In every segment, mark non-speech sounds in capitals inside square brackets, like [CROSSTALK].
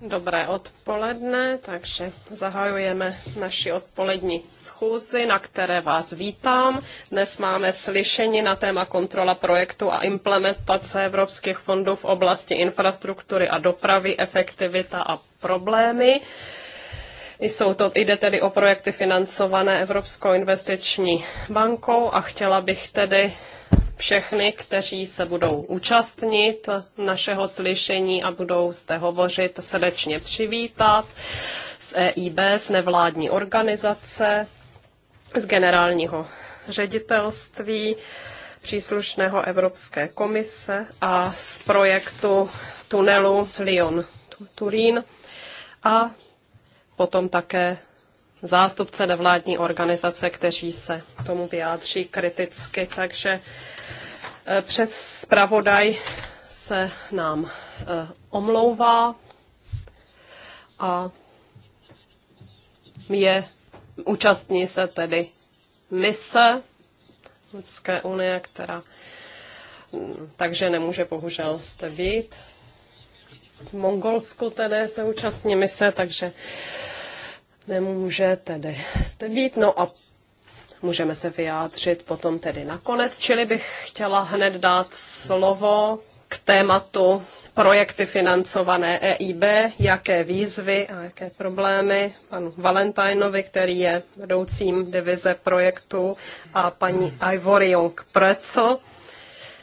Dobré odpoledne, takže zahajujeme naši odpolední schůzi, na které vás vítám. Dnes máme slyšení na téma kontrola projektu a implementace evropských fondů v oblasti infrastruktury a dopravy, efektivita a problémy. Jsou to, jde tedy o projekty financované Evropskou investiční bankou a chtěla bych tedy všechny, kteří se budou účastnit našeho slyšení a budou zde hovořit, srdečně přivítat z EIB, z nevládní organizace, z generálního ředitelství příslušného Evropské komise a z projektu tunelu Lyon-Turín a potom také zástupce nevládní organizace, kteří se tomu vyjádří kriticky. Takže eh, před zpravodaj se nám eh, omlouvá a je účastní se tedy mise Lidské unie, která mm, takže nemůže bohužel jste být. V Mongolsku tedy se účastní mise, takže nemůže tedy jste být. No a můžeme se vyjádřit potom tedy nakonec, čili bych chtěla hned dát slovo k tématu projekty financované EIB, jaké výzvy a jaké problémy panu Valentajnovi, který je vedoucím divize projektu, a paní Ivory Jong Precl.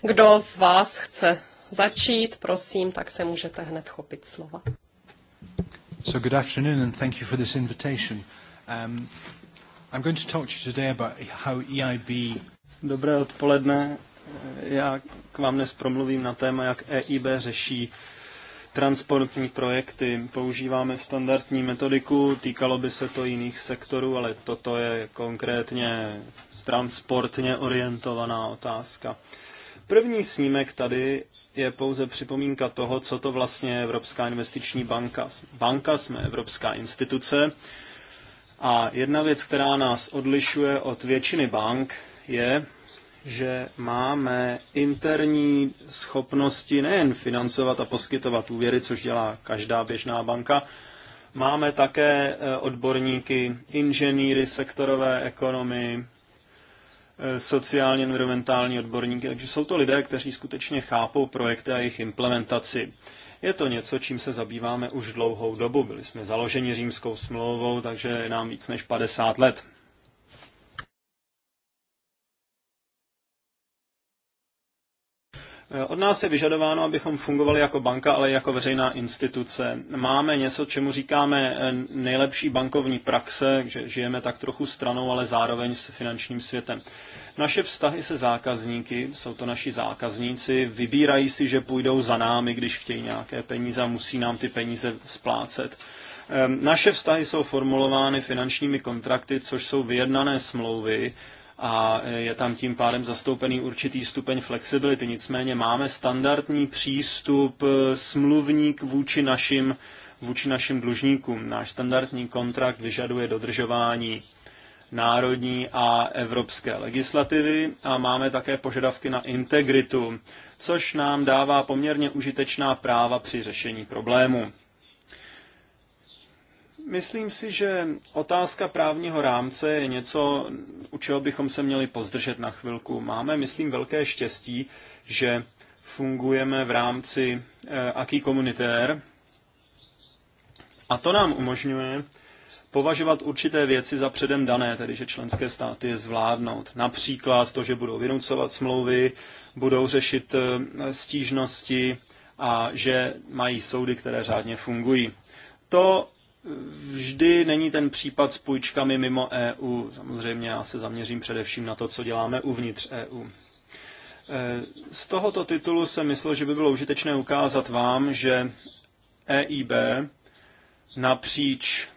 Kdo z vás chce začít, prosím, tak se můžete hned chopit slova. So good afternoon and thank you for this invitation. Um, I'm going to talk to you today about how EIB... Dobré odpoledne. Já k vám dnes promluvím na téma, jak EIB řeší transportní projekty. Používáme standardní metodiku, týkalo by se to jiných sektorů, ale toto je konkrétně transportně orientovaná otázka. První snímek tady je pouze připomínka toho, co to vlastně je Evropská investiční banka. Banka jsme Evropská instituce a jedna věc, která nás odlišuje od většiny bank, je, že máme interní schopnosti nejen financovat a poskytovat úvěry, což dělá každá běžná banka, máme také eh, odborníky, inženýry sektorové ekonomy, Eh, sociálně environmentální odborníky, takže jsou to lidé, kteří skutečně chápou projekty a jejich implementaci. Je to něco, čím se zabýváme už dlouhou dobu. Byli jsme založeni římskou smlouvou, takže nám víc než 50 let. Eh, od nás je vyžadováno, abychom fungovali jako banka, ale i jako veřejná instituce. Máme něco, čemu říkáme eh, nejlepší bankovní praxe, že žijeme tak trochu stranou, ale zároveň s finančním světem. Naše vztahy se zákazníky, jsou to naši zákazníci, vybírají si, že půjdou za námi, když chtějí nějaké peníze a musí nám ty peníze splácet. Ehm, naše vztahy jsou formulovány finančními kontrakty, což jsou vyjednané smlouvy, a e, je tam tím pádem zastoupený určitý stupeň flexibility. Nicméně máme standardní přístup e, smluvník vůči našim, vůči našim dlužníkům. Náš standardní kontrakt vyžaduje dodržování národní a evropské legislativy a máme také požadavky na integritu, což nám dává poměrně užitečná práva při řešení problému. Myslím si, že otázka právního rámce je něco, u čeho bychom se měli pozdržet na chvilku. Máme, myslím, velké štěstí, že fungujeme v rámci eh, aký komunitér a to nám umožňuje považovat určité věci za předem dané, tedy že členské státy je zvládnout. Například to, že budou vynucovat smlouvy, budou řešit eh, stížnosti a že mají soudy, které řádně fungují. To vždy není ten případ s půjčkami mimo EU. Samozřejmě já se zaměřím především na to, co děláme uvnitř EU. E, z tohoto titulu se myslel, že by bylo užitečné ukázat vám, že EIB napříč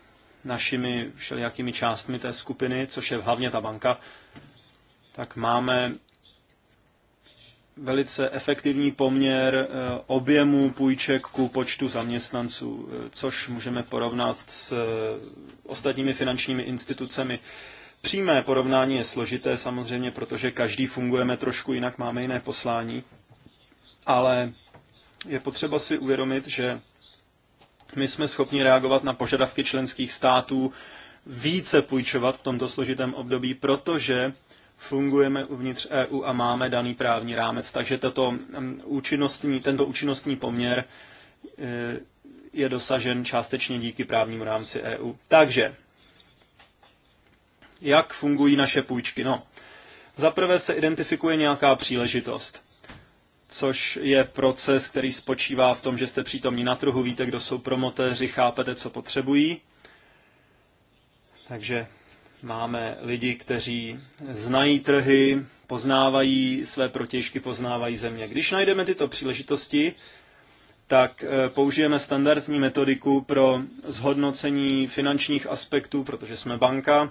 našimi všelijakými částmi té skupiny, což je hlavně ta banka, tak máme velice efektivní poměr eh, objemu půjček ku počtu zaměstnanců, eh, což můžeme porovnat s eh, ostatními finančními institucemi. Přímé porovnání je složité samozřejmě, protože každý fungujeme trošku jinak, máme jiné poslání, ale je potřeba si uvědomit, že my jsme schopni reagovat na požadavky členských států více půjčovat v tomto složitém období, protože fungujeme uvnitř EU a máme daný právní rámec, takže tato mm, účinnostní, tento účinnostní poměr eh, je dosažen částečně díky právnímu rámci EU. Takže, jak fungují naše půjčky? No, zaprvé se identifikuje nějaká příležitost což je proces, který spočívá v tom, že jste přítomní na trhu, víte, kdo jsou promotéři, chápete, co potřebují. Takže Máme lidi, kteří znají trhy, poznávají své protěžky, poznávají země. Když najdeme tyto příležitosti, tak eh, použijeme standardní metodiku pro zhodnocení finančních aspektů, protože jsme banka,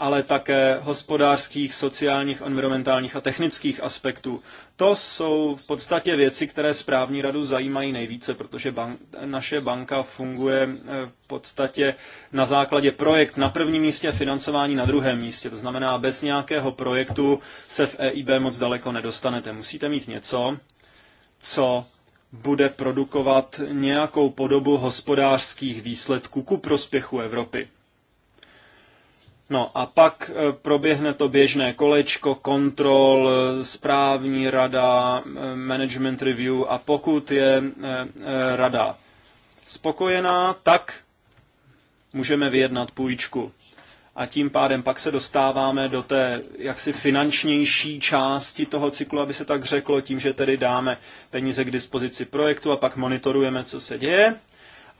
ale také hospodářských, sociálních, environmentálních a technických aspektů. To jsou v podstatě věci, které správní radu zajímají nejvíce, protože bank, naše banka funguje eh, v podstatě na základě projekt na prvním místě a financování na druhém místě. To znamená, bez nějakého projektu se v EIB moc daleko nedostanete. Musíte mít něco, co bude produkovat nějakou podobu hospodářských výsledků ku prospěchu Evropy. No a pak eh, proběhne to běžné kolečko, kontrol, eh, správní rada, eh, management review a pokud je rada spokojená, tak můžeme vyjednat půjčku. A tím pádem pak se dostáváme do té jaksi finančnější části toho cyklu, aby se tak řeklo, tím, že tedy dáme peníze k dispozici projektu a pak monitorujeme, co se děje.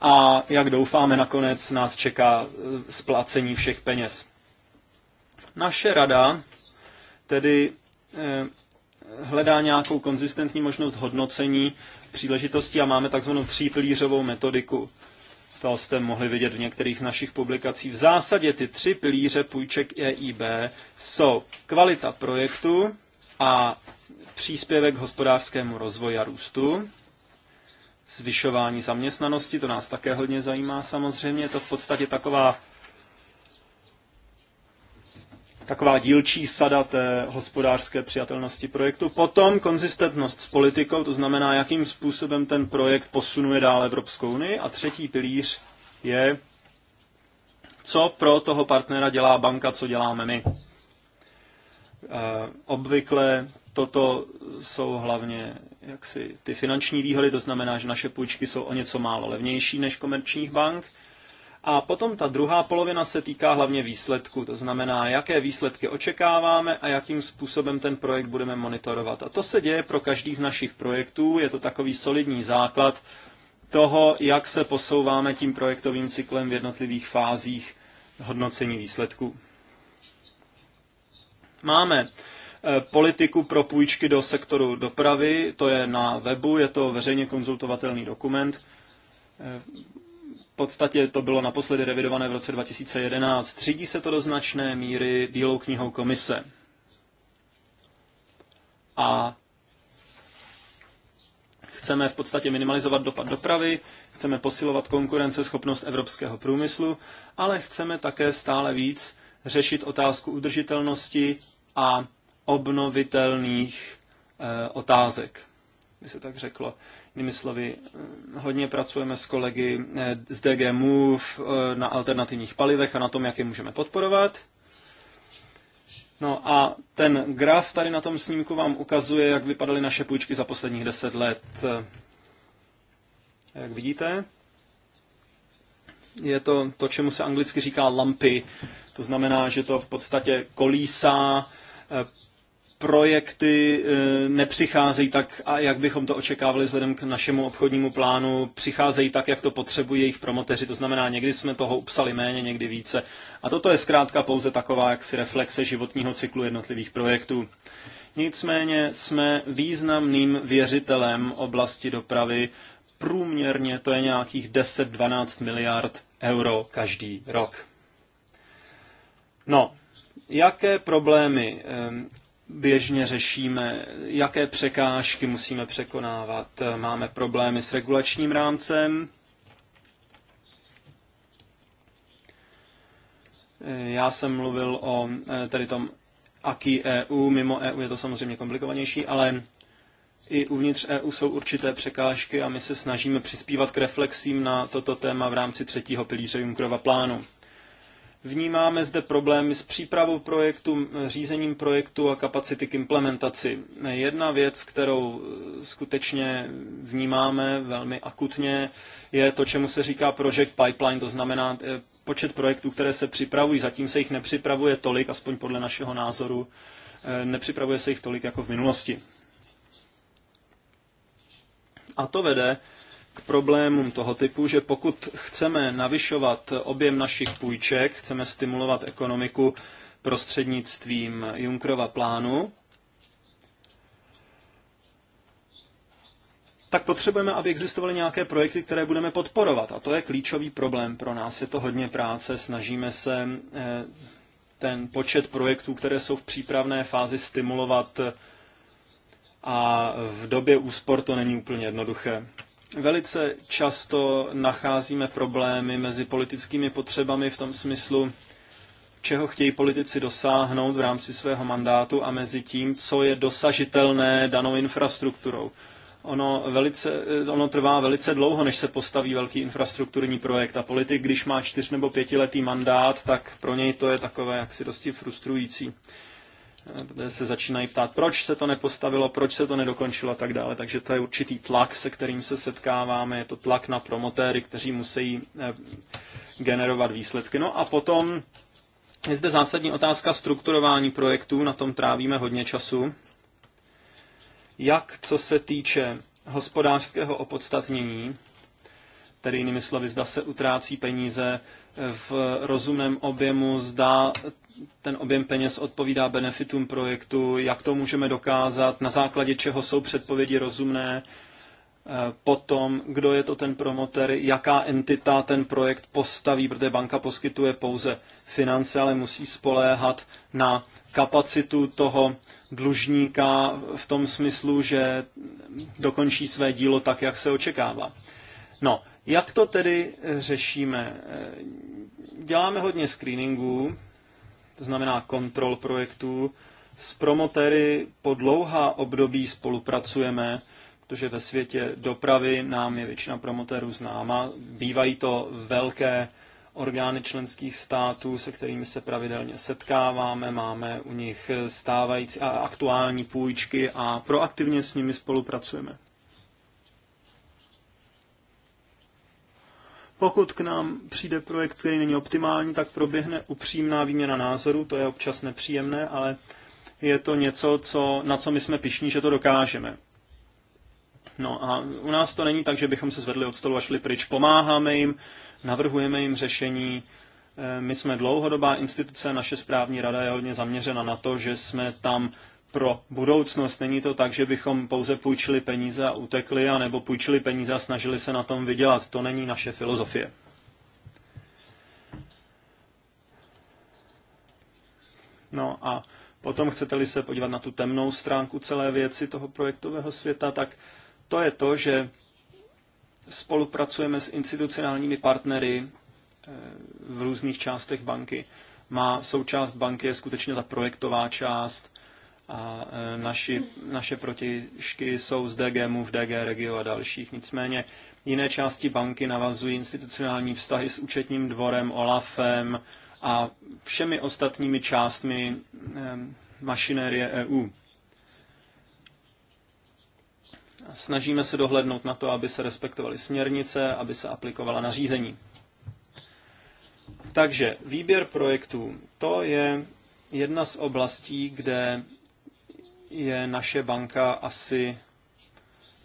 A jak doufáme, nakonec nás čeká splacení všech peněz. Naše rada tedy eh, hledá nějakou konzistentní možnost hodnocení příležitostí a máme takzvanou třípilířovou metodiku. To jste mohli vidět v některých z našich publikací. V zásadě ty tři pilíře půjček EIB jsou kvalita projektu a příspěvek k hospodářskému rozvoji a růstu, zvyšování zaměstnanosti, to nás také hodně zajímá samozřejmě, je to v podstatě taková taková dílčí sada té hospodářské přijatelnosti projektu. Potom konzistentnost s politikou, to znamená, jakým způsobem ten projekt posunuje dál Evropskou unii. A třetí pilíř je, co pro toho partnera dělá banka, co děláme my. Eh, obvykle toto jsou hlavně jaksi ty finanční výhody, to znamená, že naše půjčky jsou o něco málo levnější než komerčních bank, a potom ta druhá polovina se týká hlavně výsledku, to znamená, jaké výsledky očekáváme a jakým způsobem ten projekt budeme monitorovat. A to se děje pro každý z našich projektů, je to takový solidní základ toho, jak se posouváme tím projektovým cyklem v jednotlivých fázích hodnocení výsledků. Máme e, politiku pro půjčky do sektoru dopravy, to je na webu, je to veřejně konzultovatelný dokument. E, podstatě to bylo naposledy revidované v roce 2011. Řídí se to do značné míry Bílou knihou komise. A chceme v podstatě minimalizovat dopad dopravy, chceme posilovat konkurenceschopnost evropského průmyslu, ale chceme také stále víc řešit otázku udržitelnosti a obnovitelných e, otázek, by se tak řeklo. Jinými slovy, hodně pracujeme s kolegy eh, z DG Move eh, na alternativních palivech a na tom, jak je můžeme podporovat. No a ten graf tady na tom snímku vám ukazuje, jak vypadaly naše půjčky za posledních deset let. Eh, jak vidíte, je to to, čemu se anglicky říká lampy. To znamená, že to v podstatě kolísá projekty eh, nepřicházejí tak, jak bychom to očekávali vzhledem k našemu obchodnímu plánu, přicházejí tak, jak to potřebují jejich promoteři, to znamená, někdy jsme toho upsali méně, někdy více. A toto je zkrátka pouze taková jaksi reflexe životního cyklu jednotlivých projektů. Nicméně jsme významným věřitelem oblasti dopravy, průměrně to je nějakých 10-12 miliard euro každý rok. No, jaké problémy eh, běžně řešíme, jaké překážky musíme překonávat. Máme problémy s regulačním rámcem. Já jsem mluvil o eh, tady tom aký EU, mimo EU je to samozřejmě komplikovanější, ale i uvnitř EU jsou určité překážky a my se snažíme přispívat k reflexím na toto téma v rámci třetího pilíře Junckerova plánu. Vnímáme zde problémy s přípravou projektu, řízením projektu a kapacity k implementaci. Jedna věc, kterou skutečně vnímáme velmi akutně, je to, čemu se říká project pipeline, to znamená eh, počet projektů, které se připravují. Zatím se jich nepřipravuje tolik, aspoň podle našeho názoru, eh, nepřipravuje se jich tolik jako v minulosti. A to vede k problémům toho typu, že pokud chceme navyšovat objem našich půjček, chceme stimulovat ekonomiku prostřednictvím Junkrova plánu, tak potřebujeme, aby existovaly nějaké projekty, které budeme podporovat. A to je klíčový problém pro nás. Je to hodně práce, snažíme se eh, ten počet projektů, které jsou v přípravné fázi, stimulovat a v době úspor to není úplně jednoduché. Velice často nacházíme problémy mezi politickými potřebami v tom smyslu, čeho chtějí politici dosáhnout v rámci svého mandátu a mezi tím, co je dosažitelné danou infrastrukturou. Ono, velice, ono trvá velice dlouho, než se postaví velký infrastrukturní projekt a politik, když má čtyř nebo pětiletý mandát, tak pro něj to je takové jaksi dosti frustrující protože se začínají ptát, proč se to nepostavilo, proč se to nedokončilo a tak dále. Takže to je určitý tlak, se kterým se setkáváme. Je to tlak na promotéry, kteří musí eh, generovat výsledky. No a potom je zde zásadní otázka strukturování projektů, na tom trávíme hodně času. Jak co se týče hospodářského opodstatnění, tedy jinými slovy, zda se utrácí peníze v rozumném objemu, zda ten objem peněz odpovídá benefitům projektu, jak to můžeme dokázat, na základě čeho jsou předpovědi rozumné, eh, potom, kdo je to ten promoter, jaká entita ten projekt postaví, protože banka poskytuje pouze finance, ale musí spoléhat na kapacitu toho dlužníka v tom smyslu, že dokončí své dílo tak, jak se očekává. No, jak to tedy řešíme? Eh, děláme hodně screeningů, to znamená kontrol projektů. S promotéry po dlouhá období spolupracujeme, protože ve světě dopravy nám je většina promotérů známa. Bývají to velké orgány členských států, se kterými se pravidelně setkáváme, máme u nich stávající a aktuální půjčky a proaktivně s nimi spolupracujeme. Pokud k nám přijde projekt, který není optimální, tak proběhne upřímná výměna názorů, to je občas nepříjemné, ale je to něco, co, na co my jsme pišní, že to dokážeme. No a u nás to není tak, že bychom se zvedli od stolu a šli pryč. Pomáháme jim, navrhujeme jim řešení. Eh, my jsme dlouhodobá instituce, naše správní rada je hodně zaměřena na to, že jsme tam pro budoucnost. Není to tak, že bychom pouze půjčili peníze a utekli, anebo půjčili peníze a snažili se na tom vydělat. To není naše filozofie. No a potom chcete-li se podívat na tu temnou stránku celé věci toho projektového světa, tak to je to, že spolupracujeme s institucionálními partnery eh, v různých částech banky. Má součást banky je skutečně ta projektová část, a e, naši, naše protižky jsou z DGMu, v DG Regio a dalších. Nicméně jiné části banky navazují institucionální vztahy s účetním dvorem, OLAFem a všemi ostatními částmi e, mašinérie EU. Snažíme se dohlednout na to, aby se respektovaly směrnice, aby se aplikovala nařízení. Takže výběr projektů, to je jedna z oblastí, kde je naše banka asi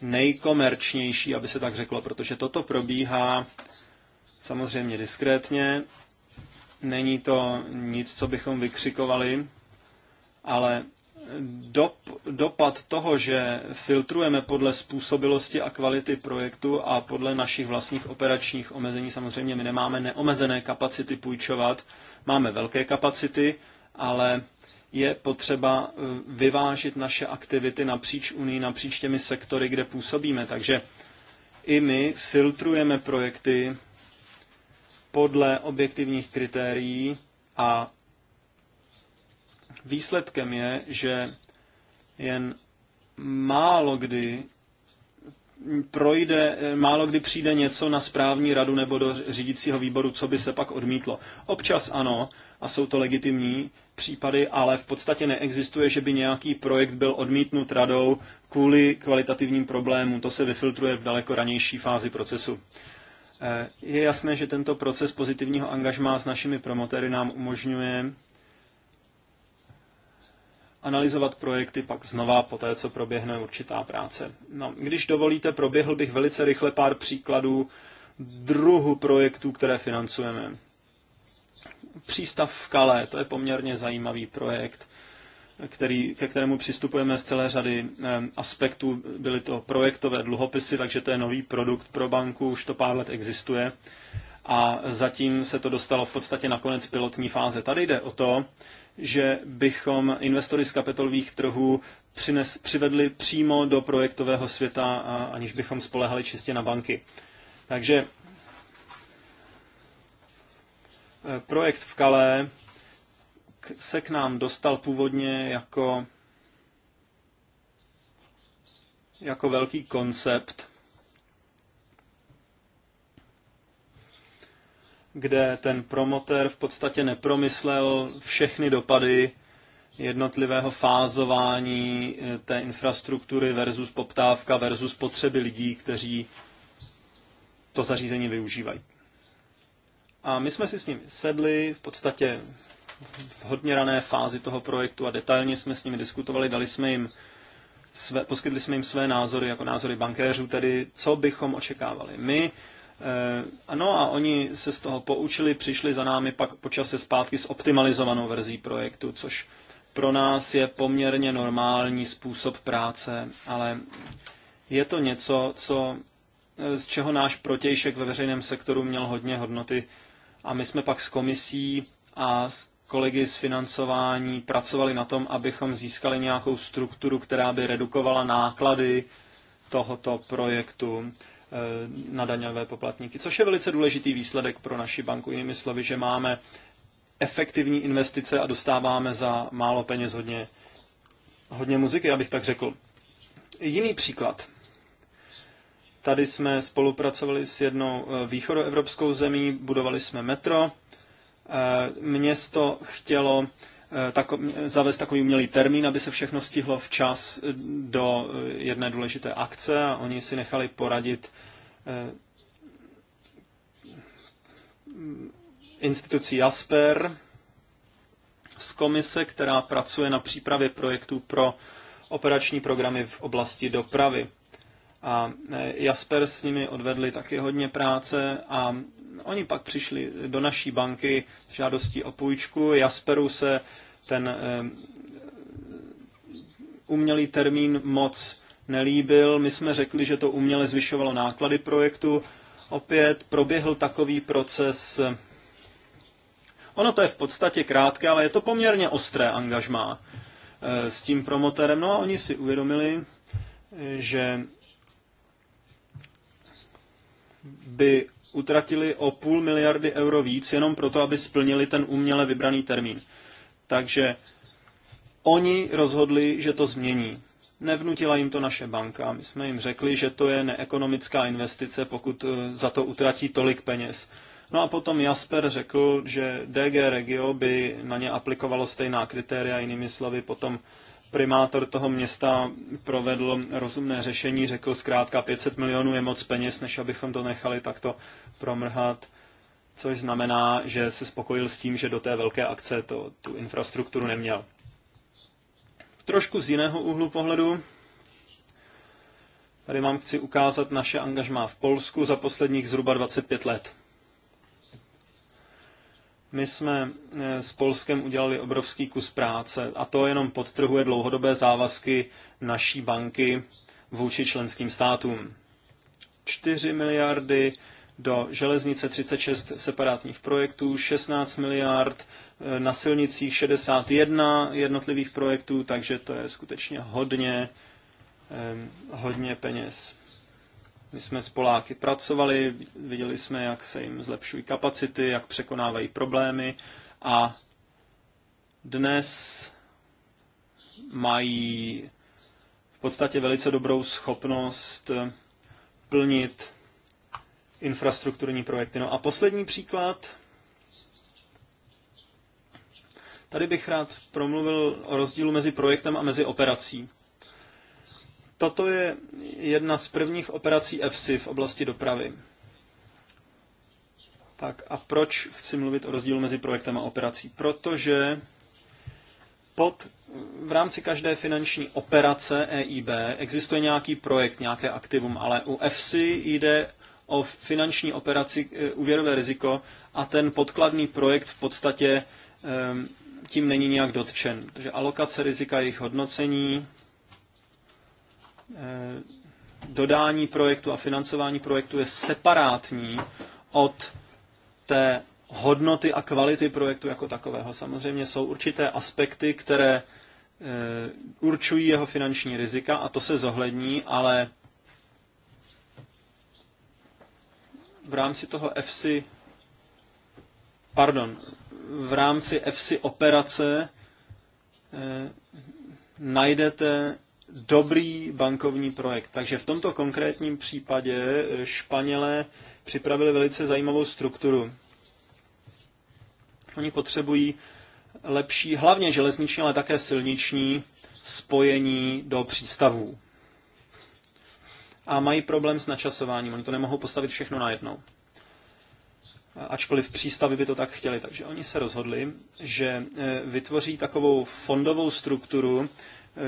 nejkomerčnější, aby se tak řeklo, protože toto probíhá samozřejmě diskrétně. Není to nic, co bychom vykřikovali, ale dop, dopad toho, že filtrujeme podle způsobilosti a kvality projektu a podle našich vlastních operačních omezení, samozřejmě my nemáme neomezené kapacity půjčovat, máme velké kapacity, ale je potřeba eh, vyvážit naše aktivity napříč Unii, napříč těmi sektory, kde působíme. Takže i my filtrujeme projekty podle objektivních kritérií a výsledkem je, že jen málo kdy projde, eh, málo kdy přijde něco na správní radu nebo do řídícího výboru, co by se pak odmítlo. Občas ano, a jsou to legitimní případy, ale v podstatě neexistuje, že by nějaký projekt byl odmítnut radou kvůli kvalitativním problémům. To se vyfiltruje v daleko ranější fázi procesu. Eh, je jasné, že tento proces pozitivního angažmá s našimi promotéry nám umožňuje analyzovat projekty pak znova po té, co proběhne určitá práce. No, když dovolíte, proběhl bych velice rychle pár příkladů druhu projektů, které financujeme. Přístav v Kale, to je poměrně zajímavý projekt, který, ke kterému přistupujeme z celé řady eh, aspektů. Byly to projektové dluhopisy, takže to je nový produkt pro banku, už to pár let existuje. A zatím se to dostalo v podstatě na konec pilotní fáze. Tady jde o to, že bychom investory z kapitolových trhů přines, přivedli přímo do projektového světa, a, aniž bychom spolehali čistě na banky. Takže e, projekt v Kalé se k nám dostal původně jako, jako velký koncept, kde ten promotér v podstatě nepromyslel všechny dopady jednotlivého fázování eh, té infrastruktury versus poptávka versus potřeby lidí, kteří to zařízení využívají. A my jsme si s nimi sedli v podstatě v hodně rané fázi toho projektu a detailně jsme s nimi diskutovali, dali jsme jim své, poskytli jsme jim své názory, jako názory bankéřů, tedy co bychom očekávali my, Eh, ano, a oni se z toho poučili, přišli za námi pak počase zpátky s optimalizovanou verzí projektu, což pro nás je poměrně normální způsob práce, ale je to něco, co, eh, z čeho náš protějšek ve veřejném sektoru měl hodně hodnoty. A my jsme pak s komisí a s kolegy z financování pracovali na tom, abychom získali nějakou strukturu, která by redukovala náklady tohoto projektu na daňové poplatníky, což je velice důležitý výsledek pro naši banku. Jinými slovy, že máme efektivní investice a dostáváme za málo peněz hodně, hodně muziky, abych tak řekl. Jiný příklad. Tady jsme spolupracovali s jednou eh, východoevropskou zemí, budovali jsme metro. Eh, Město chtělo Eh, zavést takový umělý termín, aby se všechno stihlo včas eh, do eh, jedné důležité akce a oni si nechali poradit institucí Jasper z komise, která pracuje na přípravě projektů pro operační programy v oblasti dopravy a e, Jasper s nimi odvedli taky hodně práce a oni pak přišli do naší banky s žádostí o půjčku. Jasperu se ten e, umělý termín moc nelíbil. My jsme řekli, že to uměle zvyšovalo náklady projektu. Opět proběhl takový proces. Ono to je v podstatě krátké, ale je to poměrně ostré angažmá e, s tím promotérem. No a oni si uvědomili, že by utratili o půl miliardy euro víc jenom proto, aby splnili ten uměle vybraný termín. Takže oni rozhodli, že to změní. Nevnutila jim to naše banka. My jsme jim řekli, že to je neekonomická investice, pokud eh, za to utratí tolik peněz. No a potom Jasper řekl, že DG Regio by na ně aplikovalo stejná kritéria, jinými slovy potom primátor toho města provedl rozumné řešení, řekl zkrátka 500 milionů je moc peněz, než abychom to nechali takto promrhat, což znamená, že se spokojil s tím, že do té velké akce to, tu infrastrukturu neměl. Trošku z jiného úhlu pohledu. Tady vám chci ukázat naše angažmá v Polsku za posledních zhruba 25 let. My jsme eh, s Polskem udělali obrovský kus práce a to jenom podtrhuje dlouhodobé závazky naší banky vůči členským státům. 4 miliardy do železnice 36 separátních projektů, 16 miliard eh, na silnicích 61 jednotlivých projektů, takže to je skutečně hodně, eh, hodně peněz. My jsme s Poláky pracovali, viděli jsme, jak se jim zlepšují kapacity, jak překonávají problémy a dnes mají v podstatě velice dobrou schopnost eh, plnit infrastrukturní projekty. No a poslední příklad. Tady bych rád promluvil o rozdílu mezi projektem a mezi operací. Toto je jedna z prvních operací EFSI v oblasti dopravy. Tak a proč chci mluvit o rozdílu mezi projektem a operací? Protože pod, v rámci každé finanční operace EIB existuje nějaký projekt, nějaké aktivum, ale u EFSI jde o finanční operaci eh, úvěrové riziko a ten podkladný projekt v podstatě ehm, tím není nějak dotčen. Takže alokace rizika, jejich hodnocení, Eh, dodání projektu a financování projektu je separátní od té hodnoty a kvality projektu jako takového. Samozřejmě jsou určité aspekty, které eh, určují jeho finanční rizika a to se zohlední, ale v rámci toho EFSI, pardon, v rámci EFSI operace eh, najdete dobrý bankovní projekt. Takže v tomto konkrétním případě eh, Španělé připravili velice zajímavou strukturu. Oni potřebují lepší, hlavně železniční, ale také silniční spojení do přístavů. A mají problém s načasováním. Oni to nemohou postavit všechno najednou. Ačkoliv přístavy by to tak chtěli. Takže oni se rozhodli, že eh, vytvoří takovou fondovou strukturu,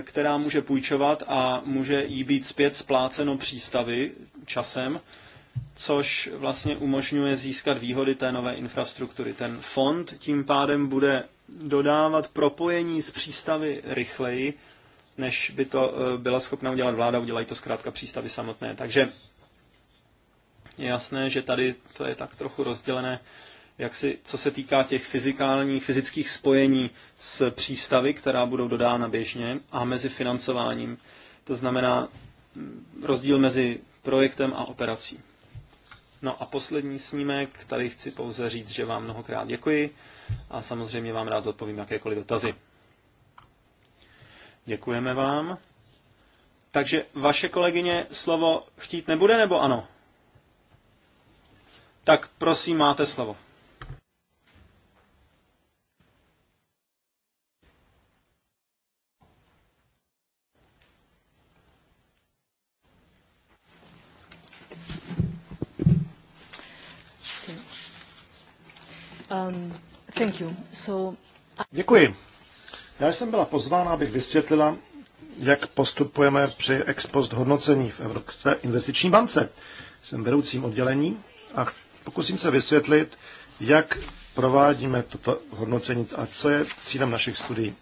která může půjčovat a může jí být zpět spláceno přístavy časem, což vlastně umožňuje získat výhody té nové infrastruktury. Ten fond tím pádem bude dodávat propojení z přístavy rychleji, než by to eh, byla schopna udělat vláda, udělají to zkrátka přístavy samotné. Takže je jasné, že tady to je tak trochu rozdělené jak si, co se týká těch fyzikálních, fyzických spojení s přístavy, která budou dodána běžně, a mezi financováním. To znamená mm, rozdíl mezi projektem a operací. No a poslední snímek, tady chci pouze říct, že vám mnohokrát děkuji a samozřejmě vám rád odpovím jakékoliv dotazy. Děkujeme vám. Takže vaše kolegyně slovo chtít nebude, nebo ano? Tak prosím, máte slovo. Um, Děkuji. Já jsem byla pozvána, abych vysvětlila, jak postupujeme při ex post hodnocení v Evropské investiční bance. Jsem vedoucím oddělení a pokusím se vysvětlit, jak provádíme toto hodnocení a co je cílem našich studií.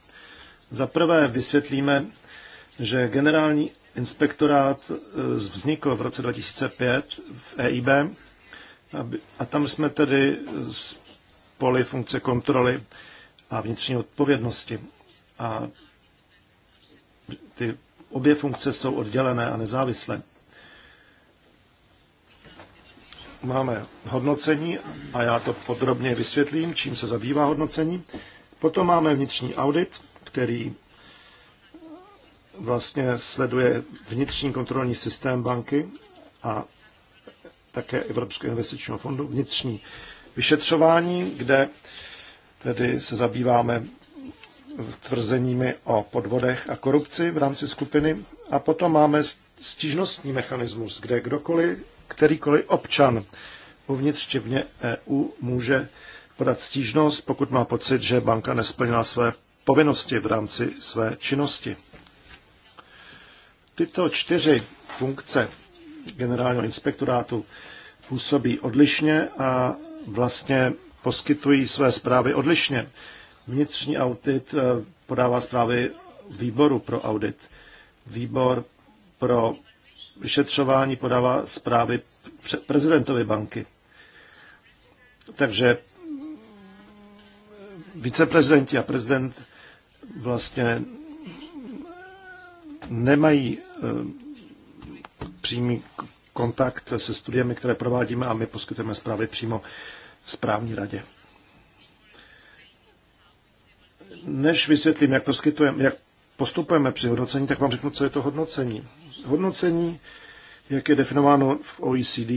Za prvé vysvětlíme, že generální inspektorát e, vznikl v roce 2005 v EIB a tam jsme tedy poli funkce kontroly a vnitřní odpovědnosti. A ty obě funkce jsou oddělené a nezávislé. Máme hodnocení a já to podrobně vysvětlím, čím se zabývá hodnocení. Potom máme vnitřní audit, který vlastně sleduje vnitřní kontrolní systém banky a také Evropského investičního fondu, vnitřní vyšetřování, kde tedy se zabýváme tvrzeními o podvodech a korupci v rámci skupiny. A potom máme stížnostní mechanismus, kde kdokoliv, kterýkoliv občan uvnitř či vně EU může podat stížnost, pokud má pocit, že banka nesplnila své povinnosti v rámci své činnosti. Tyto čtyři funkce generálního inspektorátu působí odlišně a vlastně poskytují své zprávy odlišně. Vnitřní audit eh, podává zprávy výboru pro audit. Výbor pro vyšetřování podává zprávy prezidentovi banky. Takže viceprezidenti a prezident vlastně nemají eh, přímý kontakt se studiemi, které provádíme a my poskytujeme zprávy přímo správní radě. Než vysvětlím, jak, poskytujeme, jak postupujeme při hodnocení, tak vám řeknu, co je to hodnocení. Hodnocení, jak je definováno v OECD,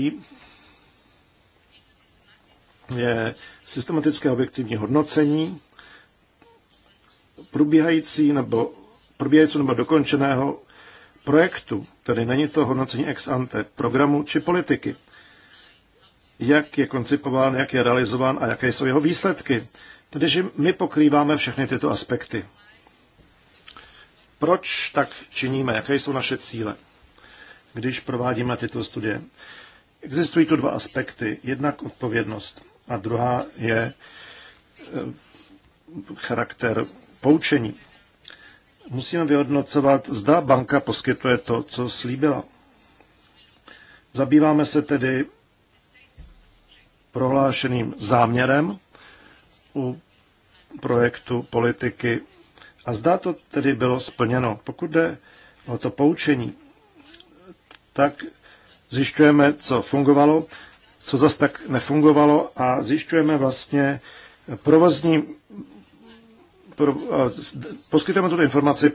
je systematické objektivní hodnocení probíhající nebo, probíhajícího nebo dokončeného projektu, tedy není to hodnocení ex ante, programu či politiky jak je koncipován, jak je realizován a jaké jsou jeho výsledky. že my pokrýváme všechny tyto aspekty. Proč tak činíme? Jaké jsou naše cíle, když provádíme tyto studie? Existují tu dva aspekty. Jednak odpovědnost a druhá je eh, charakter poučení. Musíme vyhodnocovat, zda banka poskytuje to, co slíbila. Zabýváme se tedy prohlášeným záměrem u projektu politiky a zdá to tedy bylo splněno. Pokud jde o to poučení, tak zjišťujeme, co fungovalo, co zas tak nefungovalo a zjišťujeme vlastně provozní, pro, poskytujeme tuto informaci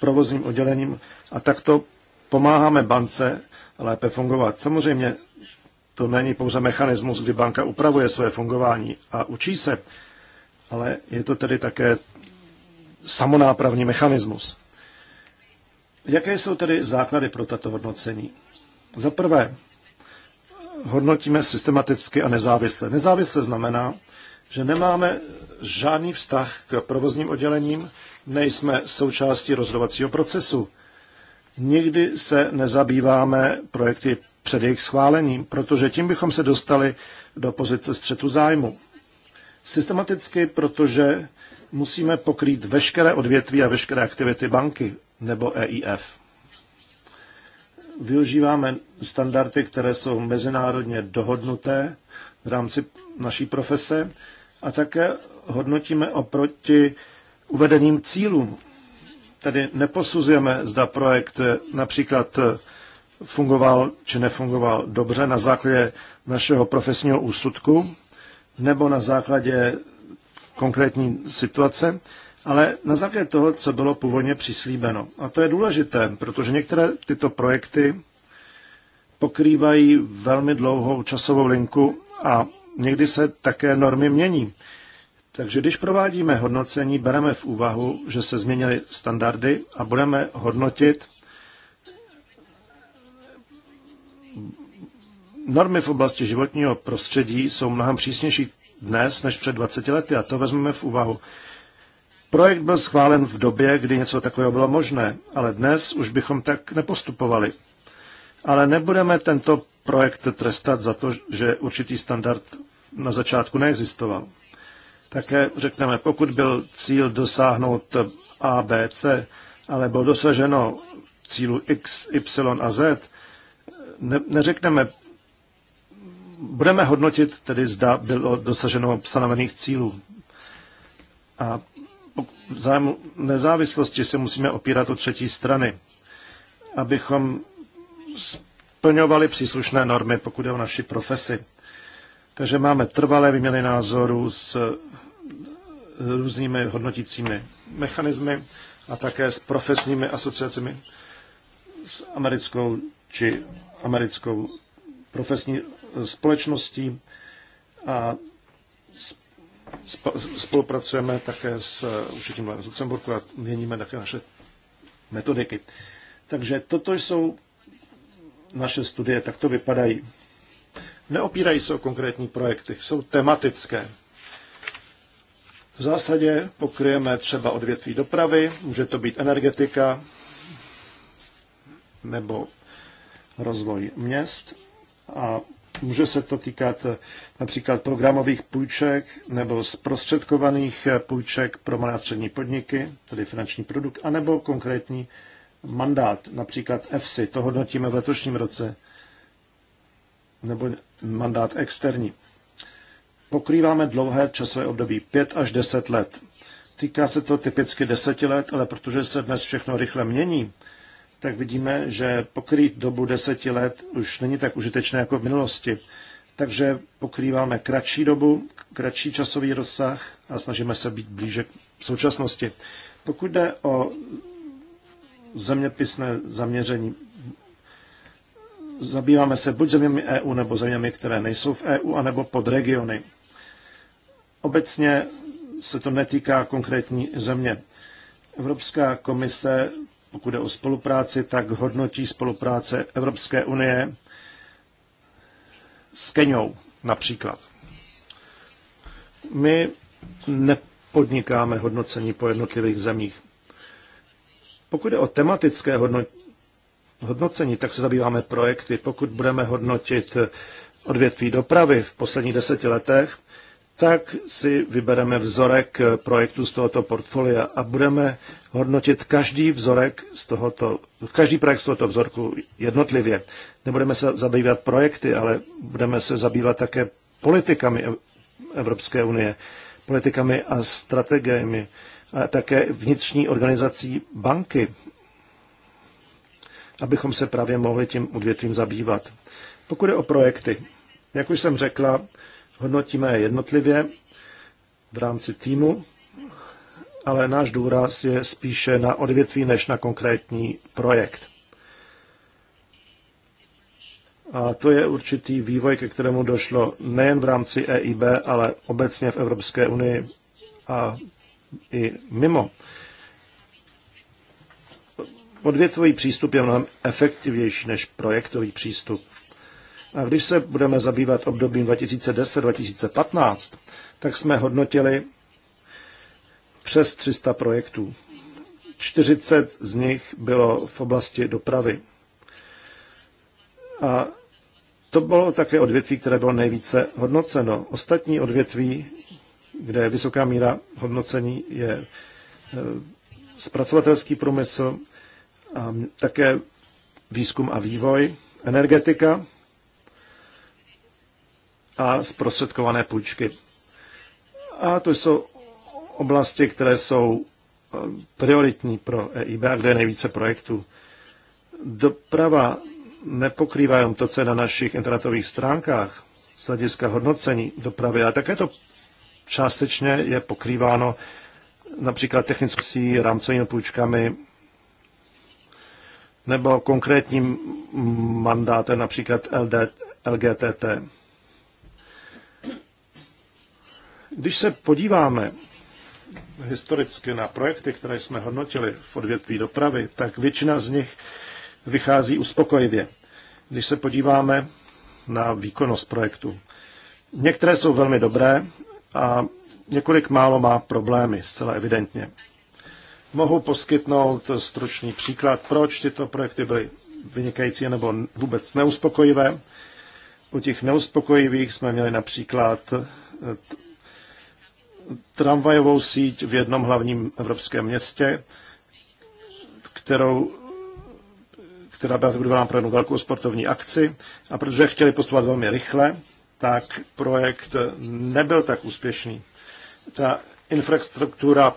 provozním oddělením a takto pomáháme bance lépe fungovat. Samozřejmě to není pouze mechanismus, kdy banka upravuje své fungování a učí se, ale je to tedy také samonápravní mechanismus. Jaké jsou tedy základy pro tato hodnocení? Za prvé, hodnotíme systematicky a nezávisle. Nezávisle znamená, že nemáme žádný vztah k provozním oddělením, nejsme součástí rozhodovacího procesu. Nikdy se nezabýváme projekty před jejich schválením, protože tím bychom se dostali do pozice střetu zájmu. Systematicky, protože musíme pokrýt veškeré odvětví a veškeré aktivity banky nebo EIF. Využíváme standardy, které jsou mezinárodně dohodnuté v rámci naší profese a také hodnotíme oproti uvedeným cílům. Tedy neposuzujeme, zda projekt například fungoval či nefungoval dobře na základě našeho profesního úsudku nebo na základě konkrétní situace, ale na základě toho, co bylo původně přislíbeno. A to je důležité, protože některé tyto projekty pokrývají velmi dlouhou časovou linku a někdy se také normy mění. Takže když provádíme hodnocení, bereme v úvahu, že se změnily standardy a budeme hodnotit, Normy v oblasti životního prostředí jsou mnohem přísnější dnes než před 20 lety a to vezmeme v úvahu. Projekt byl schválen v době, kdy něco takového bylo možné, ale dnes už bychom tak nepostupovali. Ale nebudeme tento projekt trestat za to, že určitý standard na začátku neexistoval. Také řekneme, pokud byl cíl dosáhnout A, B, C, ale bylo dosaženo cílu X, Y a Z, ne, neřekneme, budeme hodnotit tedy, zda bylo dosaženo stanovených cílů. A zájem nezávislosti se musíme opírat o třetí strany, abychom splňovali příslušné normy, pokud je o naši profesi. Takže máme trvalé výměny názorů s různými hodnotícími mechanismy a také s profesními asociacemi, s americkou či americkou profesní společností a spolupracujeme také s eh, určitým z Lucemburku a měníme také naše metodiky. Takže toto jsou naše studie, tak to vypadají. Neopírají se o konkrétní projekty, jsou tematické. V zásadě pokryjeme třeba odvětví dopravy, může to být energetika nebo rozvoj měst a Může se to týkat eh, například programových půjček nebo zprostředkovaných eh, půjček pro malé a střední podniky, tedy finanční produkt, anebo konkrétní mandát, například EFSI, to hodnotíme v letošním roce, nebo mandát externí. Pokrýváme dlouhé časové období, 5 až 10 let. Týká se to typicky 10 let, ale protože se dnes všechno rychle mění, tak vidíme, že pokrýt dobu deseti let už není tak užitečné jako v minulosti. Takže pokrýváme kratší dobu, kratší časový rozsah a snažíme se být blíže k současnosti. Pokud jde o zeměpisné zaměření, zabýváme se buď zeměmi EU nebo zeměmi, které nejsou v EU, anebo pod regiony. Obecně se to netýká konkrétní země. Evropská komise pokud je o spolupráci, tak hodnotí spolupráce Evropské unie s Keňou například. My nepodnikáme hodnocení po jednotlivých zemích. Pokud je o tematické hodnocení, tak se zabýváme projekty. Pokud budeme hodnotit odvětví dopravy v posledních deseti letech, tak si vybereme vzorek projektů z tohoto portfolia a budeme hodnotit každý vzorek z tohoto, každý projekt z tohoto vzorku jednotlivě. Nebudeme se zabývat projekty, ale budeme se zabývat také politikami Evropské unie, politikami a strategiemi a také vnitřní organizací banky, abychom se právě mohli tím odvětvím zabývat. Pokud je o projekty, jak už jsem řekla, hodnotíme je jednotlivě v rámci týmu, ale náš důraz je spíše na odvětví než na konkrétní projekt. A to je určitý vývoj, ke kterému došlo nejen v rámci EIB, ale obecně v Evropské unii a i mimo. Odvětvový přístup je mnohem efektivnější než projektový přístup. A když se budeme zabývat obdobím 2010-2015, tak jsme hodnotili přes 300 projektů. 40 z nich bylo v oblasti dopravy. A to bylo také odvětví, které bylo nejvíce hodnoceno. Ostatní odvětví, kde je vysoká míra hodnocení, je e, zpracovatelský průmysl, a také výzkum a vývoj, energetika, a zprostředkované půjčky. A to jsou oblasti, které jsou eh, prioritní pro EIB a kde je nejvíce projektů. Doprava nepokrývá jenom to, co je na našich internetových stránkách z hlediska hodnocení dopravy, ale také to částečně je pokrýváno například technickými rámcovými půjčkami nebo konkrétním mandátem, například LD, LGTT. Když se podíváme historicky na projekty, které jsme hodnotili v odvětví dopravy, tak většina z nich vychází uspokojivě. Když se podíváme na výkonnost projektu. Některé jsou velmi dobré a několik málo má problémy, zcela evidentně. Mohu poskytnout stručný příklad, proč tyto projekty byly vynikající nebo vůbec neuspokojivé. U těch neuspokojivých jsme měli například tramvajovou síť v jednom hlavním evropském městě, kterou, která byla vybudována pro jednu velkou sportovní akci. A protože chtěli postupovat velmi rychle, tak projekt nebyl tak úspěšný. Ta infrastruktura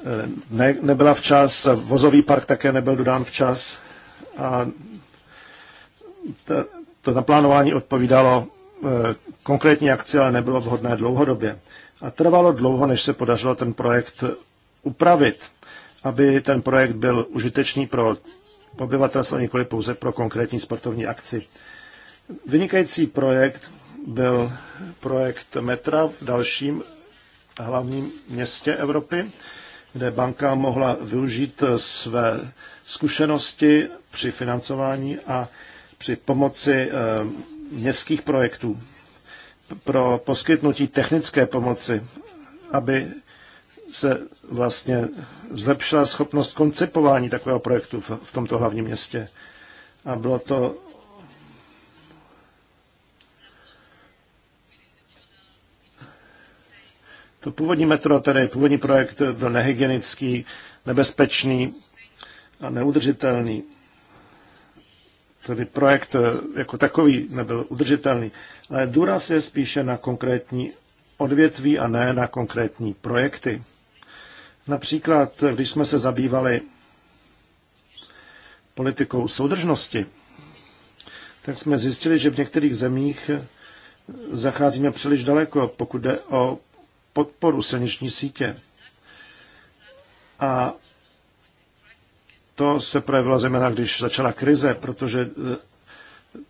eh, ne, nebyla včas, vozový park také nebyl dodán včas a ta, to naplánování odpovídalo eh, konkrétní akci, ale nebylo vhodné dlouhodobě. A trvalo dlouho, než se podařilo ten projekt upravit, aby ten projekt byl užitečný pro obyvatelstvo, nikoli pouze pro konkrétní sportovní akci. Vynikající projekt byl projekt Metra v dalším hlavním městě Evropy, kde banka mohla využít své zkušenosti při financování a při pomoci eh, městských projektů pro poskytnutí technické pomoci, aby se vlastně zlepšila schopnost koncipování takového projektu v, v tomto hlavním městě. A bylo to to původní metro, tedy původní projekt byl nehygienický, nebezpečný a neudržitelný tedy projekt eh, jako takový nebyl udržitelný. Ale důraz je spíše na konkrétní odvětví a ne na konkrétní projekty. Například, eh, když jsme se zabývali politikou soudržnosti, tak jsme zjistili, že v některých zemích eh, zacházíme příliš daleko, pokud jde o podporu silniční sítě. A to se projevilo zejména, když začala krize, protože eh,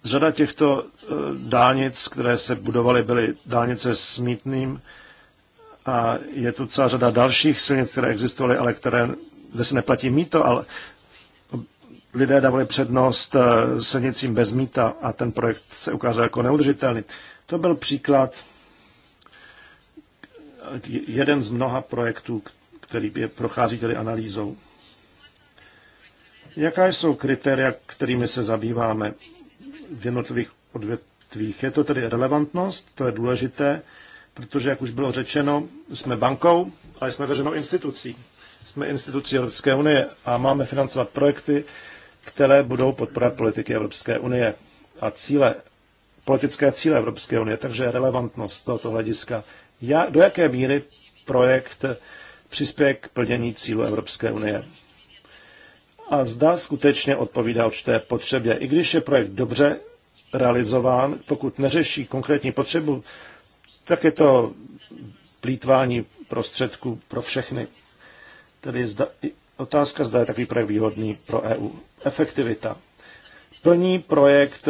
řada těchto eh, dálnic, které se budovaly, byly dálnice s mítným a je tu celá řada dalších silnic, které existovaly, ale které, kde se neplatí mýto, ale lidé dávali přednost eh, silnicím bez mýta a ten projekt se ukázal jako neudržitelný. To byl příklad jeden z mnoha projektů, který je, prochází tedy analýzou. Jaká jsou kritéria, kterými se zabýváme v jednotlivých odvětvích? Je to tedy relevantnost, to je důležité, protože, jak už bylo řečeno, jsme bankou a jsme veřejnou institucí. Jsme institucí Evropské unie a máme financovat projekty, které budou podporovat politiky Evropské unie a cíle, politické cíle Evropské unie, takže relevantnost tohoto hlediska. Ja, do jaké míry projekt přispěje k plnění cílu Evropské unie? a zda skutečně odpovídá určité potřebě. I když je projekt dobře realizován, pokud neřeší konkrétní potřebu, tak je to plítvání prostředků pro všechny. Tedy zda, otázka, zda je takový projekt výhodný pro EU. Efektivita. Plní projekt,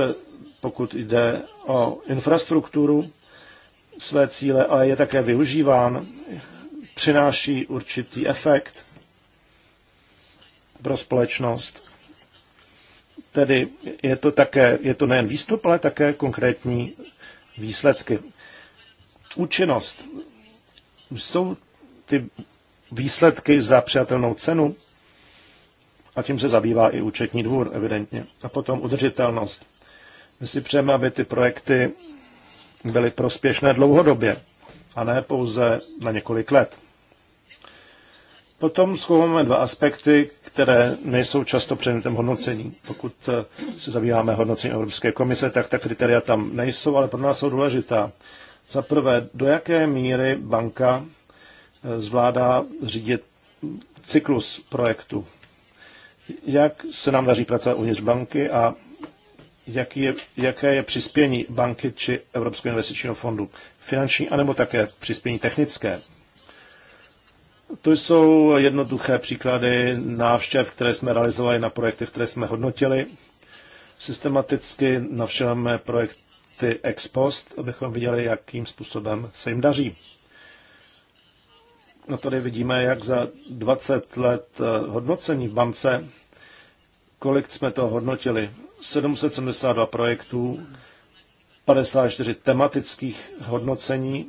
pokud jde o infrastrukturu, své cíle, ale je také využíván, přináší určitý efekt pro společnost. Tedy je to, také, je to nejen výstup, ale také konkrétní výsledky. Účinnost. Jsou ty výsledky za přijatelnou cenu a tím se zabývá i účetní dvůr, evidentně. A potom udržitelnost. My si přejeme, aby ty projekty byly prospěšné dlouhodobě a ne pouze na několik let. Potom zkoumáme dva aspekty, které nejsou často předmětem hodnocení. Pokud eh, se zabýváme hodnocením Evropské komise, tak ta kritéria tam nejsou, ale pro nás jsou důležitá. Za prvé, do jaké míry banka eh, zvládá řídit cyklus projektu. Jak se nám daří pracovat uvnitř banky a jaký je, jaké je přispění banky či Evropského investičního fondu. Finanční, anebo také přispění technické. To jsou jednoduché příklady návštěv, které jsme realizovali na projektech, které jsme hodnotili. Systematicky navštěvujeme projekty ex post, abychom viděli, jakým způsobem se jim daří. No tady vidíme, jak za 20 let eh, hodnocení v bance, kolik jsme to hodnotili. 772 projektů, 54 tematických hodnocení.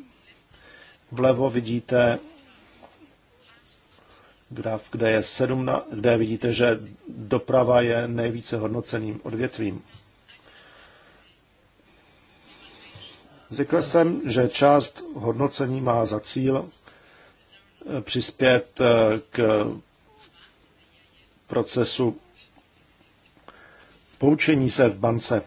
Vlevo vidíte graf, kde, je 17, kde vidíte, že doprava je nejvíce hodnoceným odvětvím. Řekl jsem, že část hodnocení má za cíl eh, přispět eh, k procesu poučení se v bance.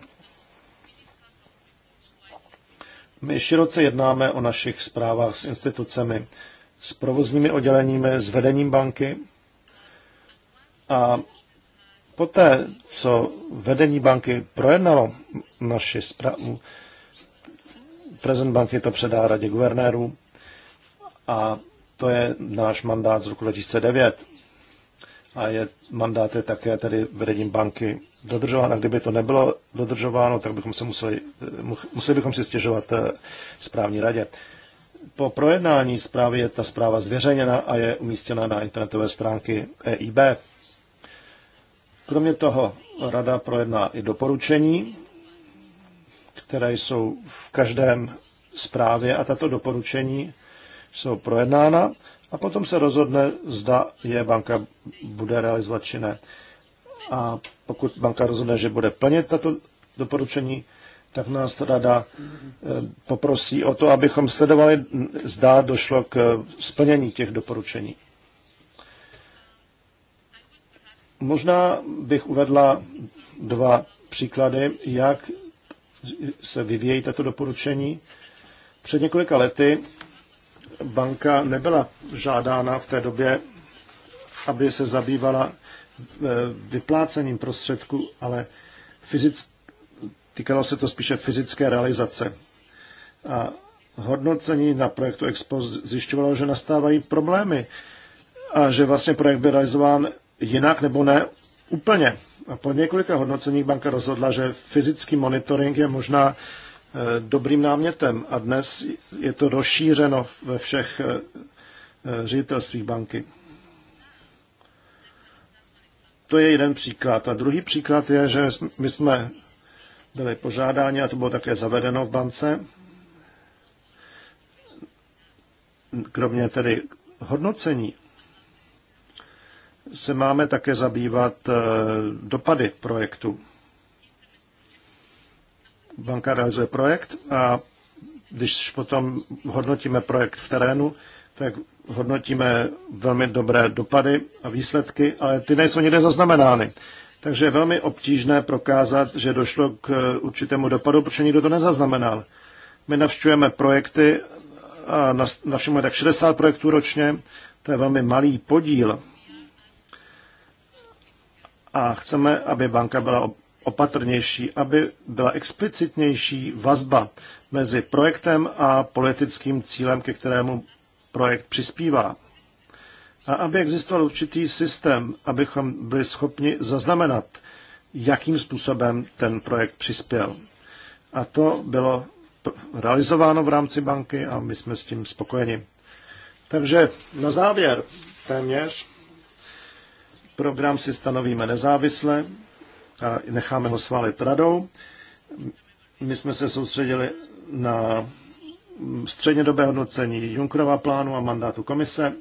My široce jednáme o našich zprávách s institucemi s provozními odděleními, s vedením banky. A poté, co vedení banky projednalo naši zprávu, prezident banky to předá radě guvernérů a to je náš mandát z roku 2009. A je, mandát je také tedy vedením banky dodržován. A kdyby to nebylo dodržováno, tak bychom se museli, eh, museli bychom si stěžovat eh, správní radě po projednání zprávy je ta zpráva zveřejněna a je umístěna na internetové stránky EIB. Kromě toho rada projedná i doporučení, které jsou v každém zprávě a tato doporučení jsou projednána a potom se rozhodne, zda je banka bude realizovat či ne. A pokud banka rozhodne, že bude plnit tato doporučení, tak nás rada eh, poprosí o to, abychom sledovali, zda došlo k eh, splnění těch doporučení. Možná bych uvedla dva příklady, jak se vyvíjí tato doporučení. Před několika lety banka nebyla žádána v té době, aby se zabývala eh, vyplácením prostředků, ale fyzické Týkalo se to spíše fyzické realizace. A hodnocení na projektu Expo zjišťovalo, že nastávají problémy a že vlastně projekt byl realizován jinak nebo ne úplně. A po několika hodnoceních banka rozhodla, že fyzický monitoring je možná eh, dobrým námětem a dnes je to rozšířeno ve všech eh, eh, ředitelstvích banky. To je jeden příklad. A druhý příklad je, že my jsme byly požádáni, a to bylo také zavedeno v bance, kromě tedy hodnocení, se máme také zabývat eh, dopady projektu. Banka realizuje projekt a když potom hodnotíme projekt v terénu, tak hodnotíme velmi dobré dopady a výsledky, ale ty nejsou nikde zaznamenány. Takže je velmi obtížné prokázat, že došlo k eh, určitému dopadu, protože nikdo to nezaznamenal. My navštěvujeme projekty a navštěvujeme tak 60 projektů ročně, to je velmi malý podíl. A chceme, aby banka byla opatrnější, aby byla explicitnější vazba mezi projektem a politickým cílem, ke kterému projekt přispívá a aby existoval určitý systém, abychom byli schopni zaznamenat, jakým způsobem ten projekt přispěl. A to bylo realizováno v rámci banky a my jsme s tím spokojeni. Takže na závěr téměř program si stanovíme nezávisle a necháme ho schválit radou. My jsme se soustředili na střednědobé hodnocení Junkrova plánu a mandátu komise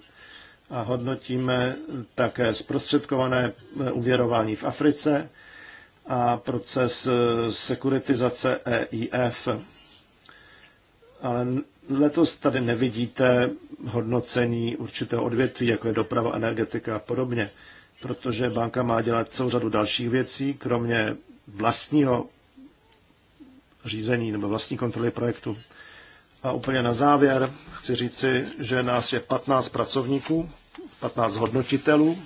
a hodnotíme také zprostředkované eh, uvěrování v Africe a proces eh, sekuritizace EIF. Ale letos tady nevidíte hodnocení určitého odvětví, jako je doprava, energetika a podobně, protože banka má dělat celou řadu dalších věcí, kromě vlastního řízení nebo vlastní kontroly projektu. A úplně na závěr chci říci, že nás je 15 pracovníků 15 hodnotitelů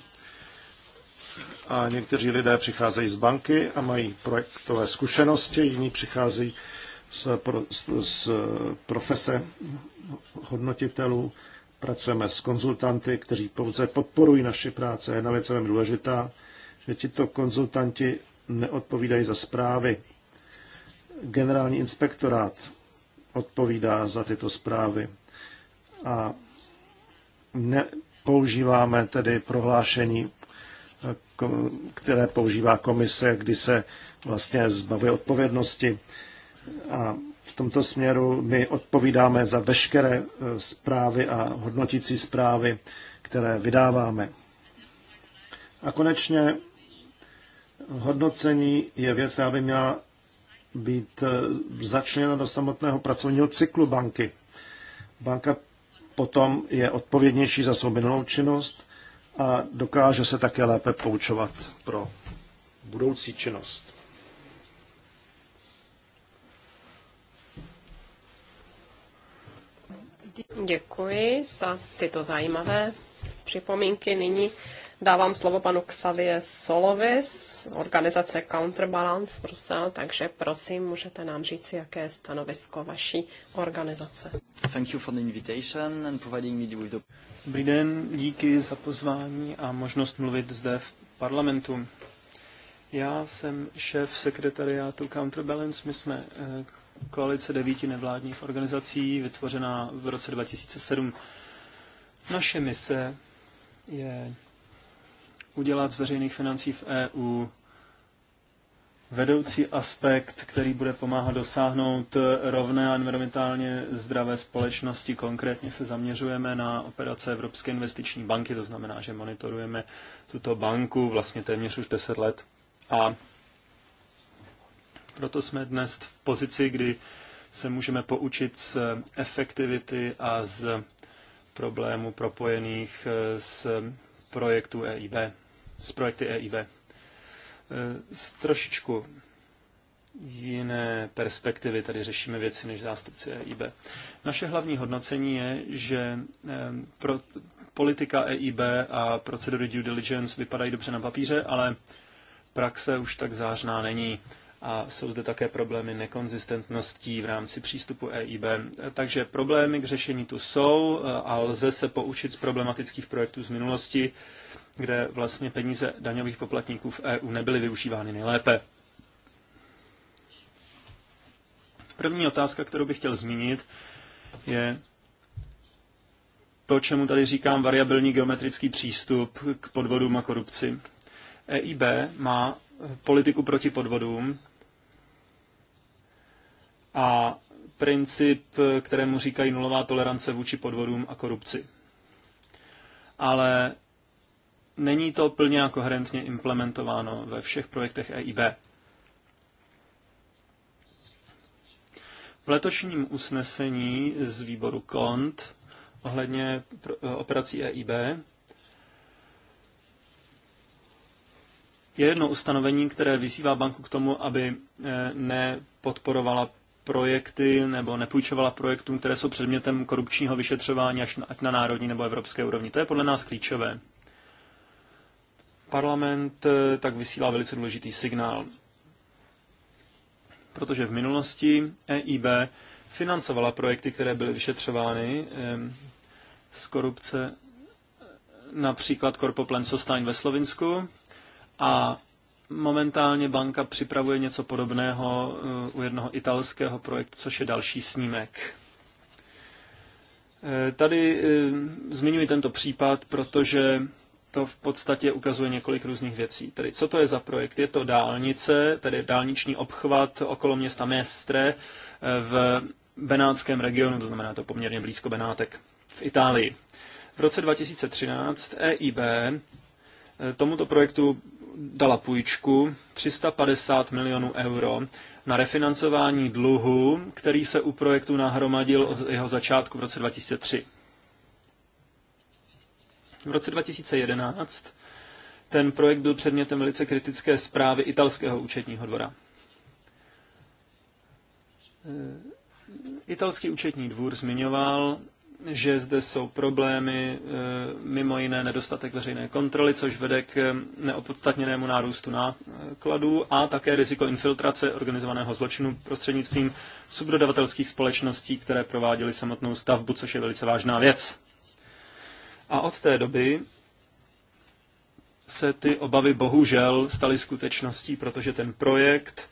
a někteří lidé přicházejí z banky a mají projektové zkušenosti, jiní přicházejí z, pro, z profese hodnotitelů. Pracujeme s konzultanty, kteří pouze podporují naši práce. Jedna věc je velmi důležitá, že tito konzultanti neodpovídají za zprávy. Generální inspektorát odpovídá za tyto zprávy a ne, používáme tedy prohlášení, které používá komise, kdy se vlastně zbavuje odpovědnosti. A v tomto směru my odpovídáme za veškeré e, zprávy a hodnotící zprávy, které vydáváme. A konečně hodnocení je věc, která by měla být e, začleněna do samotného pracovního cyklu banky. Banka potom je odpovědnější za svou minulou činnost a dokáže se také lépe poučovat pro budoucí činnost. Děkuji za tyto zajímavé připomínky. Nyní Dávám slovo panu Xavier Solovis, organizace Counterbalance Brusel, takže prosím, můžete nám říct, jaké je stanovisko vaší organizace. Thank you for the invitation and providing me with the... Dobrý den, díky za pozvání a možnost mluvit zde v parlamentu. Já jsem šéf sekretariátu Counterbalance. My jsme eh, koalice devíti nevládních organizací, vytvořená v roce 2007. Naše mise je udělat z veřejných financí v EU vedoucí aspekt, který bude pomáhat dosáhnout rovné a environmentálně zdravé společnosti. Konkrétně se zaměřujeme na operace Evropské investiční banky, to znamená, že monitorujeme tuto banku vlastně téměř už 10 let. A proto jsme dnes v pozici, kdy se můžeme poučit z efektivity a z problémů propojených s projektu EIB z projekty EIB. E, z trošičku jiné perspektivy tady řešíme věci než zástupci EIB. Naše hlavní hodnocení je, že e, pro politika EIB a procedury due diligence vypadají dobře na papíře, ale praxe už tak zářná není a jsou zde také problémy nekonzistentností v rámci přístupu EIB. Takže problémy k řešení tu jsou e, a lze se poučit z problematických projektů z minulosti kde vlastně peníze daňových poplatníků v EU nebyly využívány nejlépe. První otázka, kterou bych chtěl zmínit, je to, čemu tady říkám variabilní geometrický přístup k podvodům a korupci. EIB má politiku proti podvodům a princip, kterému říkají nulová tolerance vůči podvodům a korupci. Ale není to plně a koherentně implementováno ve všech projektech EIB. V letošním usnesení z výboru KONT ohledně eh, operací EIB je jedno ustanovení, které vyzývá banku k tomu, aby eh, nepodporovala projekty nebo nepůjčovala projektům, které jsou předmětem korupčního vyšetřování až ať na národní nebo evropské úrovni. To je podle nás klíčové. Parlament eh, tak vysílá velice důležitý signál, protože v minulosti EIB financovala projekty, které byly vyšetřovány z korupce, například Korpoplen Sostain ve Slovinsku a momentálně banka připravuje něco podobného eh, u jednoho italského projektu, což je další snímek. Eh, tady zmiňuji tento případ, protože to v podstatě ukazuje několik různých věcí. Tedy co to je za projekt? Je to dálnice, tedy dálniční obchvat okolo města Mestre eh, v benátském regionu, to znamená to poměrně blízko Benátek v Itálii. V roce 2013 EIB eh, tomuto projektu dala půjčku 350 milionů euro na refinancování dluhu, který se u projektu nahromadil od jeho začátku v roce 2003. V roce 2011 ten projekt byl předmětem velice kritické zprávy italského účetního dvora. E, italský účetní dvůr zmiňoval, že zde jsou problémy, e, mimo jiné nedostatek veřejné kontroly, což vede k neopodstatněnému nárůstu nákladů a také riziko infiltrace organizovaného zločinu prostřednictvím subdodavatelských společností, které prováděly samotnou stavbu, což je velice vážná věc. A od té doby se ty obavy bohužel staly skutečností, protože ten projekt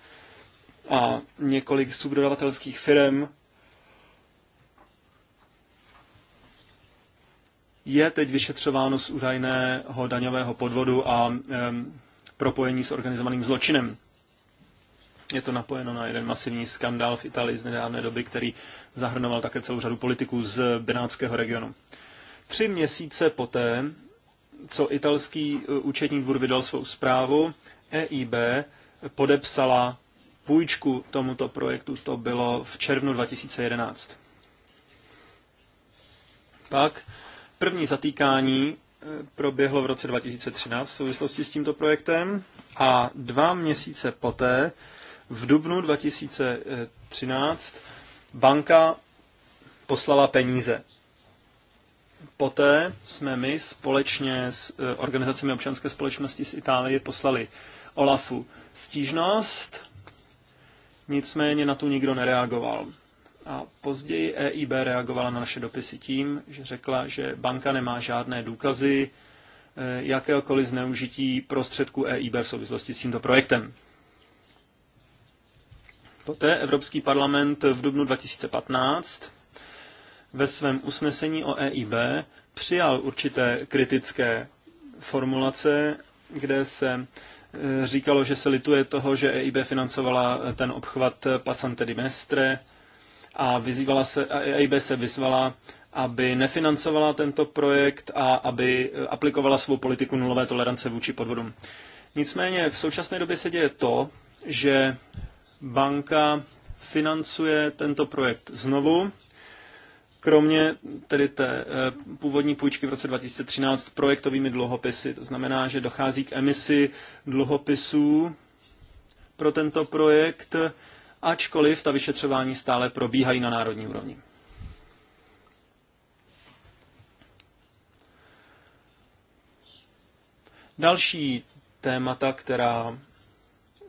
a několik subdodavatelských firm je teď vyšetřováno z údajného daňového podvodu a um, e, propojení s organizovaným zločinem. Je to napojeno na jeden masivní skandál v Itálii z nedávné doby, který zahrnoval také celou řadu politiků z benátského regionu. Tři měsíce poté, co italský eh, účetní dvůr vydal svou zprávu, EIB podepsala půjčku tomuto projektu, to bylo v červnu 2011. Pak první zatýkání eh, proběhlo v roce 2013 v souvislosti s tímto projektem a dva měsíce poté, v dubnu 2013, banka poslala peníze Poté jsme my společně s e, organizacemi občanské společnosti z Itálie poslali Olafu stížnost, nicméně na tu nikdo nereagoval. A později EIB reagovala na naše dopisy tím, že řekla, že banka nemá žádné důkazy e, jakéhokoliv zneužití prostředků EIB v souvislosti s tímto projektem. Poté Evropský parlament v dubnu 2015 ve svém usnesení o EIB přijal určité kritické formulace, kde se eh, říkalo, že se lituje toho, že EIB financovala eh, ten obchvat eh, Passante di Mestre a, vyzývala se, a EIB se vyzvala, aby nefinancovala tento projekt a aby aplikovala svou politiku nulové tolerance vůči podvodům. Nicméně v současné době se děje to, že banka financuje tento projekt znovu kromě tedy té eh, původní půjčky v roce 2013 projektovými dluhopisy. To znamená, že dochází k emisi dluhopisů pro tento projekt, ačkoliv ta vyšetřování stále probíhají na národní úrovni. Další témata, která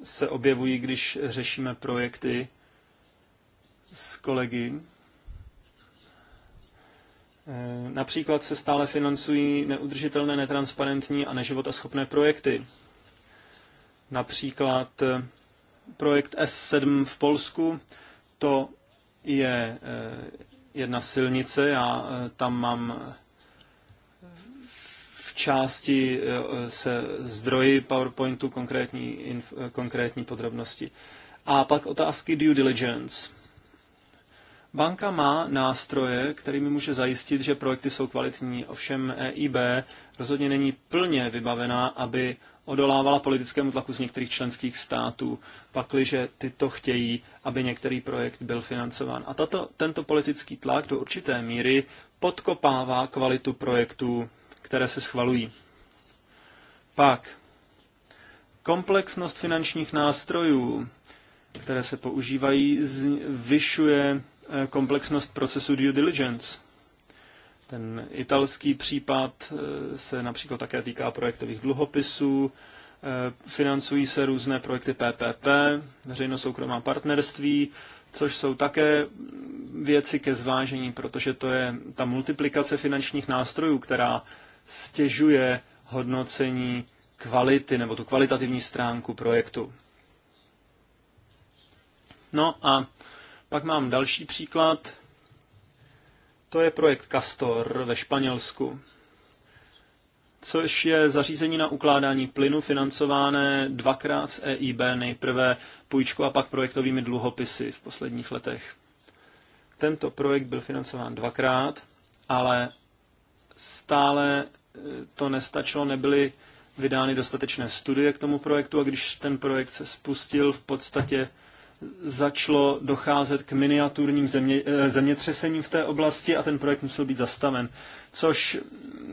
se objevují, když řešíme projekty s kolegy, Eh, například se stále financují neudržitelné, netransparentní a neživotaschopné projekty. Například eh, projekt S7 v Polsku, to je eh, jedna silnice, já tam mám v části se zdroji PowerPointu konkrétní, konkrétní podrobnosti. A pak otázky due diligence Banka má nástroje, kterými může zajistit, že projekty jsou kvalitní, ovšem EIB rozhodně není plně vybavená, aby odolávala politickému tlaku z některých členských států, pakliže tyto chtějí, aby některý projekt byl financován. A tato, tento politický tlak do určité míry podkopává kvalitu projektů, které se schvalují. Pak komplexnost finančních nástrojů, které se používají, zvyšuje Eh, komplexnost procesu due diligence. Ten italský případ eh, se například také týká projektových dluhopisů, eh, financují se různé projekty PPP, veřejno-soukromá partnerství, což jsou také věci ke zvážení, protože to je ta multiplikace finančních nástrojů, která stěžuje hodnocení kvality nebo tu kvalitativní stránku projektu. No a pak mám další příklad. To je projekt Castor ve Španělsku, což je zařízení na ukládání plynu financované dvakrát z EIB, nejprve půjčkou a pak projektovými dluhopisy v posledních letech. Tento projekt byl financován dvakrát, ale stále e, to nestačilo, nebyly vydány dostatečné studie k tomu projektu a když ten projekt se spustil, v podstatě začalo docházet k miniaturním země, eh, zemětřesením v té oblasti a ten projekt musel být zastaven, což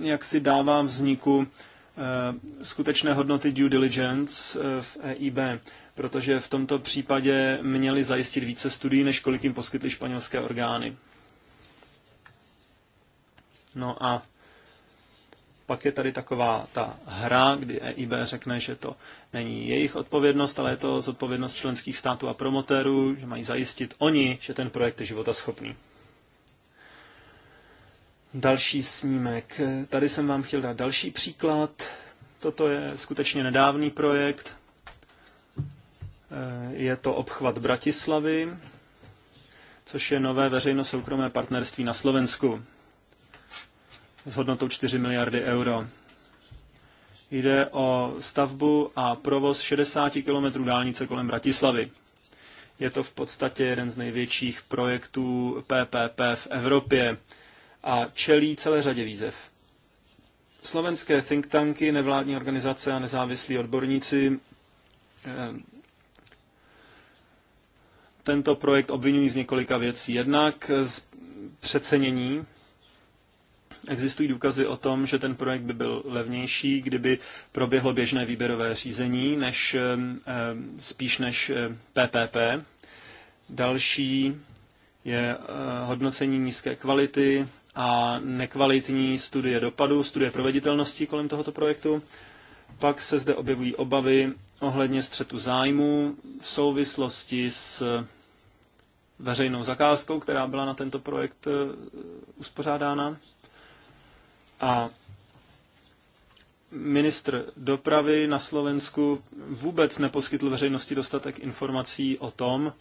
jak si dává vzniku eh, skutečné hodnoty due diligence eh, v EIB, protože v tomto případě měli zajistit více studií, než kolik jim poskytly španělské orgány. No a pak je tady taková ta hra, kdy EIB řekne, že to není jejich odpovědnost, ale je to zodpovědnost členských států a promotérů, že mají zajistit oni, že ten projekt je životaschopný. Další snímek. Tady jsem vám chtěl dát další příklad. Toto je skutečně nedávný projekt. E, je to obchvat Bratislavy, což je nové veřejno-soukromé partnerství na Slovensku s hodnotou 4 miliardy euro. Jde o stavbu a provoz 60 kilometrů dálnice kolem Bratislavy. Je to v podstatě jeden z největších projektů PPP v Evropě a čelí celé řadě výzev. Slovenské think tanky, nevládní organizace a nezávislí odborníci eh, tento projekt obvinují z několika věcí. Jednak z přecenění Existují důkazy o tom, že ten projekt by byl levnější, kdyby proběhlo běžné výběrové řízení, než spíš než PPP. Další je eh, hodnocení nízké kvality a nekvalitní studie dopadu, studie proveditelnosti kolem tohoto projektu. Pak se zde objevují obavy ohledně střetu zájmu v souvislosti s veřejnou zakázkou, která byla na tento projekt eh, uspořádána. A ministr dopravy na Slovensku vůbec neposkytl veřejnosti dostatek informací o tom,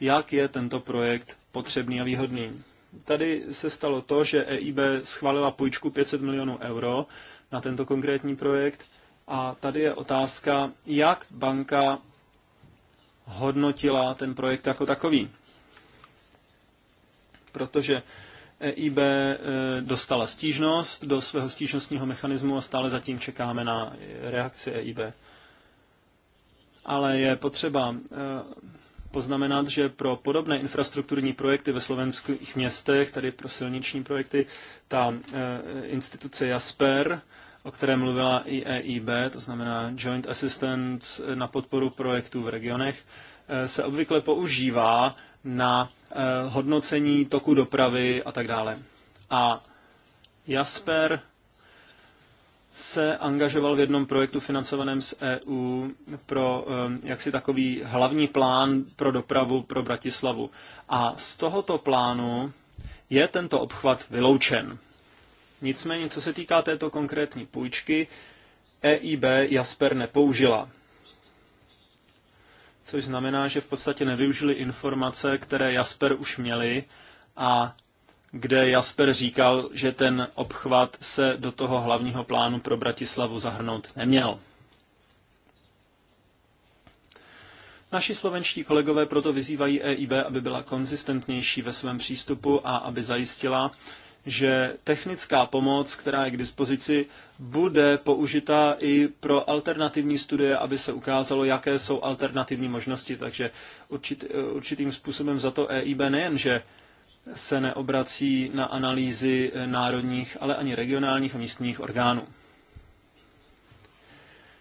jak je tento projekt potřebný a výhodný. Tady se stalo to, že EIB schválila půjčku 500 milionů euro na tento konkrétní projekt a tady je otázka, jak banka hodnotila ten projekt jako takový. Protože EIB e, dostala stížnost do svého stížnostního mechanismu a stále zatím čekáme na reakci EIB. Ale je potřeba e, poznamenat, že pro podobné infrastrukturní projekty ve slovenských městech, tady pro silniční projekty, ta e, instituce Jasper, o které mluvila i EIB, to znamená Joint Assistance na podporu projektů v regionech, se obvykle používá na eh, hodnocení toku dopravy a tak dále. A Jasper se angažoval v jednom projektu financovaném z EU pro eh, jaksi takový hlavní plán pro dopravu pro Bratislavu. A z tohoto plánu je tento obchvat vyloučen. Nicméně, co se týká této konkrétní půjčky, EIB Jasper nepoužila což znamená, že v podstatě nevyužili informace, které Jasper už měli a kde Jasper říkal, že ten obchvat se do toho hlavního plánu pro Bratislavu zahrnout neměl. Naši slovenští kolegové proto vyzývají EIB, aby byla konzistentnější ve svém přístupu a aby zajistila, že technická pomoc, která je k dispozici, bude použita i pro alternativní studie, aby se ukázalo, jaké jsou alternativní možnosti. Takže určitý, určitým způsobem za to EIB nejen, že se neobrací na analýzy národních, ale ani regionálních a místních orgánů.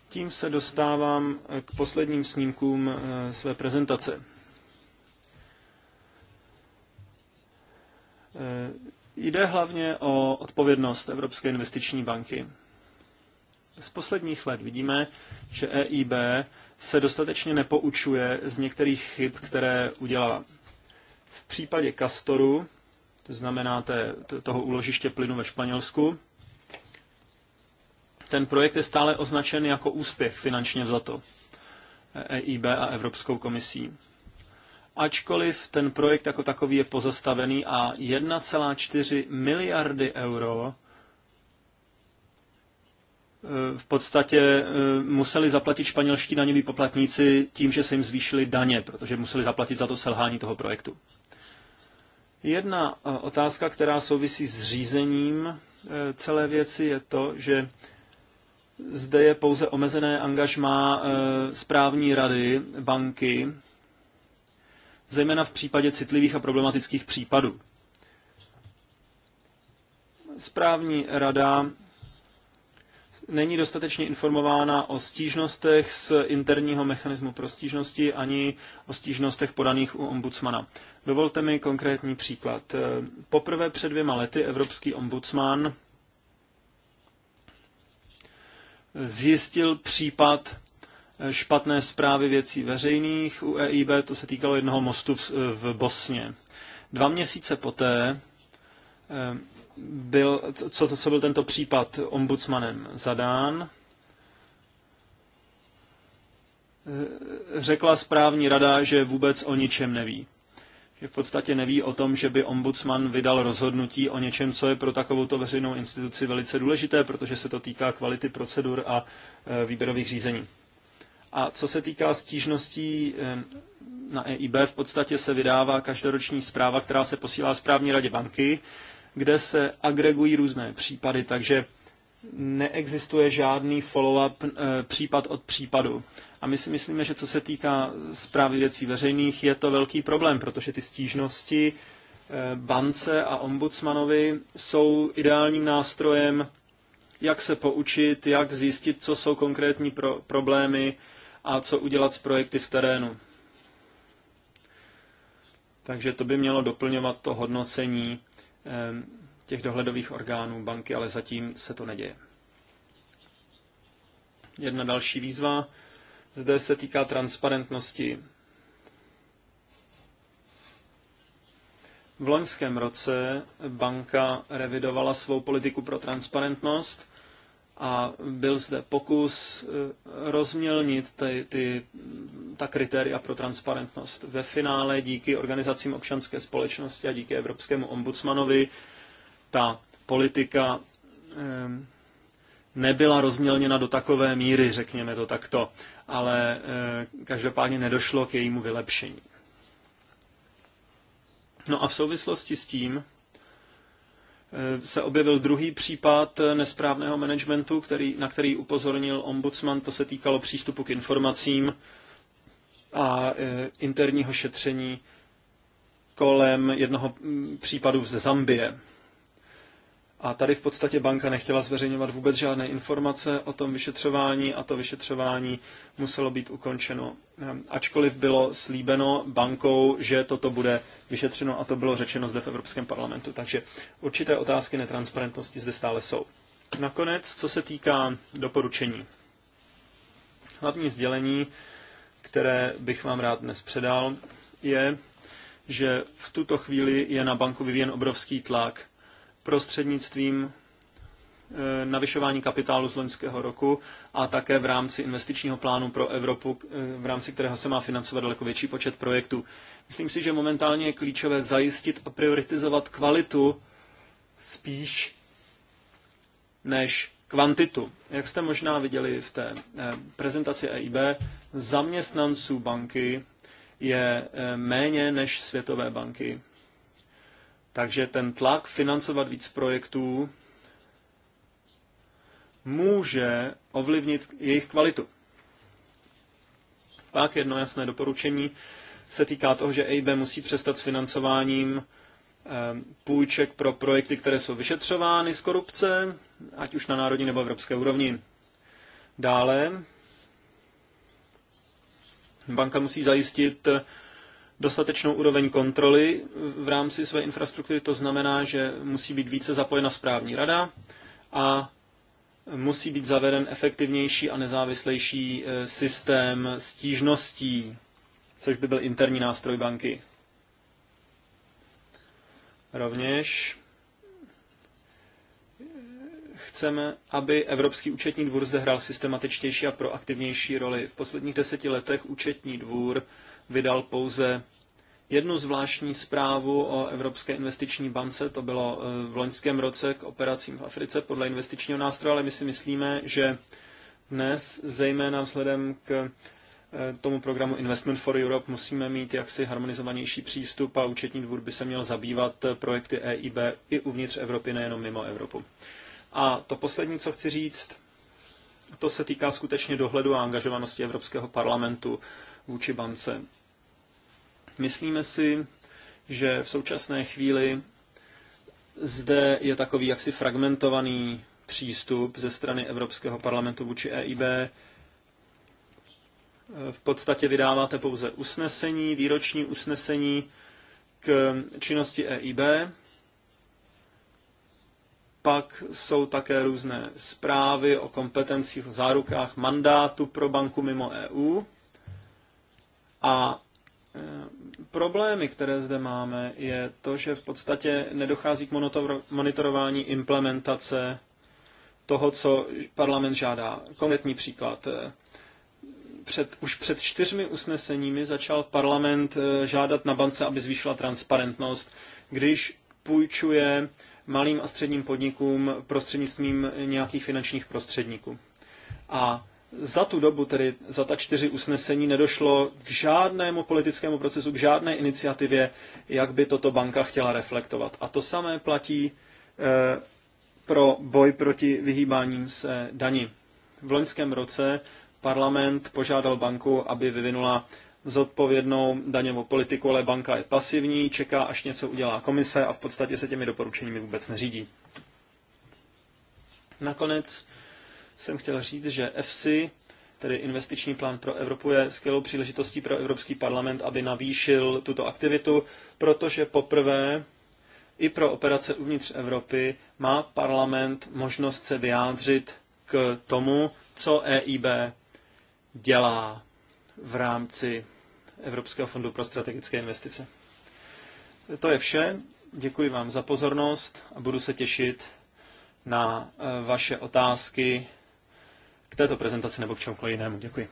Tím se dostávám k posledním snímkům eh, své prezentace. Eh, Jde hlavně o odpovědnost Evropské investiční banky. Z posledních let vidíme, že EIB se dostatečně nepoučuje z některých chyb, které udělala. V případě Castoru, to znamená té, toho úložiště plynu ve Španělsku, ten projekt je stále označen jako úspěch finančně vzato EIB a Evropskou komisí ačkoliv ten projekt jako takový je pozastavený a 1,4 miliardy euro eh, v podstatě eh, museli zaplatit španělští daňoví poplatníci tím, že se jim zvýšily daně, protože museli zaplatit za to selhání toho projektu. Jedna eh, otázka, která souvisí s řízením celé věci, je to, že zde je pouze omezené angažmá správní rady banky zejména v případě citlivých a problematických případů. Správní rada není dostatečně informována o stížnostech z interního mechanismu pro stížnosti ani o stížnostech podaných u ombudsmana. Dovolte mi konkrétní příklad. Poprvé před dvěma lety Evropský ombudsman zjistil případ špatné zprávy věcí veřejných u EIB, to se týkalo jednoho mostu v, v Bosně. Dva měsíce poté eh, byl, co, co byl tento případ ombudsmanem zadán, eh, řekla správní rada, že vůbec o ničem neví. Že v podstatě neví o tom, že by ombudsman vydal rozhodnutí o něčem, co je pro takovouto veřejnou instituci velice důležité, protože se to týká kvality procedur a eh, výběrových řízení. A co se týká stížností eh, na EIB, v podstatě se vydává každoroční zpráva, která se posílá správní radě banky, kde se agregují různé případy, takže neexistuje žádný follow-up eh, případ od případu. A my si myslíme, že co se týká zprávy věcí veřejných, je to velký problém, protože ty stížnosti eh, bance a ombudsmanovi jsou ideálním nástrojem, jak se poučit, jak zjistit, co jsou konkrétní pro- problémy, a co udělat s projekty v terénu. Takže to by mělo doplňovat to hodnocení eh, těch dohledových orgánů banky, ale zatím se to neděje. Jedna další výzva zde se týká transparentnosti. V loňském roce banka revidovala svou politiku pro transparentnost a byl zde pokus eh, rozmělnit ty, ty, ta kritéria pro transparentnost. Ve finále díky organizacím občanské společnosti a díky Evropskému ombudsmanovi ta politika eh, nebyla rozmělněna do takové míry, řekněme to takto, ale eh, každopádně nedošlo k jejímu vylepšení. No a v souvislosti s tím Eh, se objevil druhý případ eh, nesprávného managementu, který, na který upozornil ombudsman. To se týkalo přístupu k informacím a eh, interního šetření kolem jednoho mm, případu ze Zambie. A tady v podstatě banka nechtěla zveřejňovat vůbec žádné informace o tom vyšetřování a to vyšetřování muselo být ukončeno. Ehm, ačkoliv bylo slíbeno bankou, že toto bude vyšetřeno a to bylo řečeno zde v Evropském parlamentu. Takže určité otázky netransparentnosti zde stále jsou. Nakonec, co se týká doporučení. Hlavní sdělení, které bych vám rád dnes předal, je, že v tuto chvíli je na banku vyvíjen obrovský tlak prostřednictvím eh, navyšování kapitálu z loňského roku a také v rámci investičního plánu pro Evropu, eh, v rámci kterého se má financovat daleko větší počet projektů. Myslím si, že momentálně je klíčové zajistit a prioritizovat kvalitu spíš než kvantitu. Jak jste možná viděli v té eh, prezentaci EIB, zaměstnanců banky je méně než Světové banky takže ten tlak financovat víc projektů může ovlivnit jejich kvalitu. Pak jedno jasné doporučení se týká toho, že EIB musí přestat s financováním ehm, půjček pro projekty, které jsou vyšetřovány z korupce, ať už na národní nebo evropské úrovni. Dále banka musí zajistit dostatečnou úroveň kontroly v rámci své infrastruktury. To znamená, že musí být více zapojena správní rada a musí být zaveden efektivnější a nezávislejší e, systém stížností, což by byl interní nástroj banky. Rovněž Chceme, aby Evropský účetní dvůr zde hrál systematičtější a proaktivnější roli. V posledních deseti letech účetní dvůr vydal pouze jednu zvláštní zprávu o Evropské investiční bance, to bylo eh, v loňském roce k operacím v Africe podle investičního nástroje, ale my si myslíme, že dnes, zejména vzhledem k eh, tomu programu Investment for Europe musíme mít jaksi harmonizovanější přístup a účetní dvůr by se měl zabývat projekty EIB i uvnitř Evropy, nejenom mimo Evropu. A to poslední, co chci říct, to se týká skutečně dohledu a angažovanosti Evropského parlamentu vůči bance. Myslíme si, že v současné chvíli zde je takový jaksi fragmentovaný přístup ze strany Evropského parlamentu vůči EIB. V podstatě vydáváte pouze usnesení, výroční usnesení k činnosti EIB, pak jsou také různé zprávy o kompetencích, o zárukách mandátu pro banku mimo EU. A e, problémy, které zde máme, je to, že v podstatě nedochází k monitorování implementace toho, co parlament žádá. Konkrétní příklad. E, před, už před čtyřmi usneseními začal parlament e, žádat na bance, aby zvýšila transparentnost, když půjčuje malým a středním podnikům prostřednictvím nějakých finančních prostředníků. A za tu dobu, tedy za ta čtyři usnesení, nedošlo k žádnému politickému procesu, k žádné iniciativě, jak by toto banka chtěla reflektovat. A to samé platí e, pro boj proti vyhýbání se daní. V loňském roce parlament požádal banku, aby vyvinula zodpovědnou daňovou politiku, ale banka je pasivní, čeká, až něco udělá komise a v podstatě se těmi doporučeními vůbec neřídí. Nakonec jsem chtěl říct, že EFSI, tedy investiční plán pro Evropu, je skvělou příležitostí pro Evropský parlament, aby navýšil tuto aktivitu, protože poprvé i pro operace uvnitř Evropy má parlament možnost se vyjádřit k tomu, co EIB dělá v rámci Evropského fondu pro strategické investice. To je vše. Děkuji vám za pozornost a budu se těšit na eh, vaše otázky k této prezentaci nebo k čemukoliv jinému. Děkuji.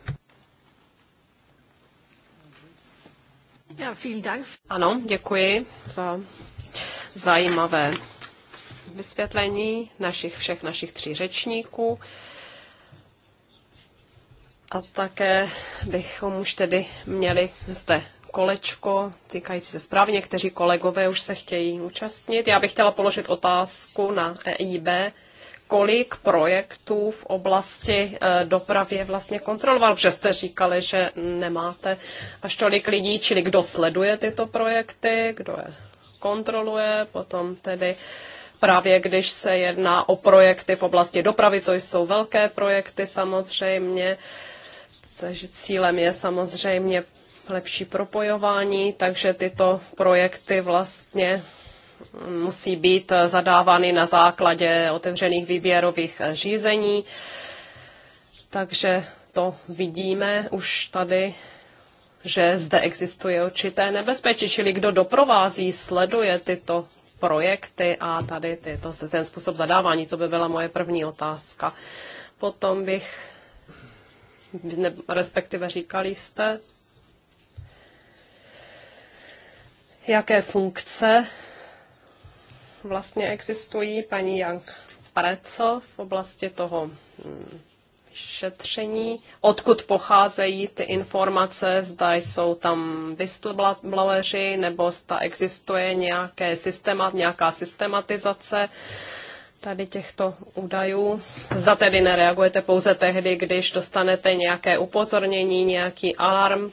Ano, děkuji za zajímavé vysvětlení našich všech našich tří řečníků. A také bychom už tedy měli zde kolečko týkající se správně, Někteří kolegové už se chtějí účastnit. Já bych chtěla položit otázku na EIB, kolik projektů v oblasti e, dopravy je vlastně kontroloval, protože jste říkali, že nemáte až tolik lidí, čili kdo sleduje tyto projekty, kdo je kontroluje, potom tedy právě když se jedná o projekty v oblasti dopravy, to jsou velké projekty samozřejmě, takže cílem je samozřejmě lepší propojování, takže tyto projekty vlastně musí být zadávány na základě otevřených výběrových řízení. Takže to vidíme už tady, že zde existuje určité nebezpečí, čili kdo doprovází, sleduje tyto projekty a tady tyto, ten způsob zadávání, to by byla moje první otázka. Potom bych ne, respektive říkali jste, jaké funkce vlastně existují paní Jank Preco v oblasti toho hm, šetření, odkud pocházejí ty informace, zda jsou tam whistlebloweri, nebo zda existuje nějaké systémat, nějaká systematizace tady těchto údajů. Zda tedy nereagujete pouze tehdy, když dostanete nějaké upozornění, nějaký alarm,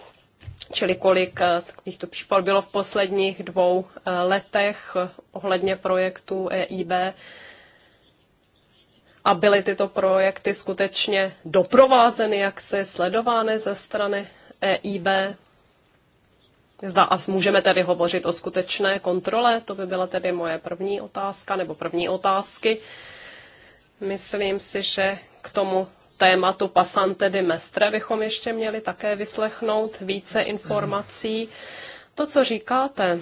čili kolik eh, takovýchto případů bylo v posledních dvou eh, letech eh, ohledně projektu EIB a byly tyto projekty skutečně doprovázeny, jak se sledovány ze strany EIB Zda a můžeme tedy hovořit o skutečné kontrole, to by byla tedy moje první otázka nebo první otázky. Myslím si, že k tomu tématu pasante di Mestre bychom ještě měli také vyslechnout více informací. To, co říkáte,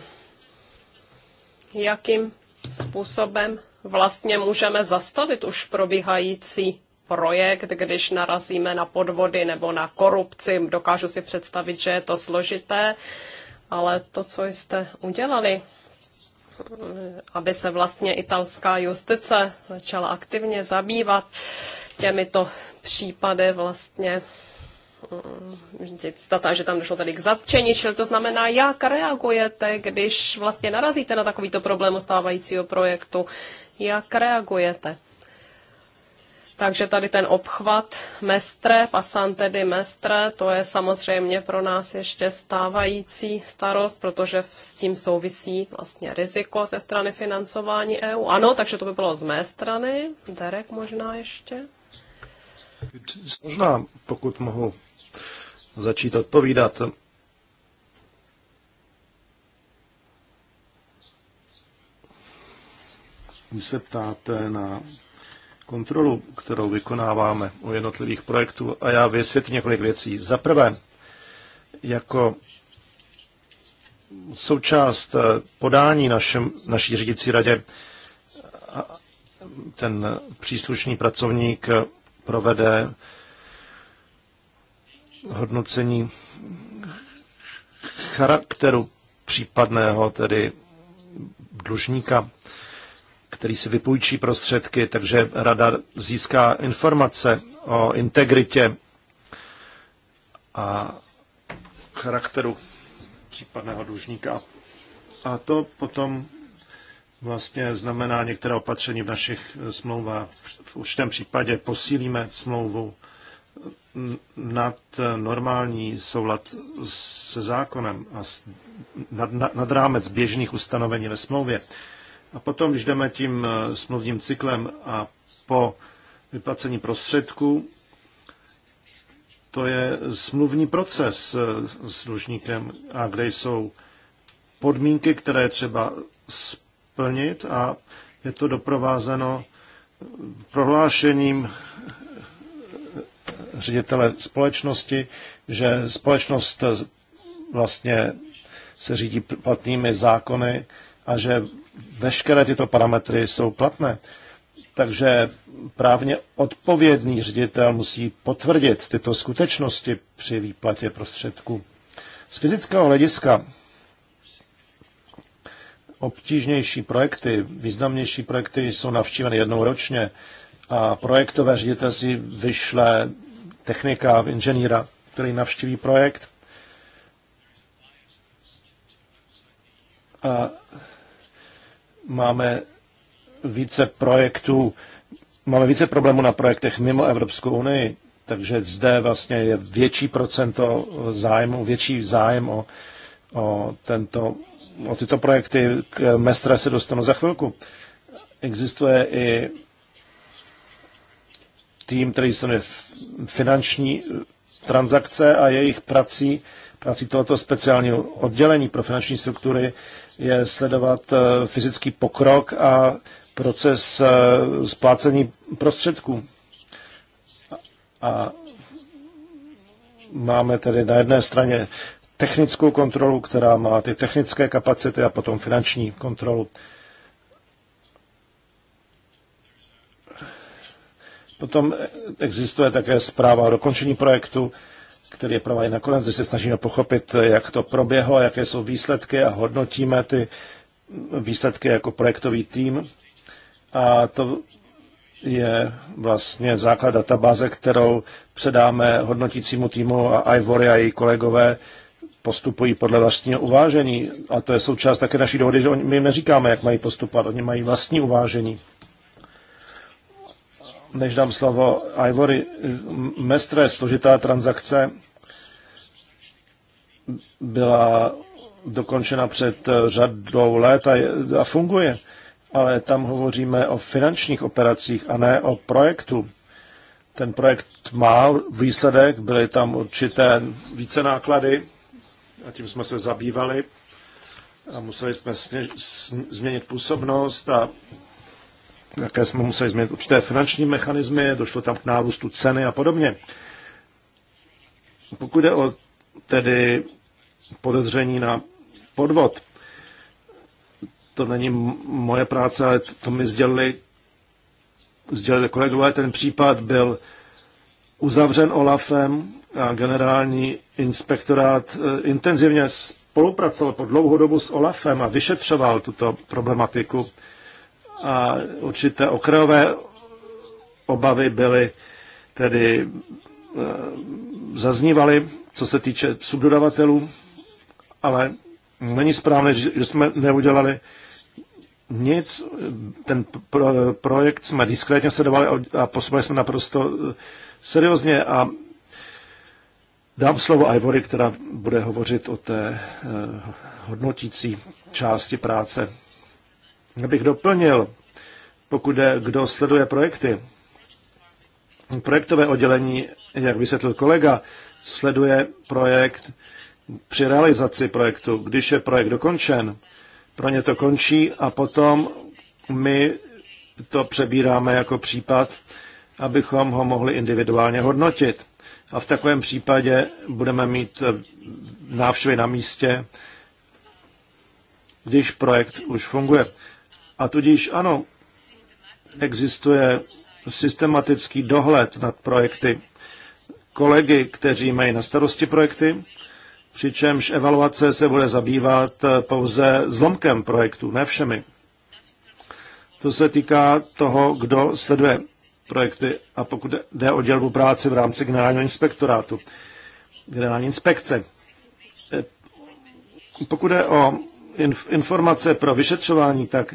jakým způsobem vlastně můžeme zastavit už probíhající projekt, když narazíme na podvody nebo na korupci. Dokážu si představit, že je to složité ale to, co jste udělali, aby se vlastně italská justice začala aktivně zabývat těmito případy vlastně mm, data, že tam došlo tady k zatčení, čili to znamená, jak reagujete, když vlastně narazíte na takovýto problém stávajícího projektu, jak reagujete? Takže tady ten obchvat mestre, pasante di mestre, to je samozřejmě pro nás ještě stávající starost, protože s tím souvisí vlastně riziko ze strany financování EU. Ano, takže to by bylo z mé strany. Derek možná ještě. Možná, pokud mohu začít odpovídat. Vy se ptáte na kontrolu, kterou vykonáváme u jednotlivých projektů a já vysvětlím několik věcí. Za prvé, jako součást eh, podání našem, naší řídící radě ten příslušný pracovník eh, provede hodnocení charakteru případného tedy dlužníka který si vypůjčí prostředky, takže rada získá informace o integritě a charakteru případného dlužníka. A to potom vlastně znamená některé opatření v našich smlouvách. V určitém případě posílíme smlouvu nad normální soulad se zákonem a nad, nad, rámec běžných ustanovení ve smlouvě. A potom, když jdeme tím eh, smluvním cyklem a po vyplacení prostředků, to je smluvní proces eh, s dlužníkem, a kde jsou podmínky, které třeba splnit a je to doprovázeno prohlášením ředitele společnosti, že společnost eh, vlastně se řídí platnými zákony a že veškeré tyto parametry jsou platné. Takže právně odpovědný ředitel musí potvrdit tyto skutečnosti při výplatě prostředků. Z fyzického hlediska obtížnější projekty, významnější projekty jsou navštíveny jednou ročně a projektové ředitelství vyšle technika, inženýra, který navštíví projekt. A máme více projektů, máme více problémů na projektech mimo Evropskou unii, takže zde vlastně je větší procento zájmu, větší zájem o, o, tento, o tyto projekty. K mestre se dostanu za chvilku. Existuje i tým, který se jmenuje finanční transakce a jejich prací Prací tohoto speciálního oddělení pro finanční struktury je sledovat eh, fyzický pokrok a proces eh, splácení prostředků. A máme tedy na jedné straně technickou kontrolu, která má ty technické kapacity a potom finanční kontrolu. Potom existuje také zpráva o dokončení projektu, který je na nakonec, že se snažíme pochopit, jak to proběhlo, jaké jsou výsledky a hodnotíme ty výsledky jako projektový tým. A to je vlastně základ databáze, kterou předáme hodnotícímu týmu a Ivory a její kolegové postupují podle vlastního uvážení. A to je součást také naší dohody, že my jim neříkáme, jak mají postupovat, oni mají vlastní uvážení. Než dám slovo Ivory, Mestre, složitá transakce, byla dokončena před eh, řadou let a, a funguje. Ale tam hovoříme o finančních operacích a ne o projektu. Ten projekt má výsledek, byly tam určité více náklady a tím jsme se zabývali a museli jsme změnit působnost a také jsme museli změnit určité finanční mechanismy, došlo tam k nárůstu ceny a podobně. Pokud je o tedy podezření na podvod. To není moje práce, ale to, to mi sdělili, sdělili kolegové. Ten případ byl uzavřen Olafem a generální inspektorát e, intenzivně spolupracoval po dlouhou dobu s Olafem a vyšetřoval tuto problematiku. A určité okrajové obavy byly tedy e, zaznívaly, co se týče subdodavatelů ale není správné, že jsme neudělali nic. Ten pro, projekt jsme diskrétně sledovali a posunuli jsme naprosto eh, seriózně a dám slovo Ivory, která bude hovořit o té eh, hodnotící části práce. Abych doplnil, pokud je, kdo sleduje projekty, projektové oddělení, jak vysvětlil kolega, sleduje projekt při realizaci projektu, když je projekt dokončen, pro ně to končí a potom my to přebíráme jako případ, abychom ho mohli individuálně hodnotit. A v takovém případě budeme mít eh, návštěvy na místě, když projekt už funguje. A tudíž ano, existuje systematický dohled nad projekty kolegy, kteří mají na starosti projekty přičemž evaluace se bude zabývat eh, pouze zlomkem projektu, ne všemi. To se týká toho, kdo sleduje projekty a pokud jde o dělbu práce v rámci generálního inspektorátu, generální inspekce. Eh, pokud jde o informace pro vyšetřování, tak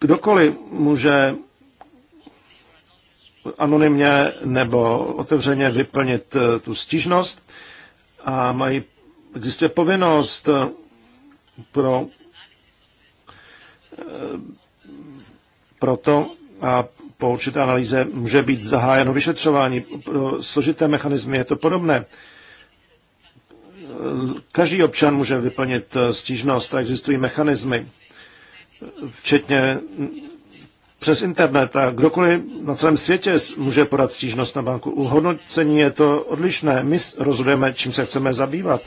kdokoliv může anonymně nebo otevřeně vyplnit eh, tu stížnost a mají, existuje povinnost pro, pro to a po určité analýze může být zahájeno vyšetřování. Pro složité mechanizmy je to podobné. Každý občan může vyplnit stížnost a existují mechanismy, včetně přes internet a kdokoliv na celém světě může podat stížnost na banku. U hodnocení je to odlišné. My rozhodujeme, čím se chceme zabývat.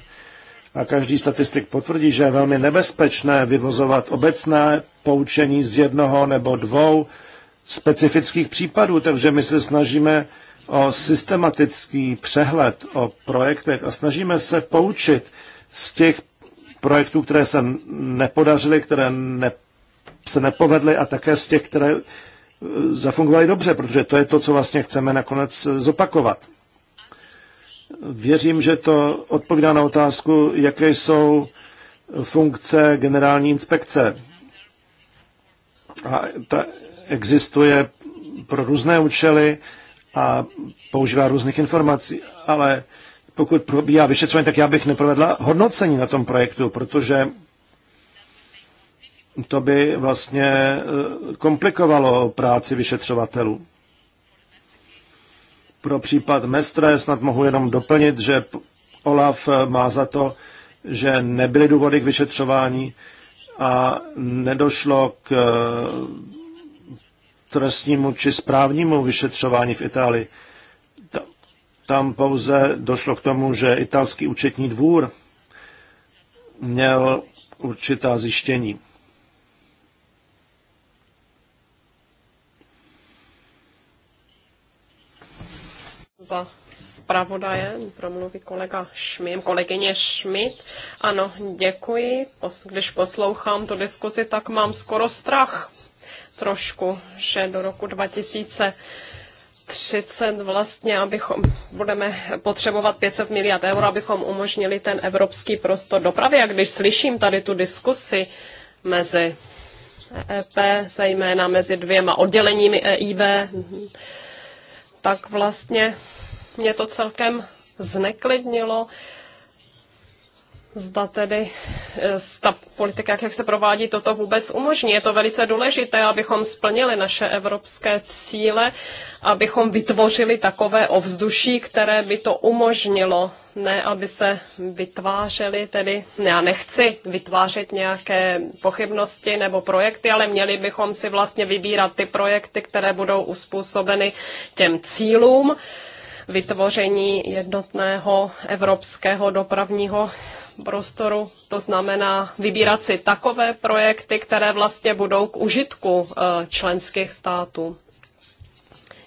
A každý statistik potvrdí, že je velmi nebezpečné vyvozovat obecné poučení z jednoho nebo dvou specifických případů, takže my se snažíme o systematický přehled o projektech a snažíme se poučit z těch projektů, které se nepodařily, které ne, se nepovedly a také z těch, které eh, zafungovaly dobře, protože to je to, co vlastně chceme nakonec eh, zopakovat. Věřím, že to odpovídá na otázku, jaké jsou funkce generální inspekce. A ta existuje pro různé účely a používá různých informací, ale pokud probíhá vyšetřování, tak já bych neprovedla hodnocení na tom projektu, protože to by vlastně eh, komplikovalo práci vyšetřovatelů. Pro případ Mestre snad mohu jenom doplnit, že Olaf eh, má za to, že nebyly důvody k vyšetřování a nedošlo k eh, trestnímu či správnímu vyšetřování v Itálii. Tam pouze došlo k tomu, že italský účetní dvůr měl určitá zjištění. za zpravodaje promluví kolega Šmit, kolegyně Šmit. Ano, děkuji. Když poslouchám tu diskuzi, tak mám skoro strach trošku, že do roku 2000 30 vlastně, abychom budeme potřebovat 500 miliard eur, abychom umožnili ten evropský prostor dopravy. A když slyším tady tu diskusi mezi EP, zejména mezi dvěma odděleními EIB, tak vlastně mě to celkem zneklidnilo, Zda tedy ta eh, politika, jak se provádí, toto vůbec umožní. Je to velice důležité, abychom splnili naše evropské cíle, abychom vytvořili takové ovzduší, které by to umožnilo. Ne, aby se vytvářely tedy, já nechci vytvářet nějaké pochybnosti nebo projekty, ale měli bychom si vlastně vybírat ty projekty, které budou uspůsobeny těm cílům vytvoření jednotného evropského dopravního prostoru. To znamená vybírat si takové projekty, které vlastně budou k užitku eh, členských států.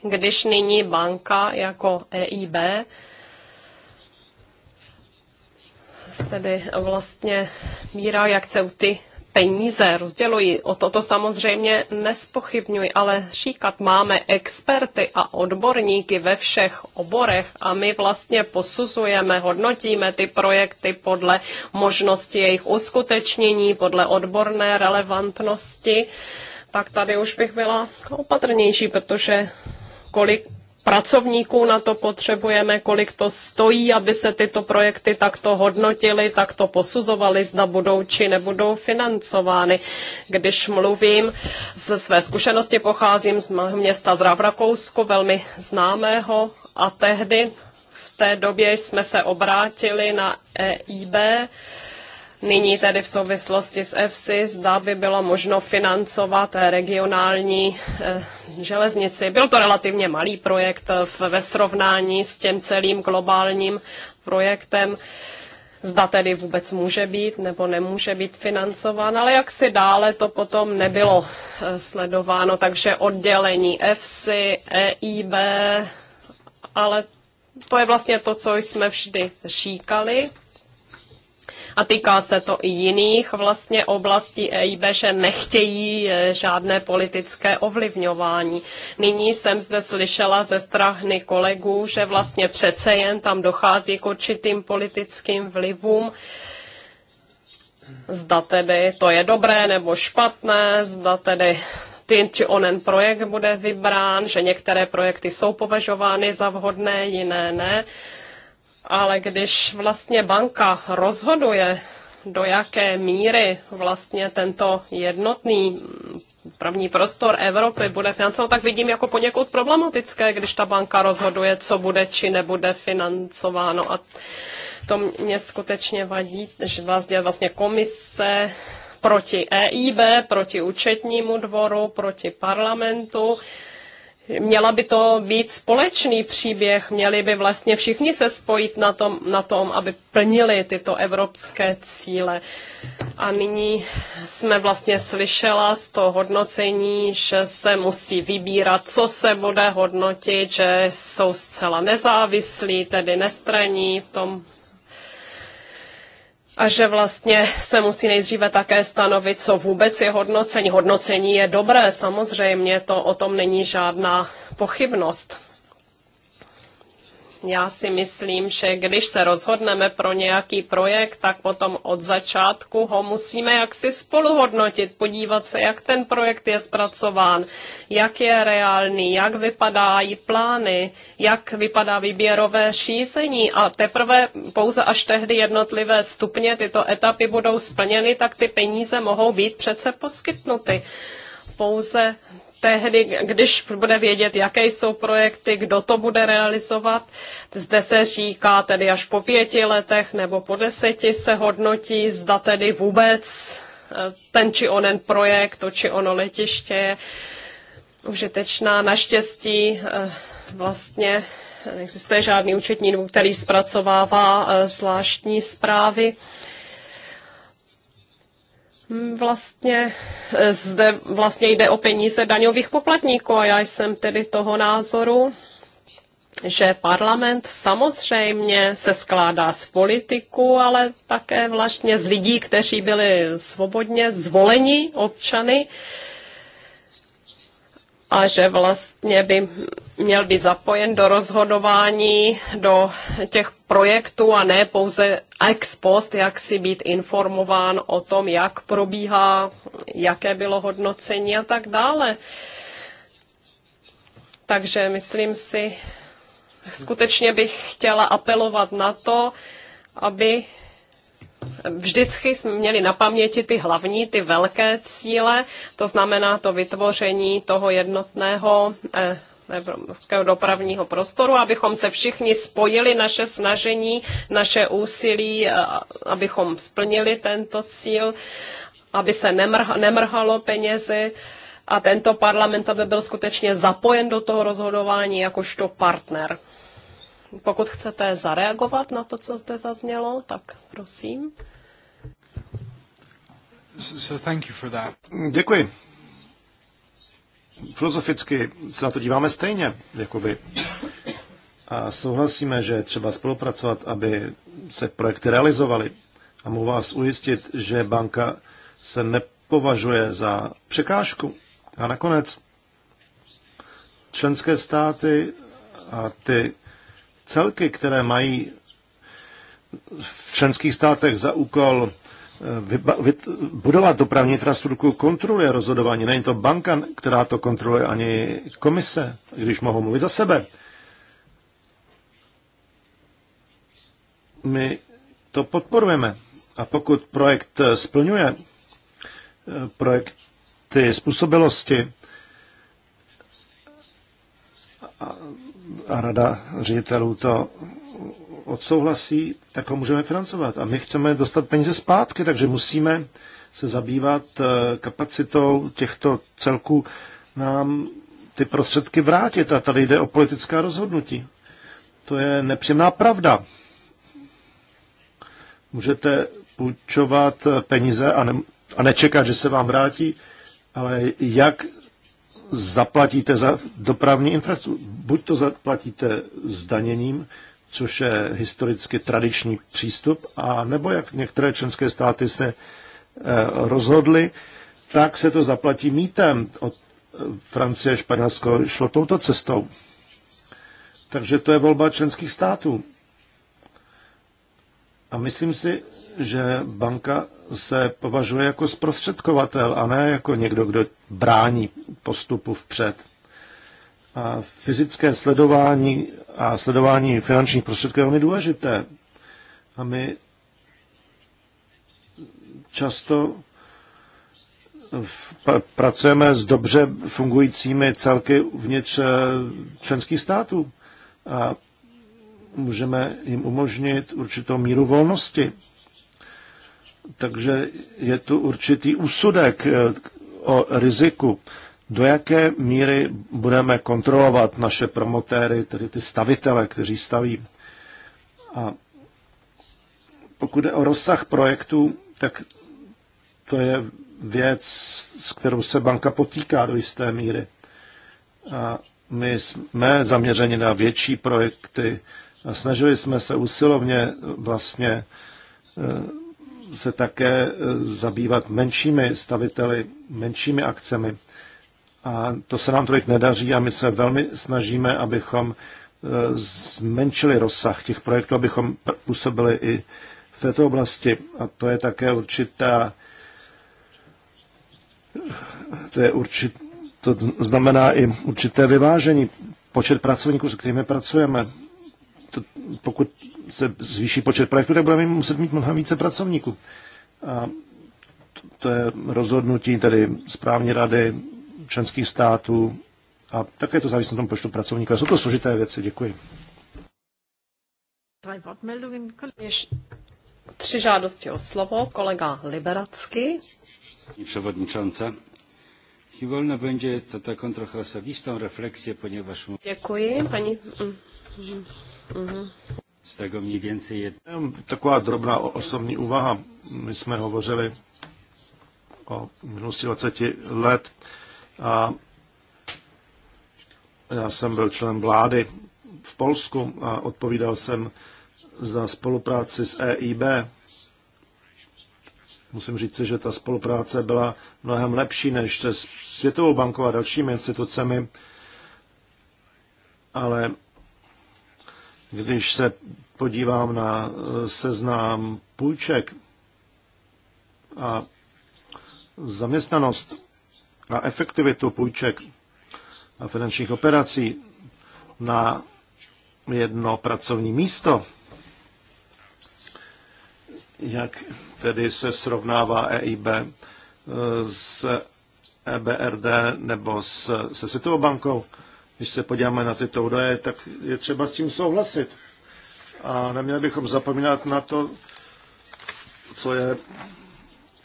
Když nyní banka jako EIB tedy vlastně míra, jak u ty peníze rozdělují. O toto samozřejmě nespochybňuji, ale říkat máme experty a odborníky ve všech oborech a my vlastně posuzujeme, hodnotíme ty projekty podle možnosti jejich uskutečnění, podle odborné relevantnosti, tak tady už bych byla opatrnější, protože kolik pracovníků na to potřebujeme, kolik to stojí, aby se tyto projekty takto hodnotily, takto posuzovaly, zda budou či nebudou financovány. Když mluvím ze své zkušenosti, pocházím z města z Rakousku, velmi známého, a tehdy v té době jsme se obrátili na EIB, Nyní tedy v souvislosti s EFSI zda by bylo možno financovat eh, regionální eh, železnici. Byl to relativně malý projekt eh, ve srovnání s tím celým globálním projektem zda tedy vůbec může být nebo nemůže být financován, ale jak si dále to potom nebylo sledováno, takže oddělení EFSI, EIB, ale to je vlastně to, co jsme vždy říkali a týká se to i jiných vlastně oblastí EIB, že nechtějí eh, žádné politické ovlivňování. Nyní jsem zde slyšela ze strany kolegů, že vlastně přece jen tam dochází k určitým politickým vlivům. Zda tedy to je dobré nebo špatné, zda tedy ten či onen projekt bude vybrán, že některé projekty jsou považovány za vhodné, jiné ne. Ale když vlastně banka rozhoduje, do jaké míry vlastně tento jednotný právní prostor Evropy bude financovat, tak vidím jako poněkud problematické, když ta banka rozhoduje, co bude či nebude financováno. A to mě skutečně vadí, že vlastně, vlastně komise proti EIB, proti účetnímu dvoru, proti parlamentu Měla by to být společný příběh, měli by vlastně všichni se spojit na tom, na tom, aby plnili tyto evropské cíle. A nyní jsme vlastně slyšela z toho hodnocení, že se musí vybírat, co se bude hodnotit, že jsou zcela nezávislí, tedy nestraní v tom a že vlastně se musí nejdříve také stanovit, co vůbec je hodnocení. Hodnocení je dobré, samozřejmě, to o tom není žádná pochybnost. Já si myslím, že když se rozhodneme pro nějaký projekt, tak potom od začátku ho musíme jaksi spoluhodnotit, podívat se, jak ten projekt je zpracován, jak je reálný, jak vypadají plány, jak vypadá výběrové šízení a teprve pouze až tehdy jednotlivé stupně tyto etapy budou splněny, tak ty peníze mohou být přece poskytnuty pouze tehdy, když bude vědět, jaké jsou projekty, kdo to bude realizovat. Zde se říká tedy až po pěti letech nebo po deseti se hodnotí, zda tedy vůbec eh, ten či onen projekt, to či ono letiště je užitečná. Naštěstí eh, vlastně neexistuje žádný účetní, který zpracovává eh, zvláštní zprávy. Vlastně eh, zde vlastně jde o peníze daňových poplatníků a já jsem tedy toho názoru, že parlament samozřejmě se skládá z politiků, ale také vlastně z lidí, kteří byli svobodně zvoleni občany a že vlastně by měl být zapojen do rozhodování, do těch projektů a ne pouze ex post, jak si být informován o tom, jak probíhá, jaké bylo hodnocení a tak dále. Takže myslím si, skutečně bych chtěla apelovat na to, aby vždycky jsme měli na paměti ty hlavní, ty velké cíle, to znamená to vytvoření toho jednotného eh, evropského dopravního prostoru, abychom se všichni spojili naše snažení, naše úsilí, abychom splnili tento cíl, aby se nemrhalo penězi a tento parlament aby byl skutečně zapojen do toho rozhodování jakožto partner. Pokud chcete zareagovat na to, co zde zaznělo, tak prosím. So, so Děkuji filozoficky se na to díváme stejně jako vy. A souhlasíme, že třeba spolupracovat, aby se projekty realizovaly. A mohu vás ujistit, že banka se nepovažuje za překážku. A nakonec členské státy a ty celky, které mají v členských státech za úkol budovat dopravní infrastrukturu kontroluje rozhodování. Není to banka, která to kontroluje, ani komise, když mohou mluvit za sebe. My to podporujeme. A pokud projekt splňuje eh, projekty způsobilosti, a rada ředitelů to odsouhlasí, tak ho můžeme financovat. A my chceme dostat peníze zpátky, takže musíme se zabývat eh, kapacitou těchto celků nám ty prostředky vrátit. A tady jde o politická rozhodnutí. To je nepříjemná pravda. Můžete půjčovat eh, peníze a, ne, a nečekat, že se vám vrátí, ale jak zaplatíte za dopravní infrastrukturu. Buď to zaplatíte zdaněním, což je historicky tradiční přístup, a nebo jak některé členské státy se eh, rozhodly, tak se to zaplatí mítem. Od eh, Francie, Španělsko šlo touto cestou. Takže to je volba členských států. A myslím si, že banka se považuje jako zprostředkovatel a ne jako někdo, kdo brání postupu vpřed. A fyzické sledování a sledování finančních prostředků je velmi důležité. A my často pracujeme s dobře fungujícími celky uvnitř eh, členských států a můžeme jim umožnit určitou míru volnosti takže je tu určitý úsudek eh, o riziku. Do jaké míry budeme kontrolovat naše promotéry, tedy ty stavitele, kteří staví. A pokud je o rozsah projektu, tak to je věc, s kterou se banka potýká do jisté míry. A my jsme zaměřeni na větší projekty a snažili jsme se usilovně vlastně eh, se také e, zabývat menšími staviteli, menšími akcemi. A to se nám tolik nedaří a my se velmi snažíme, abychom e, zmenšili rozsah těch projektů, abychom působili i v této oblasti. A to je také určitá, to je určit, to znamená i určité vyvážení počet pracovníků, s kterými pracujeme pokud se zvýší počet projektů, tak budeme muset mít mnohem více pracovníků. A to je rozhodnutí tedy správní rady členských států a také to závisí na tom počtu pracovníků. A jsou to složité věci. Děkuji. Tři žádosti o slovo. Kolega Liberacky. Pani przewodnicząca, jeśli wolno będzie, to taką trochę osobistą refleksję, ponieważ... Dziękuję, pani... Z tego mniej więcej je... Taková drobná osobní úvaha. My jsme hovořili o minulosti 20 let a já jsem byl člen vlády v Polsku a odpovídal jsem za spolupráci s EIB. Musím říct, že ta spolupráce byla mnohem lepší než se Světovou bankou a dalšími institucemi, ale když se podívám na eh, seznám půjček a zaměstnanost a efektivitu půjček a finančních operací na jedno pracovní místo, jak tedy se srovnává EIB eh, s EBRD nebo s, se Světovou bankou, když se podíváme na tyto údaje, tak je třeba s tím souhlasit. A neměli bychom zapomínat na to, co je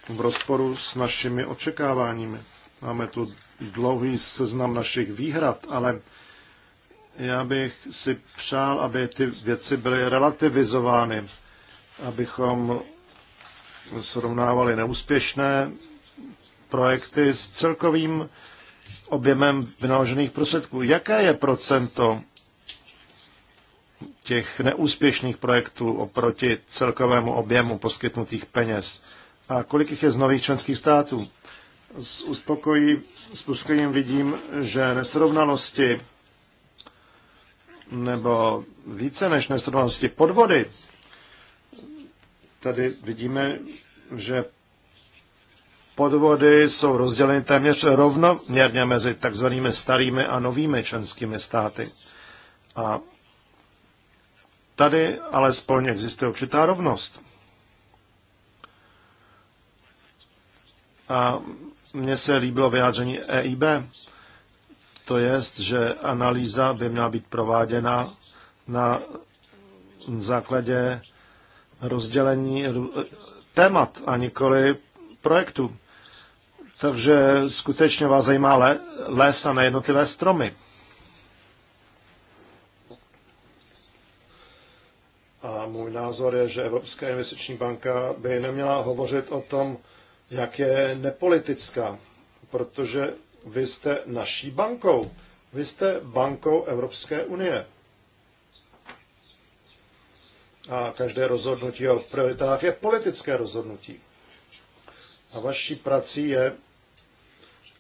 v rozporu s našimi očekáváními. Máme tu dlouhý seznam našich výhrad, ale já bych si přál, aby ty věci byly relativizovány, abychom srovnávali neúspěšné projekty s celkovým s objemem vynaložených prostředků. Jaké je procento těch neúspěšných projektů oproti celkovému objemu poskytnutých peněz? A kolik jich je z nových členských států? S, uspokojí, s vidím, že nesrovnalosti nebo více než nesrovnalosti podvody. Tady vidíme, že podvody jsou rozděleny téměř rovnoměrně mezi takzvanými starými a novými členskými státy. A tady alespoň existuje určitá rovnost. A mně se líbilo vyjádření EIB, to jest, že analýza by měla být prováděna na základě rozdělení témat a nikoli projektu. Takže skutečně vás zajímá le, les a nejednotlivé stromy. A můj názor je, že Evropská investiční banka by neměla hovořit o tom, jak je nepolitická, protože vy jste naší bankou. Vy jste bankou Evropské unie. A každé rozhodnutí o prioritách je politické rozhodnutí. A vaší prací je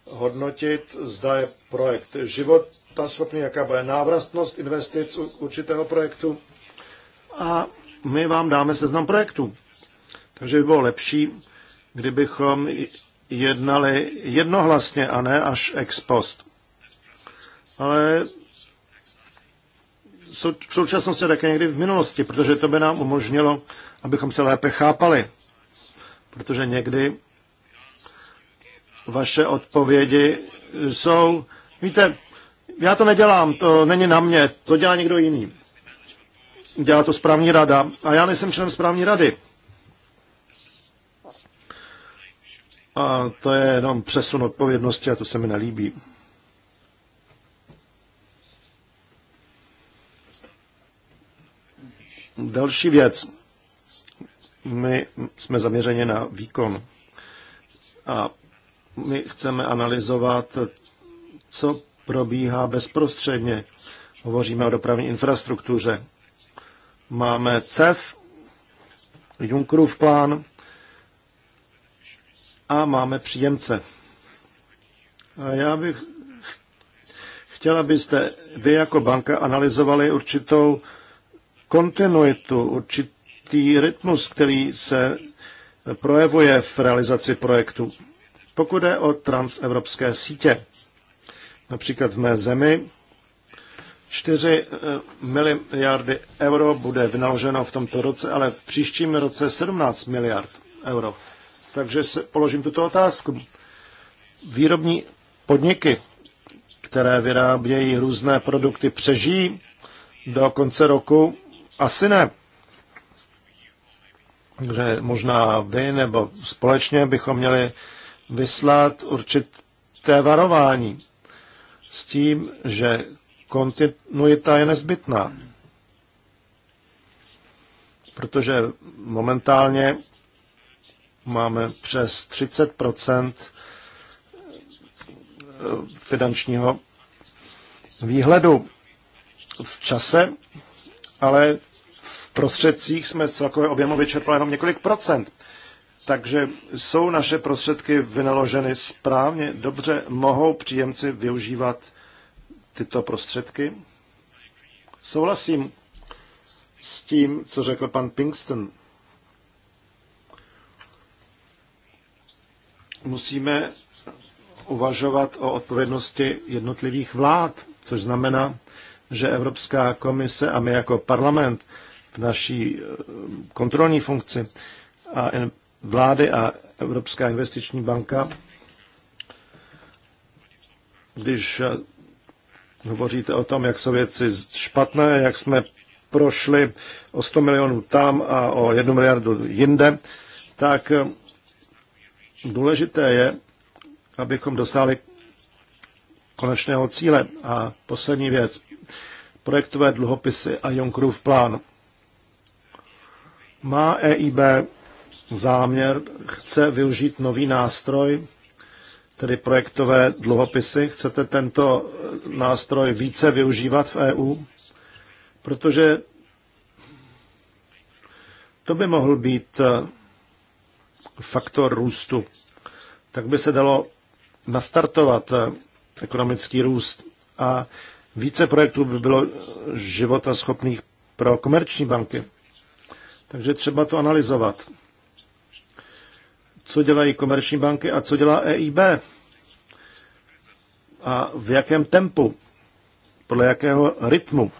hodnotit, zda je projekt životaschopný, jaká bude návratnost investic u určitého projektu. A my vám dáme seznam projektů. Takže by bylo lepší, kdybychom jednali jednohlasně a ne až ex post. Ale v současnosti také někdy v minulosti, protože to by nám umožnilo, abychom se lépe chápali. Protože někdy vaše odpovědi jsou, víte, já to nedělám, to není na mě, to dělá někdo jiný. Dělá to správní rada a já nejsem člen správní rady. A to je jenom přesun odpovědnosti a to se mi nelíbí. Další věc. My jsme zaměřeni na výkon. A my chceme analyzovat, co probíhá bezprostředně. Hovoříme o dopravní infrastruktuře. Máme CEF, Junckerův plán a máme příjemce. A já bych chtěl, abyste vy jako banka analyzovali určitou kontinuitu, určitý rytmus, který se projevuje v realizaci projektu. Pokud jde o transevropské sítě, například v mé zemi, 4 eh, miliardy euro bude vynaloženo v tomto roce, ale v příštím roce 17 miliard euro. Takže se položím tuto otázku. Výrobní podniky, které vyrábějí různé produkty, přežijí do konce roku? Asi ne. Takže možná vy nebo společně bychom měli vyslat určité varování s tím, že kontinuita je nezbytná. Protože momentálně máme přes 30 finančního výhledu v čase, ale v prostředcích jsme celkově objemu vyčerpali jenom několik procent. Takže jsou naše prostředky vynaloženy správně, dobře, mohou příjemci využívat tyto prostředky? Souhlasím s tím, co řekl pan Pinkston. Musíme uvažovat o odpovědnosti jednotlivých vlád, což znamená, že Evropská komise a my jako parlament v naší eh, kontrolní funkci a vlády a Evropská investiční banka, když hovoříte o tom, jak jsou věci špatné, jak jsme prošli o 100 milionů tam a o 1 miliardu jinde, tak důležité je, abychom dosáhli konečného cíle. A poslední věc, projektové dluhopisy a Junckerův plán. Má EIB záměr, chce využít nový nástroj, tedy projektové dluhopisy. Chcete tento nástroj více využívat v EU? Protože to by mohl být eh, faktor růstu. Tak by se dalo nastartovat eh, ekonomický růst a více projektů by bylo života schopných pro komerční banky. Takže třeba to analyzovat co dělají komerční banky a co dělá EIB a v jakém tempu, podle jakého rytmu.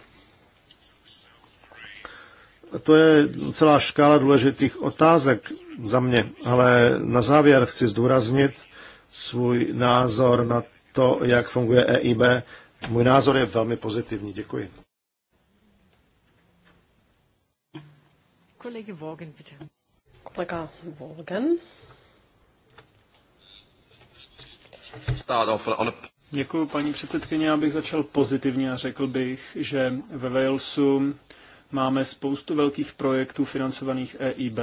To je celá škála důležitých otázek za mě, ale na závěr chci zdůraznit svůj názor na to, jak funguje EIB. Můj názor je velmi pozitivní. Děkuji. Kolega Vogen, bitte. Kolega Vogen. Děkuji, paní předsedkyně. Já bych začal pozitivně a řekl bych, že ve Walesu máme spoustu velkých projektů financovaných EIB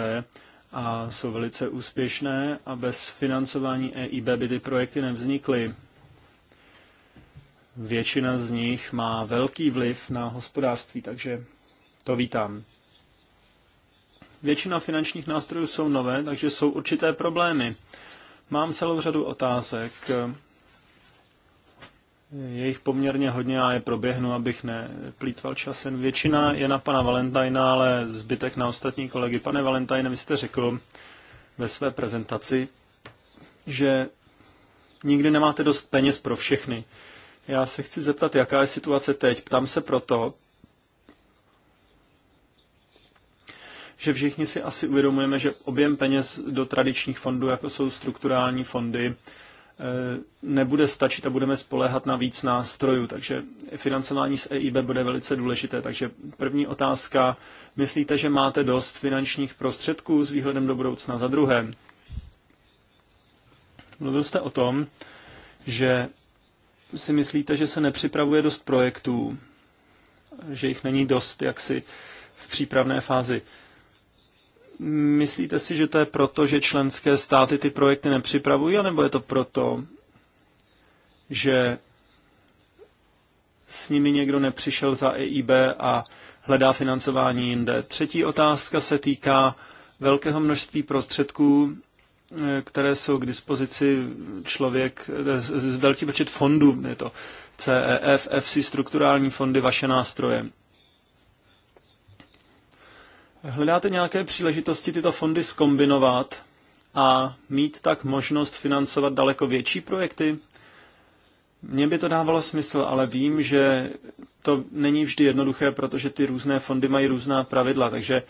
a jsou velice úspěšné a bez financování EIB by ty projekty nevznikly. Většina z nich má velký vliv na hospodářství, takže to vítám. Většina finančních nástrojů jsou nové, takže jsou určité problémy. Mám celou řadu otázek. Je jich poměrně hodně a je proběhnu, abych neplýtval časem. Většina je na pana Valentajna, ale zbytek na ostatní kolegy. Pane Valentajne, vy jste řekl ve své prezentaci, že nikdy nemáte dost peněz pro všechny. Já se chci zeptat, jaká je situace teď. Ptám se proto, že všichni si asi uvědomujeme, že objem peněz do tradičních fondů, jako jsou strukturální fondy, eh, nebude stačit a budeme spolehat na víc nástrojů, takže financování z EIB bude velice důležité. Takže první otázka, myslíte, že máte dost finančních prostředků s výhledem do budoucna za druhé? Mluvil jste o tom, že si myslíte, že se nepřipravuje dost projektů, že jich není dost jaksi v přípravné fázi. Myslíte si, že to je proto, že členské státy ty projekty nepřipravují, anebo je to proto, že s nimi někdo nepřišel za EIB a hledá financování jinde? Třetí otázka se týká velkého množství prostředků, eh, které jsou k dispozici člověk, eh, velký počet fondů, je to CEF, FC, strukturální fondy, vaše nástroje. Hledáte nějaké příležitosti tyto fondy skombinovat a mít tak možnost financovat daleko větší projekty? Mně by to dávalo smysl, ale vím, že to není vždy jednoduché, protože ty různé fondy mají různá pravidla, takže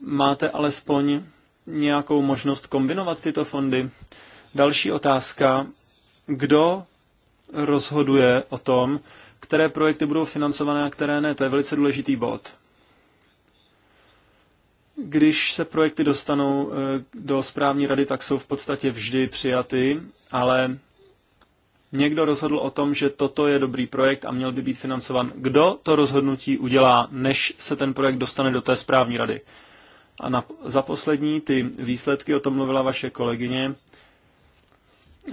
máte alespoň nějakou možnost kombinovat tyto fondy? Další otázka. Kdo rozhoduje o tom, které projekty budou financované a které ne? To je velice důležitý bod když se projekty dostanou eh, do správní rady, tak jsou v podstatě vždy přijaty, ale někdo rozhodl o tom, že toto je dobrý projekt a měl by být financovan. Kdo to rozhodnutí udělá, než se ten projekt dostane do té správní rady? A na, za poslední ty výsledky, o tom mluvila vaše kolegyně,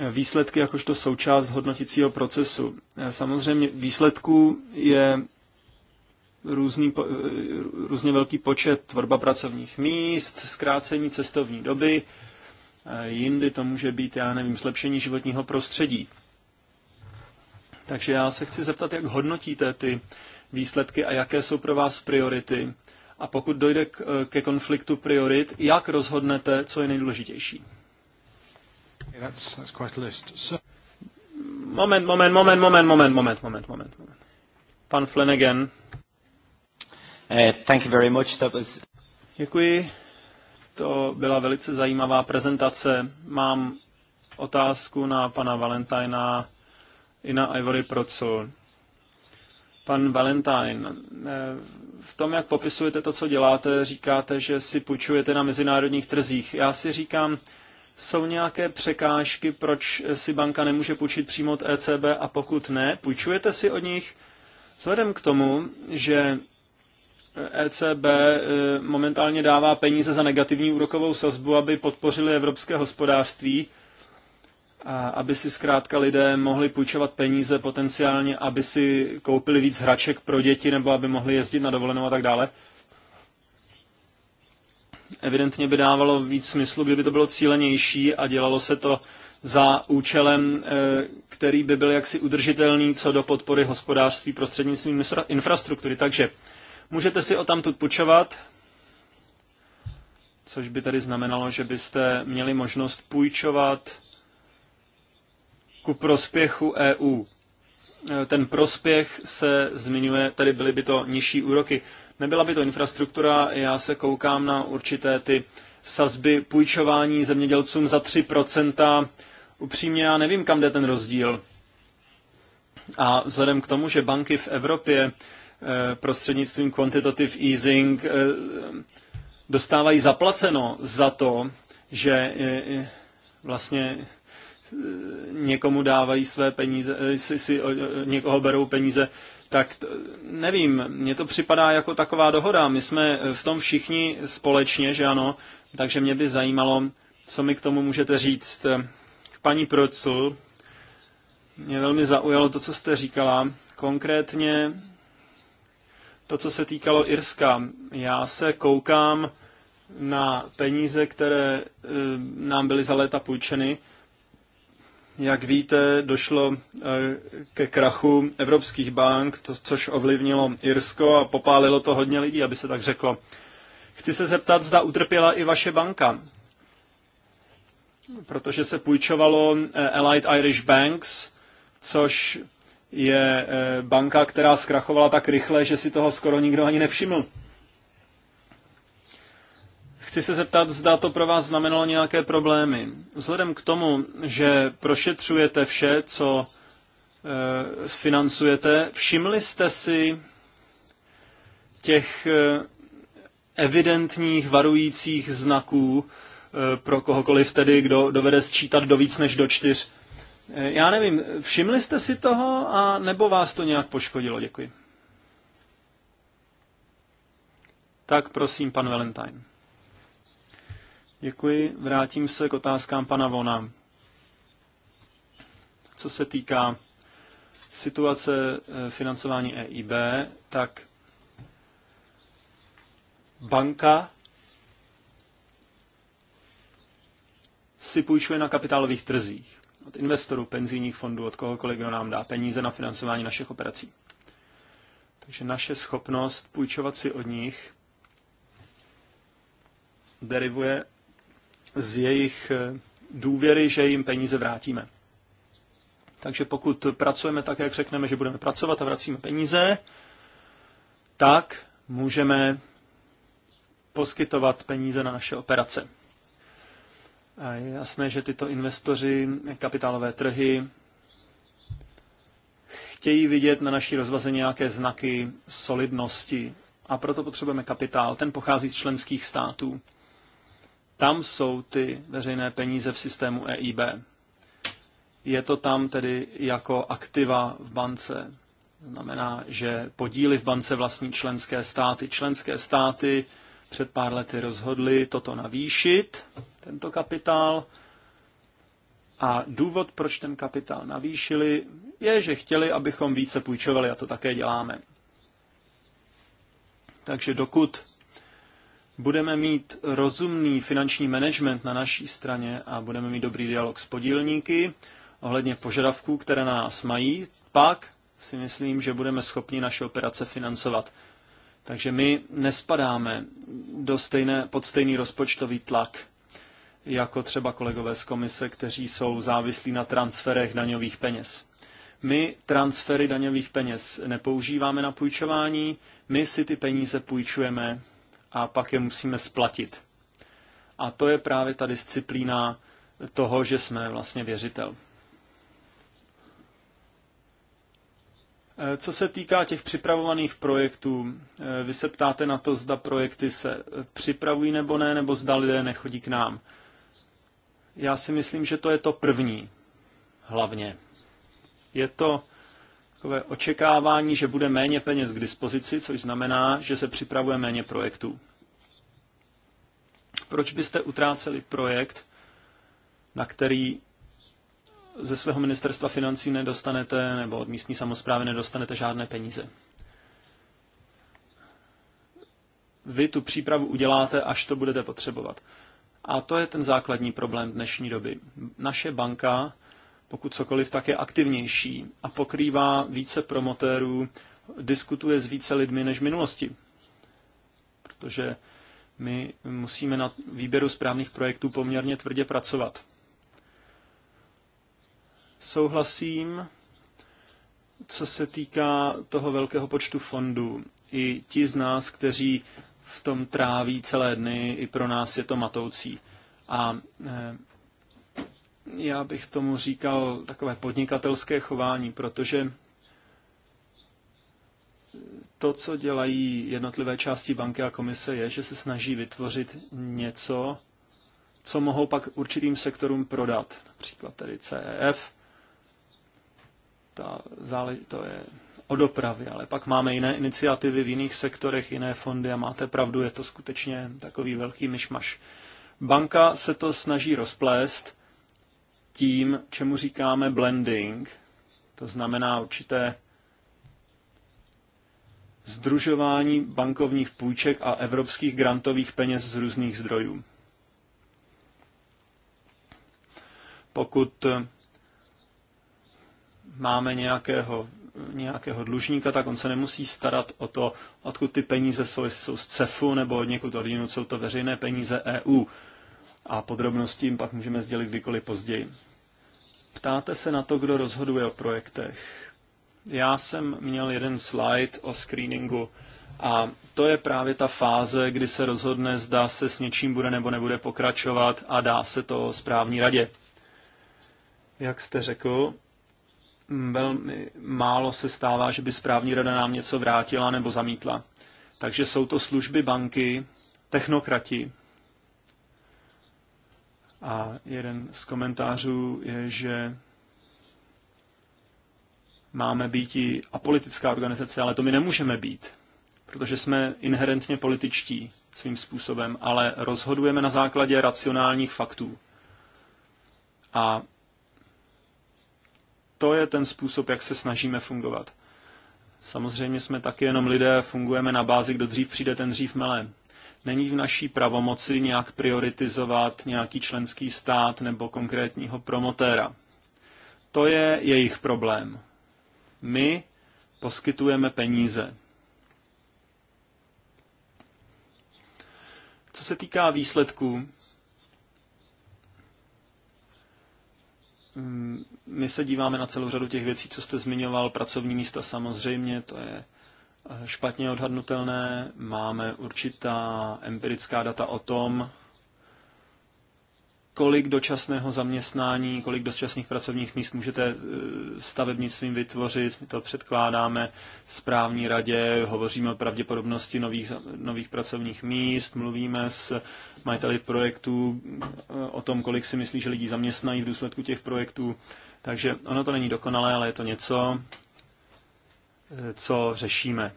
výsledky jakožto součást hodnoticího procesu. Eh, samozřejmě výsledků je různý, eh, různě velký počet tvorba pracovních míst, zkrácení cestovní doby, eh, jindy to může být, já nevím, zlepšení životního prostředí. Takže já se chci zeptat, jak hodnotíte ty výsledky a jaké jsou pro vás priority. A pokud dojde k, eh, ke konfliktu priorit, jak rozhodnete, co je nejdůležitější? Moment, moment, moment, moment, moment, moment, moment, moment. Pan Flanagan. Eh, Děkuji. To byla velice zajímavá prezentace. Mám otázku na pana Valentina i na Ivory Procol. Pan Valentine, eh, v tom, jak popisujete to, co děláte, říkáte, že si půjčujete na mezinárodních trzích. Já si říkám, jsou nějaké překážky, proč si banka nemůže půjčit přímo od ECB a pokud ne, půjčujete si od nich? Vzhledem k tomu, že ECB e, momentálně dává peníze za negativní úrokovou sazbu, aby podpořili evropské hospodářství a aby si zkrátka lidé mohli půjčovat peníze potenciálně, aby si koupili víc hraček pro děti nebo aby mohli jezdit na dovolenou a tak dále. Evidentně by dávalo víc smyslu, kdyby to bylo cílenější a dělalo se to za účelem, e, který by byl jaksi udržitelný co do podpory hospodářství prostřednictvím infrastruktury. Takže Můžete si o tamtud půjčovat, což by tedy znamenalo, že byste měli možnost půjčovat ku prospěchu EU. Ten prospěch se zmiňuje, tedy byly by to nižší úroky. Nebyla by to infrastruktura, já se koukám na určité ty sazby půjčování zemědělcům za 3%. Upřímně já nevím, kam jde ten rozdíl. A vzhledem k tomu, že banky v Evropě Eh, prostřednictvím quantitative easing eh, dostávají zaplaceno za to, že eh, vlastně někomu dávají své peníze, si, si někoho berou peníze, tak t, nevím, mně to připadá jako taková dohoda. My jsme v tom všichni společně, že ano, takže mě by zajímalo, co mi k tomu můžete říct. K paní Procu mě velmi zaujalo to, co jste říkala. Konkrétně to, co se týkalo Irska. Já se koukám na peníze, které eh, nám byly za léta půjčeny. Jak víte, došlo eh, ke krachu evropských bank, to, což ovlivnilo Irsko a popálilo to hodně lidí, aby se tak řeklo. Chci se zeptat, zda utrpěla i vaše banka, protože se půjčovalo eh, Allied Irish Banks, což je eh, banka, která zkrachovala tak rychle, že si toho skoro nikdo ani nevšiml. Chci se zeptat, zda to pro vás znamenalo nějaké problémy. Vzhledem k tomu, že prošetřujete vše, co e, eh, sfinancujete, všimli jste si těch e, evidentních varujících znaků e, pro kohokoliv tedy, kdo dovede sčítat do víc než do čtyř, Eh, já nevím, všimli jste si toho a nebo vás to nějak poškodilo? Děkuji. Tak prosím, pan Valentine. Děkuji. Vrátím se k otázkám pana Vona. Co se týká situace eh, financování EIB, tak banka si půjčuje na kapitálových trzích od investorů, penzijních fondů, od kohokoliv, kdo nám dá peníze na financování našich operací. Takže naše schopnost půjčovat si od nich derivuje z jejich eh, důvěry, že jim peníze vrátíme. Takže pokud pracujeme tak, jak řekneme, že budeme pracovat a vracíme peníze, tak můžeme poskytovat peníze na naše operace je jasné, že tyto investoři, kapitálové trhy, chtějí vidět na naší rozvaze nějaké znaky solidnosti. A proto potřebujeme kapitál. Ten pochází z členských států. Tam jsou ty veřejné peníze v systému EIB. Je to tam tedy jako aktiva v bance. Znamená, že podíly v bance vlastní členské státy. Členské státy před pár lety rozhodli toto navýšit, tento kapitál. A důvod, proč ten kapitál navýšili, je, že chtěli, abychom více půjčovali a to také děláme. Takže dokud budeme mít rozumný finanční management na naší straně a budeme mít dobrý dialog s podílníky ohledně požadavků, které na nás mají, pak si myslím, že budeme schopni naše operace financovat. Takže my nespadáme do stejné, pod stejný rozpočtový tlak jako třeba kolegové z komise, kteří jsou závislí na transferech daňových peněz. My transfery daňových peněz nepoužíváme na půjčování, my si ty peníze půjčujeme a pak je musíme splatit. A to je právě ta disciplína toho, že jsme vlastně věřitel. Eh, co se týká těch připravovaných projektů, eh, vy se ptáte na to, zda projekty se eh, připravují nebo ne, nebo zda lidé nechodí k nám. Já si myslím, že to je to první, hlavně. Je to takové očekávání, že bude méně peněz k dispozici, což znamená, že se připravuje méně projektů. Proč byste utráceli projekt, na který ze svého ministerstva financí nedostanete nebo od místní samozprávy nedostanete žádné peníze. Vy tu přípravu uděláte, až to budete potřebovat. A to je ten základní problém dnešní doby. Naše banka, pokud cokoliv, tak je aktivnější a pokrývá více promotérů, diskutuje s více lidmi než v minulosti. Protože my musíme na výběru správných projektů poměrně tvrdě pracovat. Souhlasím, co se týká toho velkého počtu fondů. I ti z nás, kteří v tom tráví celé dny, i pro nás je to matoucí. A eh, já bych tomu říkal takové podnikatelské chování, protože to, co dělají jednotlivé části banky a komise, je, že se snaží vytvořit něco, co mohou pak určitým sektorům prodat, například tedy CEF, ta zálež- to je o dopravě, ale pak máme jiné iniciativy v jiných sektorech, jiné fondy a máte pravdu, je to skutečně takový velký myšmaš. Banka se to snaží rozplést tím, čemu říkáme blending, to znamená určité združování bankovních půjček a evropských grantových peněz z různých zdrojů. Pokud máme nějakého, nějakého dlužníka, tak on se nemusí starat o to, odkud ty peníze jsou, jestli jsou z CEFu nebo od někud od jinut, jsou to veřejné peníze EU. A podrobnosti jim pak můžeme sdělit kdykoliv později. Ptáte se na to, kdo rozhoduje o projektech. Já jsem měl jeden slide o screeningu a to je právě ta fáze, kdy se rozhodne, zda se s něčím bude nebo nebude pokračovat a dá se to správní radě. Jak jste řekl, velmi málo se stává, že by správní rada nám něco vrátila nebo zamítla. Takže jsou to služby banky, technokrati. A jeden z komentářů je, že máme být i apolitická organizace, ale to my nemůžeme být, protože jsme inherentně političtí svým způsobem, ale rozhodujeme na základě racionálních faktů. A to je ten způsob, jak se snažíme fungovat. Samozřejmě jsme taky jenom lidé, fungujeme na bázi, kdo dřív přijde, ten dřív mele. Není v naší pravomoci nějak prioritizovat nějaký členský stát nebo konkrétního promotéra. To je jejich problém. My poskytujeme peníze. Co se týká výsledků, my se díváme na celou řadu těch věcí, co jste zmiňoval, pracovní místa samozřejmě, to je eh, špatně odhadnutelné, máme určitá empirická data o tom, kolik dočasného zaměstnání, kolik dočasných pracovních míst můžete eh, stavebnictvím vytvořit. My to předkládáme správní radě, hovoříme o pravděpodobnosti nových, nových pracovních míst, mluvíme s majiteli projektů eh, o tom, kolik si myslí, že lidí zaměstnají v důsledku těch projektů. Takže ono to není dokonalé, ale je to něco, co řešíme.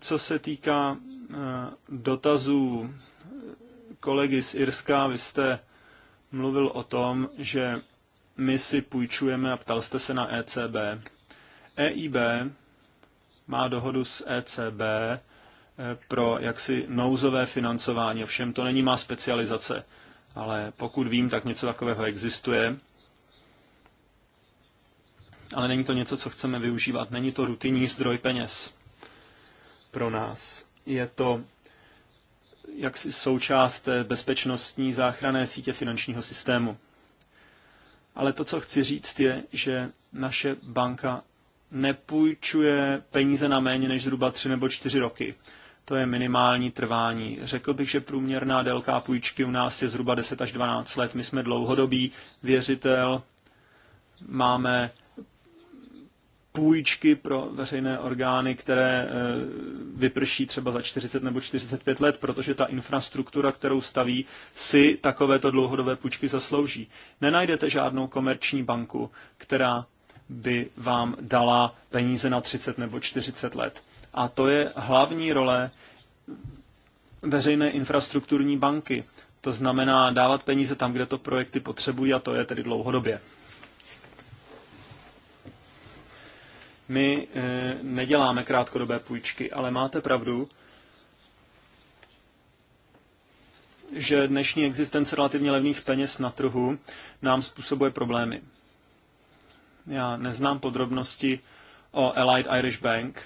Co se týká eh, dotazů kolegy z Irska, vy jste mluvil o tom, že my si půjčujeme a ptal jste se na ECB. EIB má dohodu s ECB eh, pro jaksi nouzové financování, ovšem to není má specializace ale pokud vím, tak něco takového existuje. Ale není to něco, co chceme využívat. Není to rutinní zdroj peněz pro nás. Je to jaksi součást bezpečnostní záchranné sítě finančního systému. Ale to, co chci říct, je, že naše banka nepůjčuje peníze na méně než zhruba tři nebo čtyři roky to je minimální trvání. Řekl bych, že průměrná délka půjčky u nás je zhruba 10 až 12 let. My jsme dlouhodobý věřitel, máme půjčky pro veřejné orgány, které eh, vyprší třeba za 40 nebo 45 let, protože ta infrastruktura, kterou staví, si takovéto dlouhodobé půjčky zaslouží. Nenajdete žádnou komerční banku, která by vám dala peníze na 30 nebo 40 let. A to je hlavní role veřejné infrastrukturní banky. To znamená dávat peníze tam, kde to projekty potřebují, a to je tedy dlouhodobě. My e, neděláme krátkodobé půjčky, ale máte pravdu, že dnešní existence relativně levných peněz na trhu nám způsobuje problémy. Já neznám podrobnosti o Allied Irish Bank,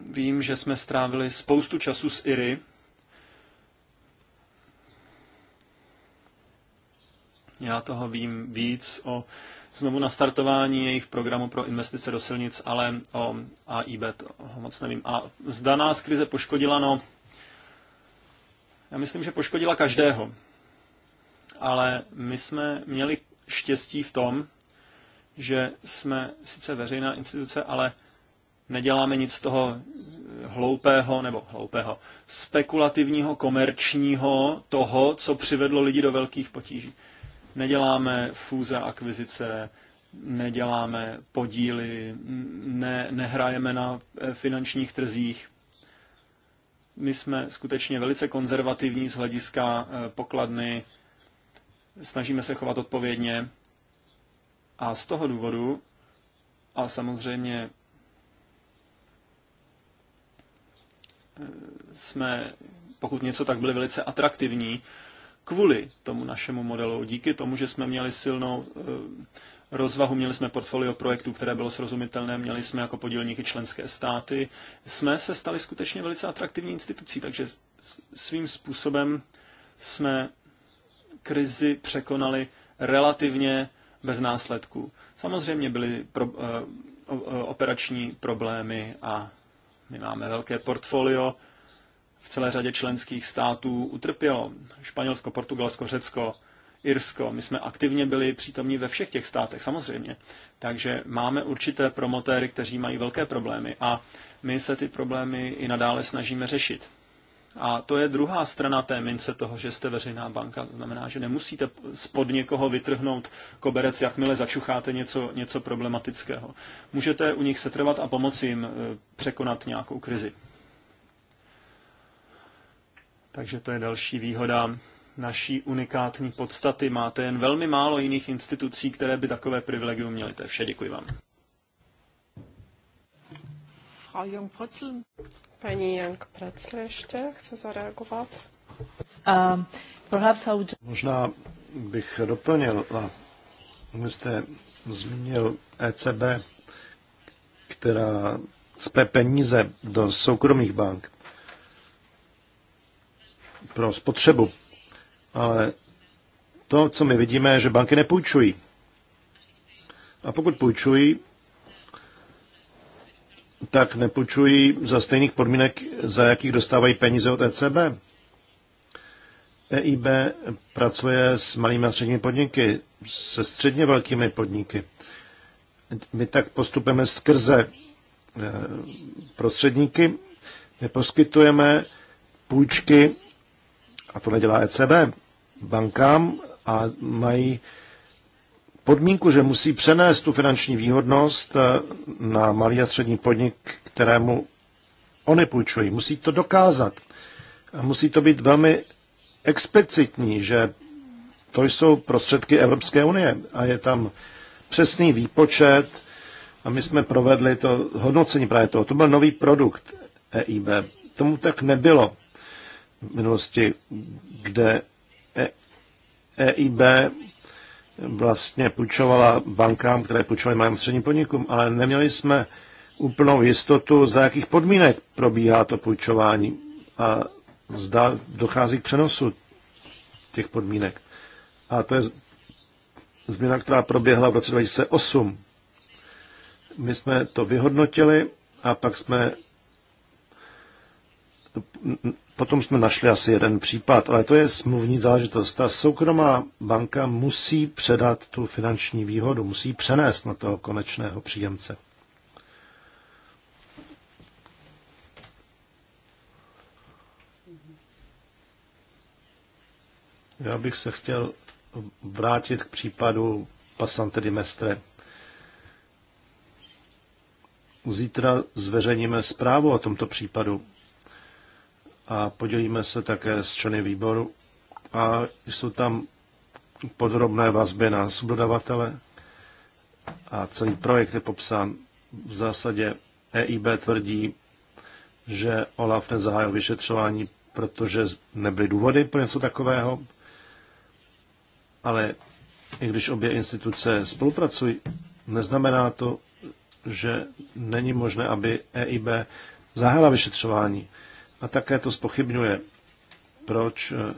Vím, že jsme strávili spoustu času s Iry. Já toho vím víc o znovu nastartování jejich programu pro investice do silnic, ale o AIB toho moc nevím. A zda nás krize poškodila, no, já myslím, že poškodila každého. Ale my jsme měli štěstí v tom, že jsme sice veřejná instituce, ale neděláme nic z toho hloupého nebo hloupého, spekulativního, komerčního toho, co přivedlo lidi do velkých potíží. Neděláme fúze, akvizice, neděláme podíly, ne, nehrajeme na eh, finančních trzích. My jsme skutečně velice konzervativní z hlediska eh, pokladny, snažíme se chovat odpovědně a z toho důvodu, a samozřejmě jsme, pokud něco tak byli velice atraktivní, kvůli tomu našemu modelu, díky tomu, že jsme měli silnou eh, rozvahu, měli jsme portfolio projektů, které bylo srozumitelné, měli jsme jako podílníky členské státy, jsme se stali skutečně velice atraktivní institucí, takže svým způsobem jsme krizi překonali relativně bez následků. Samozřejmě byly pro, eh, operační problémy a my máme velké portfolio, v celé řadě členských států utrpělo. Španělsko, Portugalsko, Řecko, Irsko. My jsme aktivně byli přítomní ve všech těch státech, samozřejmě. Takže máme určité promotéry, kteří mají velké problémy a my se ty problémy i nadále snažíme řešit. A to je druhá strana té mince toho, že jste veřejná banka. To znamená, že nemusíte spod někoho vytrhnout koberec, jakmile začucháte něco, něco problematického. Můžete u nich setrvat a pomoci jim eh, překonat nějakou krizi. Takže to je další výhoda naší unikátní podstaty. Máte jen velmi málo jiných institucí, které by takové privilegium měly. To je vše, děkuji vám. Paní Jank Precle ještě chce zareagovat. Um, Možná bych doplnil, a vy jste zmínil ECB, která cpe peníze do soukromých bank pro spotřebu. Ale to, co my vidíme, je, že banky nepůjčují. A pokud půjčují, tak nepočují za stejných podmínek, za jakých dostávají peníze od ECB. EIB pracuje s malými a středními podniky, se středně velkými podniky. My tak postupujeme skrze e, prostředníky, my poskytujeme půjčky, a to nedělá ECB, bankám a mají podmínku, že musí přenést tu finanční výhodnost eh, na malý a střední podnik, kterému oni půjčují. Musí to dokázat. A musí to být velmi explicitní, že to jsou prostředky Evropské unie a je tam přesný výpočet a my jsme provedli to hodnocení právě toho. To byl nový produkt EIB. Tomu tak nebylo v minulosti, kde EIB vlastně půjčovala bankám, které půjčovaly malým středním podnikům, ale neměli jsme úplnou jistotu, za jakých podmínek probíhá to půjčování a zda dochází k přenosu těch podmínek. A to je změna, která proběhla v roce 2008. My jsme to vyhodnotili a pak jsme Potom jsme našli asi jeden případ, ale to je smluvní záležitost. Ta soukromá banka musí předat tu finanční výhodu, musí přenést na toho konečného příjemce. Já bych se chtěl vrátit k případu Passante di Mestre. Zítra zveřejníme zprávu o tomto případu a podělíme se také s členy výboru. A jsou tam podrobné vazby na subdodavatele a celý projekt je popsán. V zásadě EIB tvrdí, že Olaf nezahájil vyšetřování, protože nebyly důvody pro něco takového, ale i když obě instituce spolupracují, neznamená to, že není možné, aby EIB zahájila vyšetřování. A také to spochybňuje, proč eh,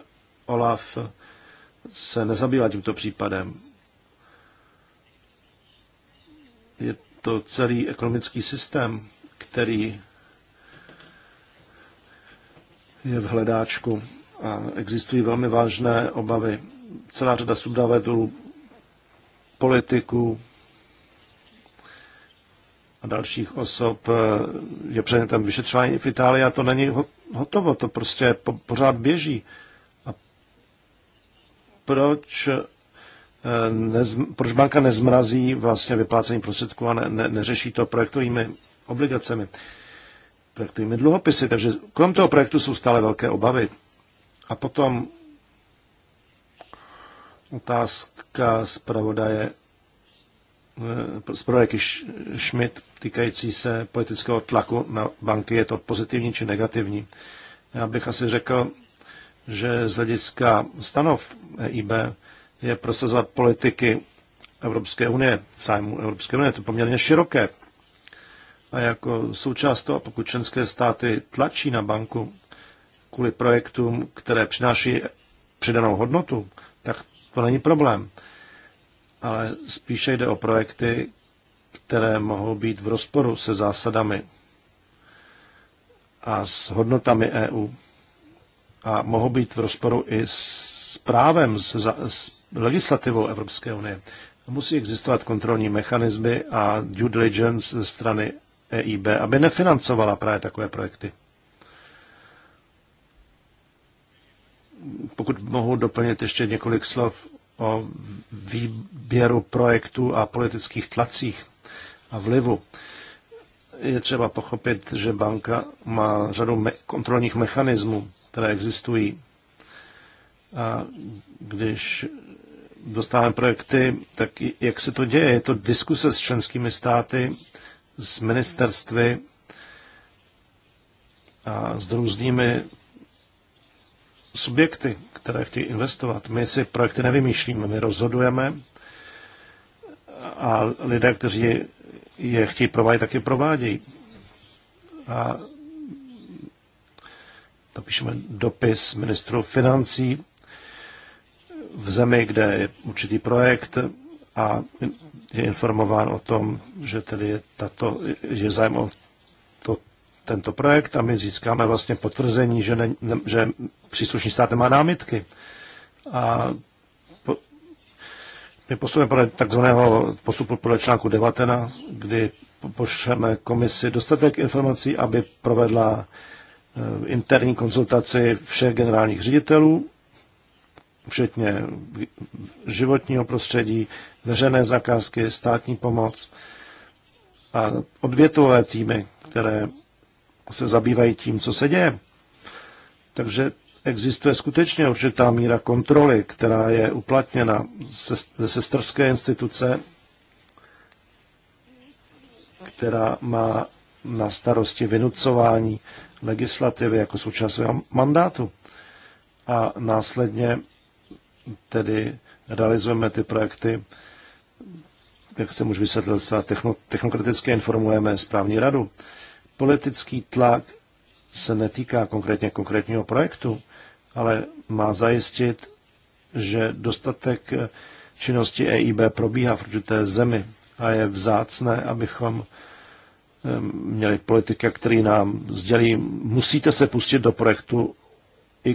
Olaf se nezabývá tímto případem. Je to celý ekonomický systém, který je v hledáčku a existují velmi vážné obavy. Celá řada subdavatelů, politiků, a dalších osob eh, je předmětem vyšetřování v Itálii a to není hotovo, to prostě pořád běží. A proč, eh, nez, proč banka nezmrazí vlastně vyplácení prostředků a ne, ne, neřeší to projektovými obligacemi, projektovými dluhopisy. Takže kolem toho projektu jsou stále velké obavy. A potom otázka zpravodaje Eh, zpravodajky Schmidt týkající se politického tlaku na banky, je to pozitivní či negativní. Já bych asi řekl, že z hlediska stanov EIB je prosazovat politiky Evropské unie, zájmu Evropské unie, to poměrně široké. A jako součást toho, pokud členské státy tlačí na banku kvůli projektům, které přináší přidanou hodnotu, tak to není problém ale spíše jde o projekty, které mohou být v rozporu se zásadami a s hodnotami EU a mohou být v rozporu i s právem, s, s legislativou Evropské unie. Musí existovat kontrolní mechanismy a due diligence ze strany EIB, aby nefinancovala právě takové projekty. Pokud mohu doplnit ještě několik slov o výběru projektů a politických tlacích a vlivu. Je třeba pochopit, že banka má řadu me- kontrolních mechanismů, které existují. A když dostáváme projekty, tak jak se to děje? Je to diskuse s členskými státy, s ministerstvy a s různými subjekty, které chtějí investovat. My si projekty nevymýšlíme, my rozhodujeme a lidé, kteří je chtějí provádět, tak je provádějí. A napíšeme dopis ministru financí v zemi, kde je určitý projekt a je informován o tom, že tedy je, tato, je zájem o to, tento projekt a my získáme vlastně potvrzení, že, ne, ne, že příslušný stát má námitky. A po, my posuneme podle takzvaného postupu podle článku 19, kdy pošleme komisi dostatek informací, aby provedla e, interní konzultaci všech generálních ředitelů, včetně životního prostředí, veřejné zakázky, státní pomoc a odvětové týmy, které se zabývají tím, co se děje. Takže existuje skutečně určitá míra kontroly, která je uplatněna ze sestrské instituce, která má na starosti vynucování legislativy jako součást svého mandátu. A následně tedy realizujeme ty projekty, jak jsem už vysvětlil, se technokraticky informujeme správní radu. Politický tlak se netýká konkrétně konkrétního projektu, ale má zajistit, že dostatek eh, činnosti EIB probíhá v určité zemi a je vzácné, abychom eh, měli politika, který nám sdělí, musíte se pustit do projektu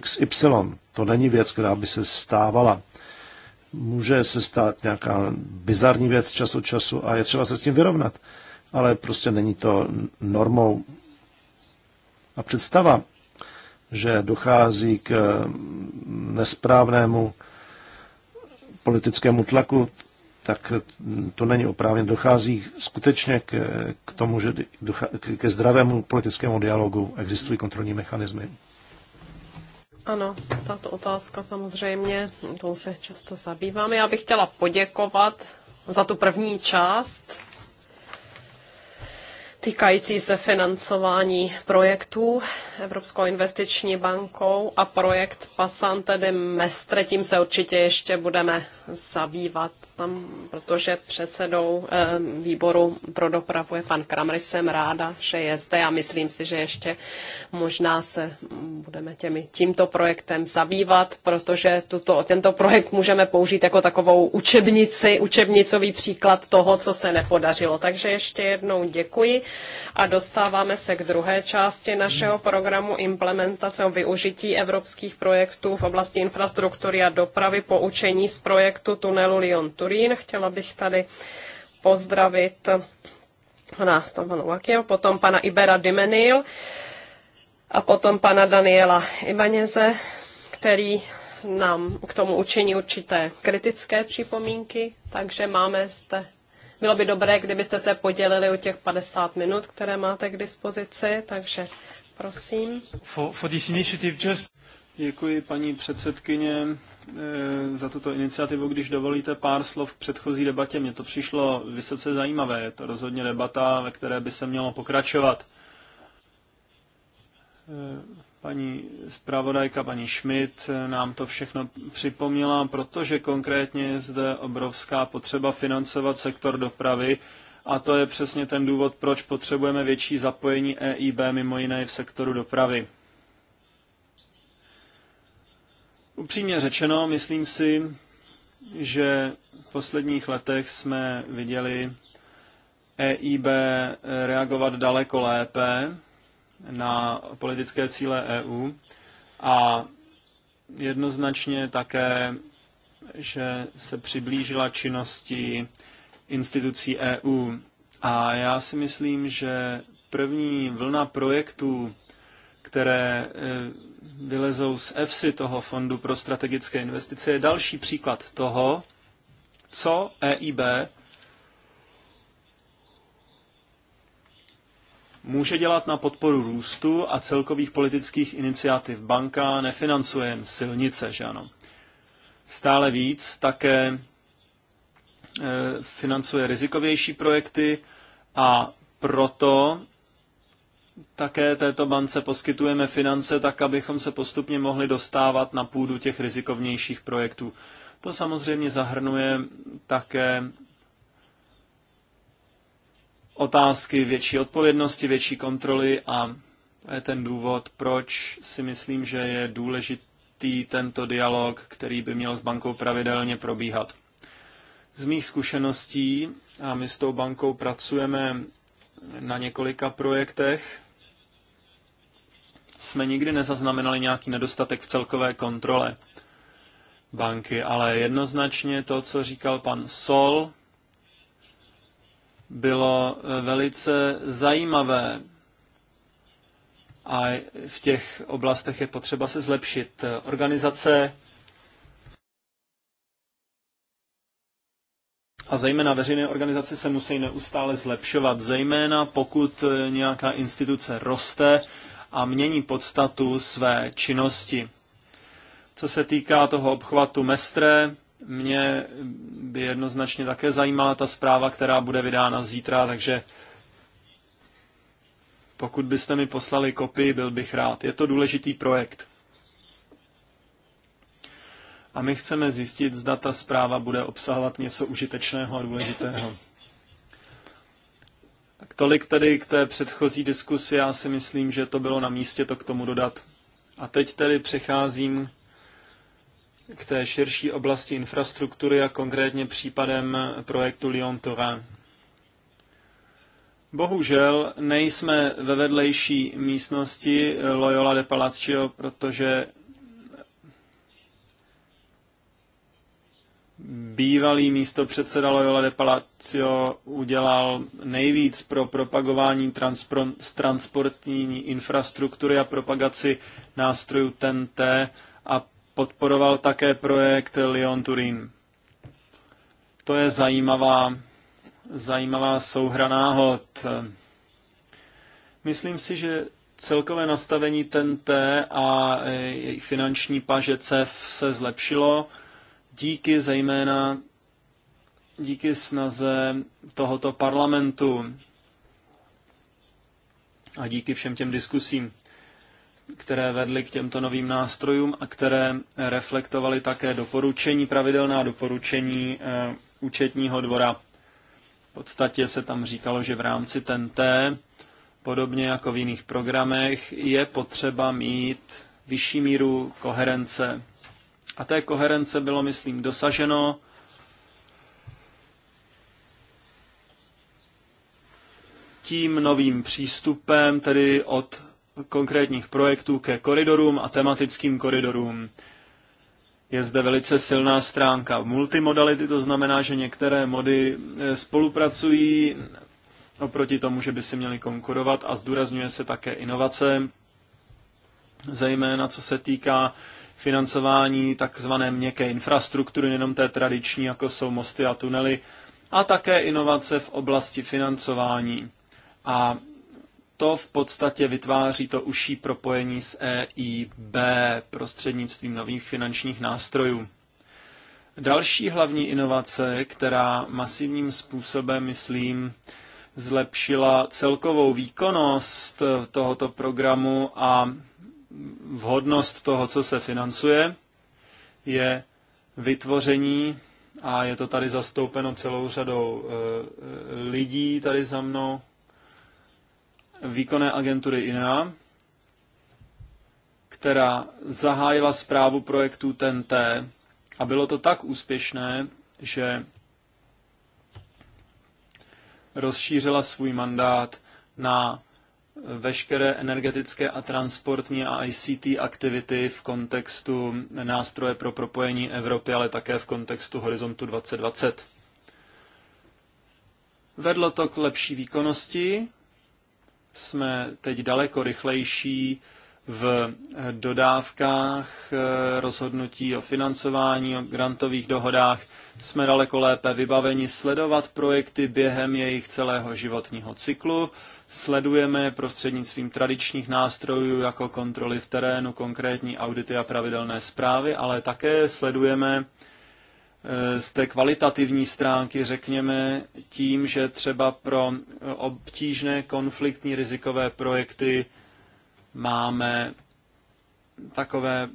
XY. To není věc, která by se stávala. Může se stát nějaká bizarní věc čas od času a je třeba se s tím vyrovnat ale prostě není to normou. A představa, že dochází k eh, nesprávnému politickému tlaku, tak eh, to není oprávněné. Dochází skutečně k, k tomu, že ke zdravému politickému dialogu existují kontrolní mechanismy. Ano, tato otázka samozřejmě, tou se často zabýváme. Já bych chtěla poděkovat za tu první část týkající se financování projektů Evropskou investiční bankou a projekt Passante de Mestre, tím se určitě ještě budeme zabývat tam, protože předsedou eh, výboru pro dopravu je pan Kramry, jsem ráda, že je zde a myslím si, že ještě možná se budeme těmi, tímto projektem zabývat, protože tuto, tento projekt můžeme použít jako takovou učebnici, učebnicový příklad toho, co se nepodařilo. Takže ještě jednou děkuji a dostáváme se k druhé části našeho programu implementace o využití evropských projektů v oblasti infrastruktury a dopravy poučení z projektu tunelu Lyon Turín. Chtěla bych tady pozdravit pana Stavanu Vakil, potom pana Ibera Dimenil a potom pana Daniela Ibaněze, který nám k tomu učení určité kritické připomínky, takže máme zde bylo by dobré, kdybyste se podělili o těch 50 minut, které máte k dispozici, takže prosím. For, for this initiative just... Děkuji, paní předsedkyně. Eh, za tuto iniciativu. Když dovolíte pár slov k předchozí debatě, mně to přišlo vysoce zajímavé. Je to rozhodně debata, ve které by se mělo pokračovat. Eh, paní zpravodajka, paní Schmidt eh, nám to všechno připomněla, protože konkrétně je zde obrovská potřeba financovat sektor dopravy a to je přesně ten důvod, proč potřebujeme větší zapojení EIB mimo jiné v sektoru dopravy. Upřímně řečeno, myslím si, že v posledních letech jsme viděli EIB reagovat daleko lépe na politické cíle EU a jednoznačně také, že se přiblížila činnosti institucí EU. A já si myslím, že první vlna projektů, které eh, vylezou z EFSI, toho Fondu pro strategické investice, je další příklad toho, co EIB může dělat na podporu růstu a celkových politických iniciativ. Banka nefinancuje jen silnice, že ano. Stále víc také e, financuje rizikovější projekty a proto také této bance poskytujeme finance tak, abychom se postupně mohli dostávat na půdu těch rizikovnějších projektů. To samozřejmě zahrnuje také otázky větší odpovědnosti, větší kontroly a to je ten důvod, proč si myslím, že je důležitý tento dialog, který by měl s bankou pravidelně probíhat. Z mých zkušeností, a my s tou bankou pracujeme na několika projektech jsme nikdy nezaznamenali nějaký nedostatek v celkové kontrole banky, ale jednoznačně to, co říkal pan Sol, bylo eh, velice zajímavé a v těch oblastech je potřeba se zlepšit. Eh, organizace a zejména veřejné organizace se musí neustále zlepšovat, zejména pokud eh, nějaká instituce roste a mění podstatu své činnosti. Co se týká toho obchvatu Mestre, mě by jednoznačně také zajímala ta zpráva, která bude vydána zítra, takže pokud byste mi poslali kopii, byl bych rád. Je to důležitý projekt a my chceme zjistit, zda ta zpráva bude obsahovat něco užitečného a důležitého. Tak tolik tedy k té předchozí diskusi, já si myslím, že to bylo na místě to k tomu dodat. A teď tedy přecházím k té širší oblasti infrastruktury a konkrétně případem projektu lyon Torin. Bohužel nejsme ve vedlejší místnosti Loyola de Palacio, protože bývalý místo předseda Loyola de Palacio udělal nejvíc pro propagování transportní infrastruktury a propagaci nástrojů TNT a podporoval také projekt Lyon Turín. To je zajímavá, zajímavá souhra náhod. Myslím si, že celkové nastavení TNT a eh, jejich finanční paže CEF se zlepšilo díky zejména díky snaze tohoto parlamentu a díky všem těm diskusím, které vedly k těmto novým nástrojům a které reflektovaly také doporučení, pravidelná doporučení e, účetního dvora. V podstatě se tam říkalo, že v rámci TNT, podobně jako v jiných programech, je potřeba mít vyšší míru koherence a té koherence bylo, myslím, dosaženo. Tím novým přístupem, tedy od konkrétních projektů ke koridorům a tematickým koridorům. Je zde velice silná stránka multimodality, to znamená, že některé mody e, spolupracují oproti tomu, že by si měly konkurovat a zdůrazňuje se také inovace, zejména co se týká financování takzvané měkké infrastruktury, nejenom té tradiční, jako jsou mosty a tunely, a také inovace v oblasti financování. A to v podstatě vytváří to užší propojení s EIB prostřednictvím nových finančních nástrojů. Další hlavní inovace, která masivním způsobem, myslím, zlepšila celkovou výkonnost tohoto programu a vhodnost toho, co se financuje, je vytvoření, a je to tady zastoupeno celou řadou eh, lidí tady za mnou, výkonné agentury INA, která zahájila zprávu projektu TNT a bylo to tak úspěšné, že rozšířila svůj mandát na veškeré energetické a transportní a ICT aktivity v kontextu nástroje pro propojení Evropy, ale také v kontextu Horizontu 2020. Vedlo to k lepší výkonnosti, jsme teď daleko rychlejší v dodávkách, eh, rozhodnutí o financování, o grantových dohodách. Jsme daleko lépe vybaveni sledovat projekty během jejich celého životního cyklu. Sledujeme prostřednictvím tradičních nástrojů jako kontroly v terénu, konkrétní audity a pravidelné zprávy, ale také sledujeme eh, z té kvalitativní stránky, řekněme, tím, že třeba pro obtížné konfliktní rizikové projekty máme takové,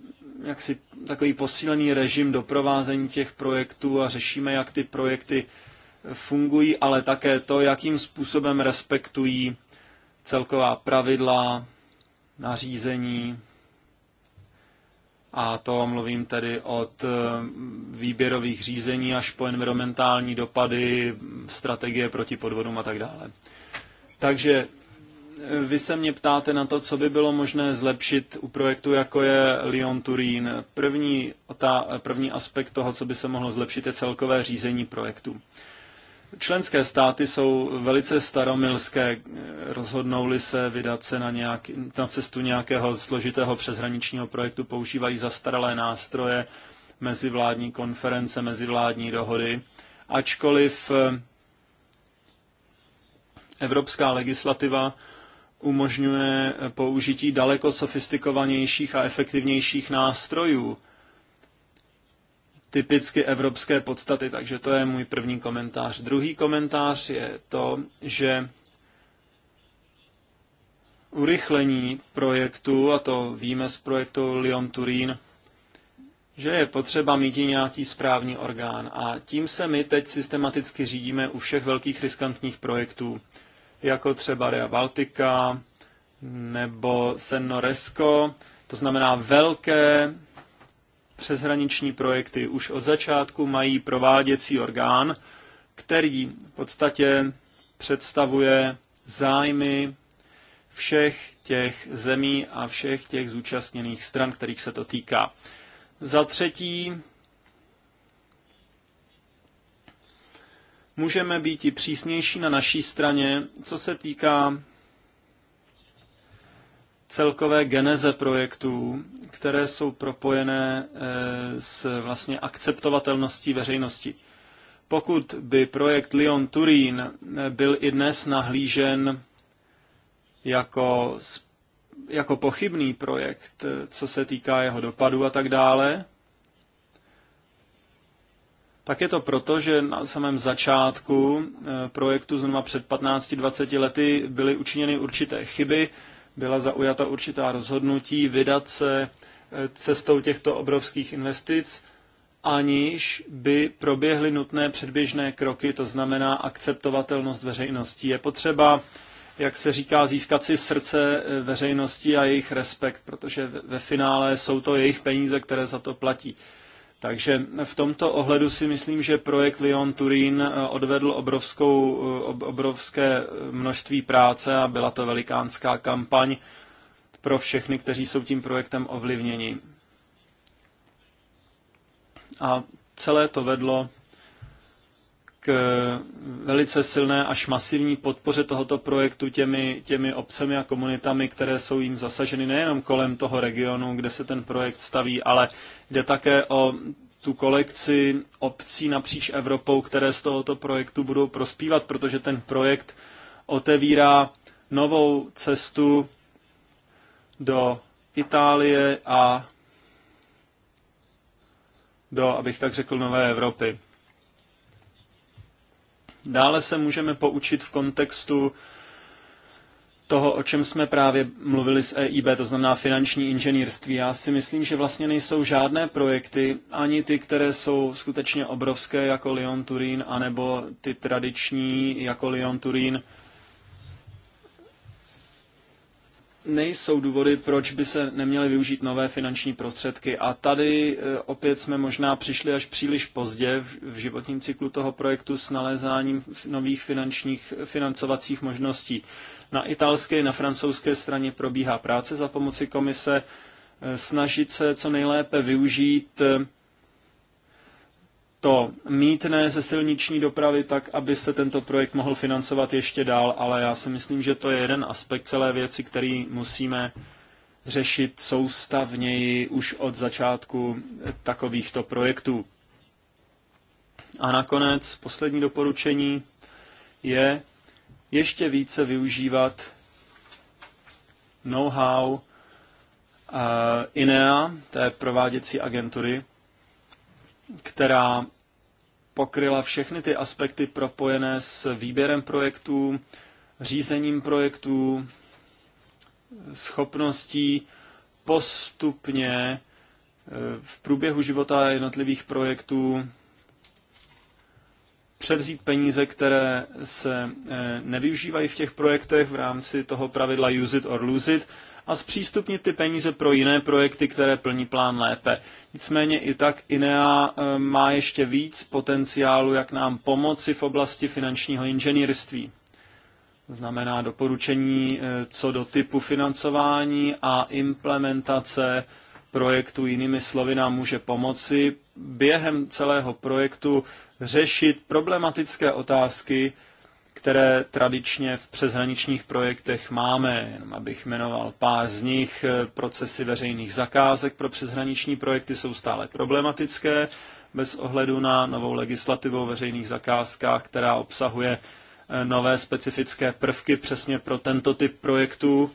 jaksi, takový posílený režim doprovázení těch projektů a řešíme, jak ty projekty fungují, ale také to, jakým způsobem respektují celková pravidla, nařízení. A to mluvím tedy od eh, výběrových řízení až po environmentální dopady, strategie proti podvodům a tak dále. Takže vy se mě ptáte na to, co by bylo možné zlepšit u projektu, jako je Lyon Turín. První, ta, první aspekt toho, co by se mohlo zlepšit, je celkové řízení projektu. Členské státy jsou velice staromilské, rozhodnou-li se vydat se na, nějak, na cestu nějakého složitého přeshraničního projektu, používají zastaralé nástroje, mezivládní konference, mezivládní dohody, ačkoliv eh, evropská legislativa umožňuje použití daleko sofistikovanějších a efektivnějších nástrojů, typicky evropské podstaty. Takže to je můj první komentář. Druhý komentář je to, že urychlení projektu, a to víme z projektu Lyon Turín, že je potřeba mít nějaký správní orgán. A tím se my teď systematicky řídíme u všech velkých riskantních projektů jako třeba Rea Baltica nebo Senoresco. to znamená velké přeshraniční projekty už od začátku mají prováděcí orgán, který v podstatě představuje zájmy všech těch zemí a všech těch zúčastněných stran, kterých se to týká. Za třetí, Můžeme být i přísnější na naší straně, co se týká celkové geneze projektů, které jsou propojené eh, s vlastně akceptovatelností veřejnosti. Pokud by projekt Lyon-Turín eh, byl i dnes nahlížen jako, jako pochybný projekt, eh, co se týká jeho dopadu a tak dále, tak je to proto, že na samém začátku eh, projektu zhruba před 15-20 lety byly učiněny určité chyby, byla zaujata určitá rozhodnutí vydat se eh, cestou těchto obrovských investic, aniž by proběhly nutné předběžné kroky, to znamená akceptovatelnost veřejnosti. Je potřeba, jak se říká, získat si srdce eh, veřejnosti a jejich respekt, protože ve finále jsou to jejich peníze, které za to platí. Takže v tomto ohledu si myslím, že projekt Lyon Turín eh, odvedl obrovskou, eh, obrovské množství práce a byla to velikánská kampaň pro všechny, kteří jsou tím projektem ovlivněni. A celé to vedlo Eh, velice silné až masivní podpoře tohoto projektu těmi, těmi obcemi a komunitami, které jsou jim zasaženy nejenom kolem toho regionu, kde se ten projekt staví, ale jde také o tu kolekci obcí napříč Evropou, které z tohoto projektu budou prospívat, protože ten projekt otevírá novou cestu do Itálie a do, abych tak řekl, nové Evropy. Dále se můžeme poučit v kontextu toho, o čem jsme právě mluvili s EIB, to znamená finanční inženýrství. Já si myslím, že vlastně nejsou žádné projekty, ani ty, které jsou skutečně obrovské jako Lyon Turín, anebo ty tradiční jako Lyon Turín, nejsou důvody, proč by se neměly využít nové finanční prostředky. A tady e, opět jsme možná přišli až příliš pozdě v životním cyklu toho projektu s nalézáním nových finančních financovacích možností. Na italské i na francouzské straně probíhá práce za pomoci komise e, snažit se co nejlépe využít e, to mítné ze silniční dopravy tak, aby se tento projekt mohl financovat ještě dál, ale já si myslím, že to je jeden aspekt celé věci, který musíme řešit soustavněji už od začátku takovýchto projektů. A nakonec poslední doporučení je ještě více využívat know-how eh, INEA, té prováděcí agentury, která pokryla všechny ty aspekty propojené s výběrem projektů, řízením projektů, schopností postupně e, v průběhu života jednotlivých projektů převzít peníze, které se e, nevyužívají v těch projektech v rámci toho pravidla use it or lose it a zpřístupnit ty peníze pro jiné projekty, které plní plán lépe. Nicméně i tak INEA eh, má ještě víc potenciálu, jak nám pomoci v oblasti finančního inženýrství. Znamená doporučení eh, co do typu financování a implementace projektu, jinými slovy nám může pomoci během celého projektu řešit problematické otázky, které tradičně v přeshraničních projektech máme, jenom abych jmenoval pár z nich, procesy veřejných zakázek pro přeshraniční projekty jsou stále problematické bez ohledu na novou legislativu o veřejných zakázkách, která obsahuje eh, nové specifické prvky přesně pro tento typ projektů,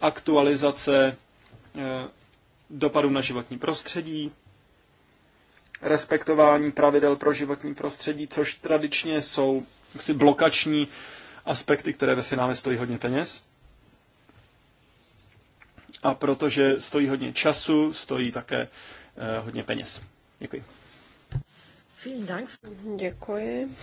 aktualizace eh, dopadů na životní prostředí, respektování pravidel pro životní prostředí, což tradičně jsou jaksi blokační aspekty, které ve finále stojí hodně peněz. A protože stojí hodně času, stojí také eh, hodně peněz. Děkuji. Děkuji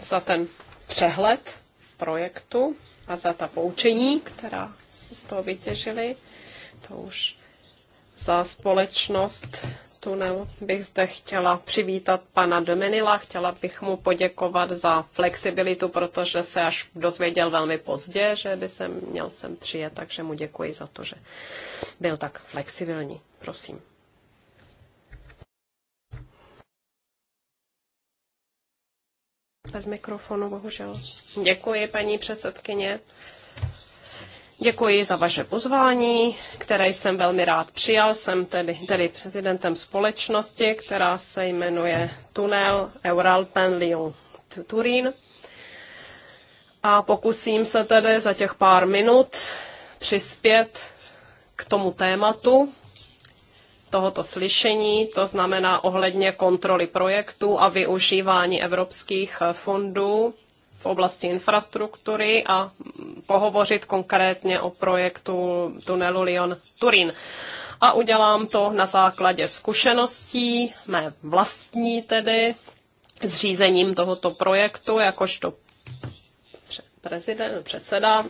za ten přehled projektu a za ta poučení, která se z toho vytěžili. To už za společnost tunel bych zde chtěla přivítat pana Domenila. Chtěla bych mu poděkovat za flexibilitu, protože se až dozvěděl velmi pozdě, že by se měl sem přijet, takže mu děkuji za to, že byl tak flexibilní. Prosím. Bez mikrofonu, bohužel. Děkuji, paní předsedkyně. Děkuji za vaše pozvání, které jsem velmi rád přijal. Jsem tedy, tedy prezidentem společnosti, která se jmenuje Tunel Euralpen Lyon Turín. A pokusím se tedy za těch pár minut přispět k tomu tématu tohoto slyšení, to znamená ohledně kontroly projektů a využívání evropských fondů v oblasti infrastruktury a pohovořit konkrétně o projektu tunelu Lyon-Turin. A udělám to na základě zkušeností, mé vlastní tedy, s řízením tohoto projektu, jakožto prezident, předseda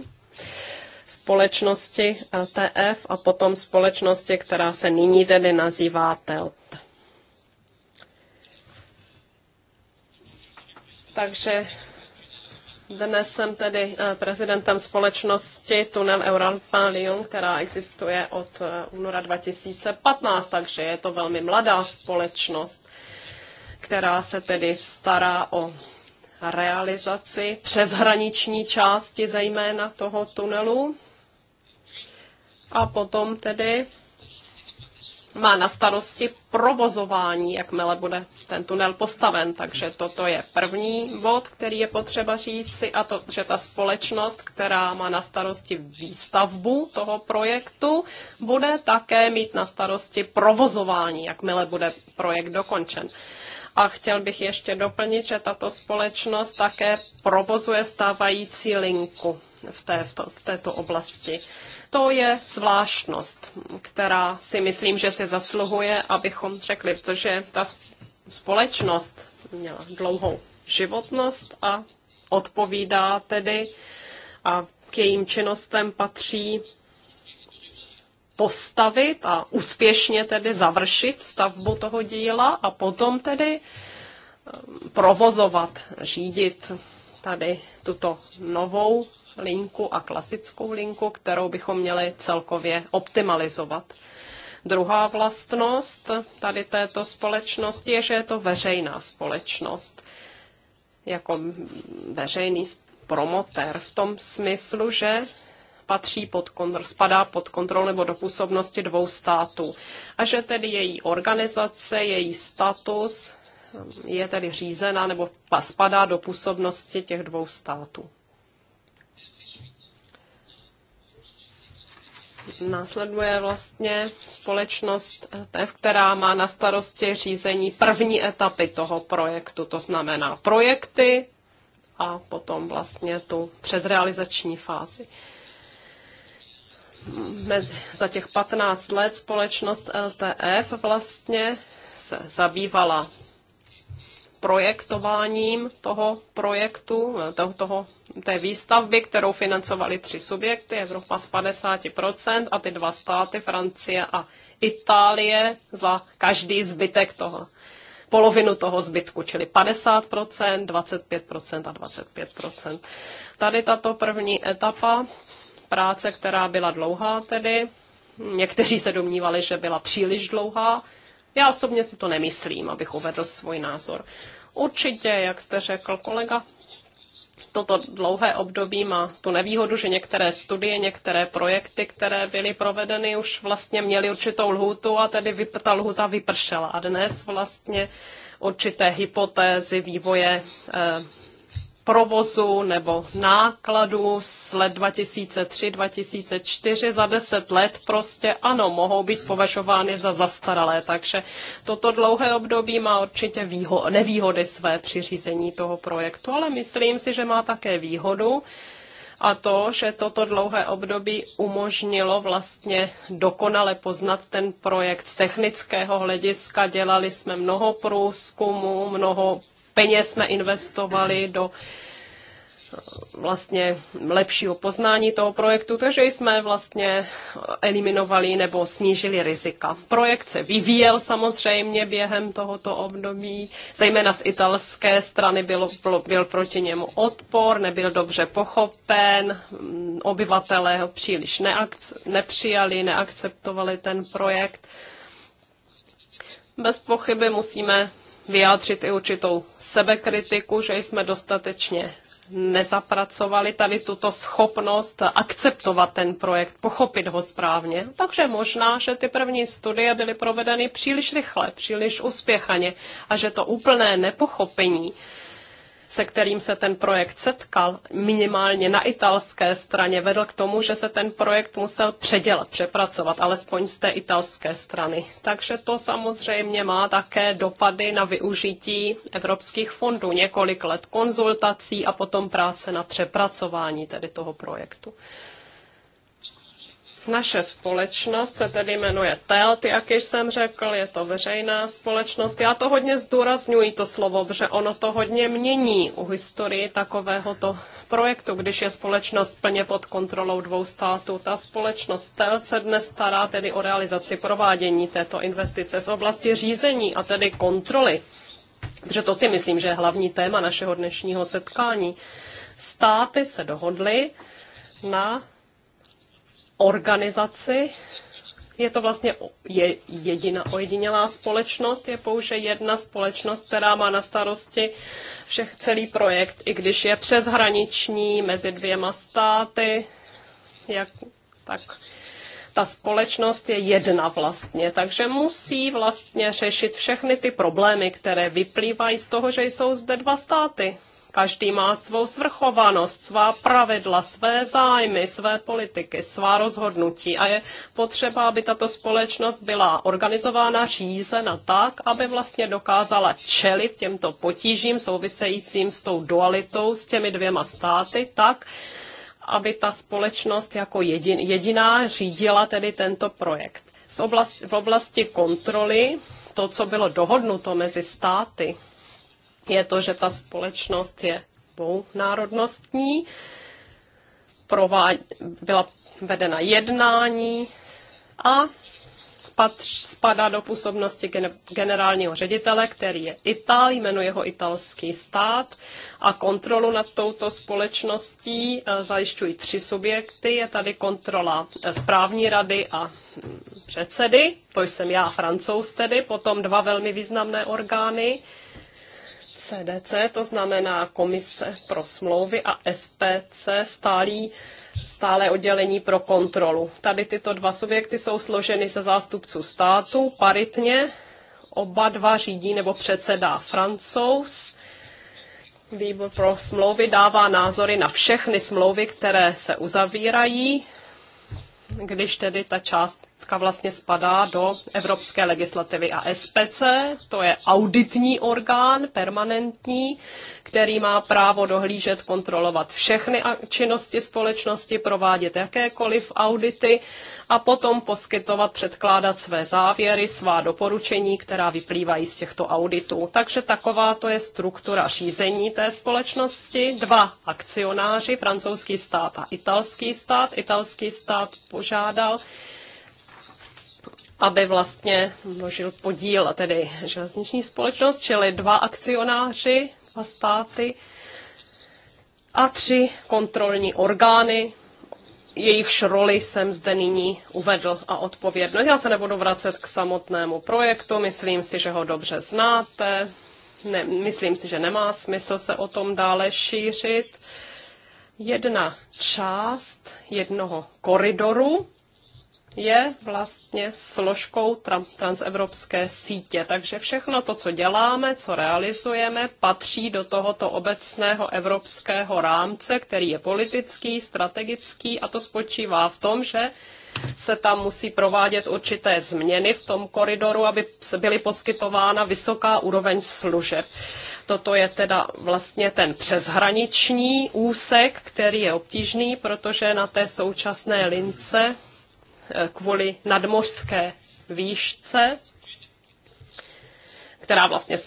společnosti LTF e a potom společnosti, která se nyní tedy nazývá TELT. Takže dnes jsem tedy eh, prezidentem společnosti Tunel Europa Lyon, která existuje od eh, února 2015, takže je to velmi mladá společnost, která se tedy stará o realizaci přeshraniční části zejména toho tunelu. A potom tedy má na starosti provozování, jakmile bude ten tunel postaven. Takže toto je první bod, který je potřeba říci, a to, že ta společnost, která má na starosti výstavbu toho projektu, bude také mít na starosti provozování, jakmile bude projekt dokončen. A chtěl bych ještě doplnit, že tato společnost také provozuje stávající linku v, té, v, to, v této oblasti. To je zvláštnost, která si myslím, že se zasluhuje, abychom řekli, protože ta společnost měla dlouhou životnost a odpovídá tedy a k jejím činnostem patří postavit a úspěšně tedy završit stavbu toho díla a potom tedy ehm, provozovat, řídit tady tuto novou linku a klasickou linku, kterou bychom měli celkově optimalizovat. Druhá vlastnost tady této společnosti je, že je to veřejná společnost. Jako veřejný promoter v tom smyslu, že patří pod kontrol, spadá pod kontrolu nebo do působnosti dvou států. A že tedy její organizace, její status je tedy řízena nebo spadá do působnosti těch dvou států. Následuje vlastně společnost která má na starosti řízení první etapy toho projektu, to znamená projekty a potom vlastně tu předrealizační fázi mezi, za těch 15 let společnost LTF vlastně se zabývala projektováním toho projektu, toho, toho té výstavby, kterou financovali tři subjekty, Evropa z 50% a ty dva státy, Francie a Itálie, za každý zbytek toho, polovinu toho zbytku, čili 50%, 25% a 25%. Tady tato první etapa práce, která byla dlouhá tedy, někteří se domnívali, že byla příliš dlouhá, já osobně si to nemyslím, abych uvedl svůj názor. Určitě, jak jste řekl kolega, toto dlouhé období má tu nevýhodu, že některé studie, některé projekty, které byly provedeny, už vlastně měly určitou lhůtu a tedy ta lhůta vypršela. A dnes vlastně určité hypotézy vývoje eh, provozu nebo nákladu z let 2003, 2004 za 10 let prostě ano, mohou být považovány za zastaralé, takže toto dlouhé období má určitě výho- nevýhody své při řízení toho projektu, ale myslím si, že má také výhodu, a to, že toto dlouhé období umožnilo vlastně dokonale poznat ten projekt z technického hlediska. Dělali jsme mnoho průzkumů, mnoho peněz jsme investovali do eh, vlastně lepšího poznání toho projektu, takže jsme vlastně eliminovali nebo snížili rizika. Projekt se vyvíjel samozřejmě během tohoto období, zejména z italské strany byl, byl proti němu odpor, nebyl dobře pochopen, mm, obyvatelé ho příliš nepřijali, neakceptovali ten projekt. Bez pochyby musíme vyjádřit i určitou sebekritiku, že jsme dostatečně nezapracovali tady tuto schopnost akceptovat ten projekt, pochopit ho správně. Takže možná, že ty první studie byly provedeny příliš rychle, příliš uspěchaně a že to úplné nepochopení se kterým se ten projekt setkal, minimálně na italské straně, vedl k tomu, že se ten projekt musel předělat, přepracovat, alespoň z té italské strany. Takže to samozřejmě má také dopady na využití evropských fondů, několik let konzultací a potom práce na přepracování tedy toho projektu. Naše společnost se tedy jmenuje TELT, jak již jsem řekl, je to veřejná společnost. Já to hodně zdůraznuju, to slovo, protože ono to hodně mění u historii takovéhoto projektu, když je společnost plně pod kontrolou dvou států. Ta společnost TELT se dnes stará tedy o realizaci provádění této investice z oblasti řízení a tedy kontroly. Protože to si myslím, že je hlavní téma našeho dnešního setkání. Státy se dohodly na organizaci. Je to vlastně je jediná ojedinělá společnost, je pouze jedna společnost, která má na starosti všech celý projekt, i když je přeshraniční mezi dvěma státy, jak, tak ta společnost je jedna vlastně, takže musí vlastně řešit všechny ty problémy, které vyplývají z toho, že jsou zde dva státy. Každý má svou svrchovanost, svá pravidla, své zájmy, své politiky, svá rozhodnutí a je potřeba, aby tato společnost byla organizována, řízena tak, aby vlastně dokázala čelit těmto potížím souvisejícím s tou dualitou, s těmi dvěma státy, tak, aby ta společnost jako jedin, jediná řídila tedy tento projekt. Z oblast, v oblasti kontroly to, co bylo dohodnuto mezi státy, je to, že ta společnost je dvounárodnostní, národnostní, byla vedena jednání a patř, spadá do působnosti generálního ředitele, který je Itál, jmenuje ho italský stát a kontrolu nad touto společností eh, zajišťují tři subjekty. Je tady kontrola eh, správní rady a mm, předsedy, to jsem já, francouz tedy, potom dva velmi významné orgány, CDC, to znamená Komise pro smlouvy, a SPC, stálý, stále oddělení pro kontrolu. Tady tyto dva subjekty jsou složeny ze zástupců státu paritně. Oba dva řídí nebo předsedá francouz. Výbor pro smlouvy dává názory na všechny smlouvy, které se uzavírají, když tedy ta část vlastně spadá do evropské legislativy a SPC, to je auditní orgán permanentní, který má právo dohlížet, kontrolovat všechny činnosti společnosti, provádět jakékoliv audity a potom poskytovat, předkládat své závěry, svá doporučení, která vyplývají z těchto auditů. Takže taková to je struktura řízení té společnosti. Dva akcionáři, francouzský stát a italský stát. Italský stát požádal aby vlastně množil podíl, tedy železniční společnost, čili dva akcionáři, dva státy a tři kontrolní orgány, jejichž roli jsem zde nyní uvedl a odpovědnost. Já se nebudu vracet k samotnému projektu, myslím si, že ho dobře znáte, ne, myslím si, že nemá smysl se o tom dále šířit. Jedna část jednoho koridoru, je vlastně složkou transevropské sítě. Takže všechno to, co děláme, co realizujeme, patří do tohoto obecného evropského rámce, který je politický, strategický a to spočívá v tom, že se tam musí provádět určité změny v tom koridoru, aby byly poskytována vysoká úroveň služeb. Toto je teda vlastně ten přeshraniční úsek, který je obtížný, protože na té současné lince kvůli nadmořské výšce, která vlastně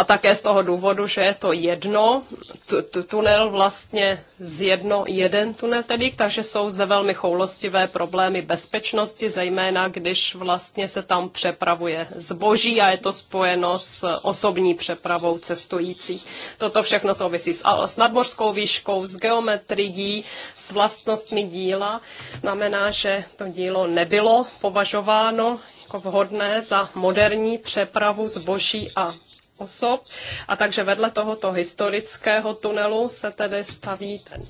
a také z toho důvodu, že je to jedno, t- t- tunel vlastně z jedno, jeden tunel tedy, takže jsou zde velmi choulostivé problémy bezpečnosti, zejména když vlastně se tam přepravuje zboží a je to spojeno s osobní přepravou cestujících. Toto všechno souvisí s, s nadmořskou výškou, s geometrií, s vlastnostmi díla. Znamená, že to dílo nebylo považováno jako vhodné za moderní přepravu zboží a osob. A takže vedle tohoto historického tunelu se tedy staví ten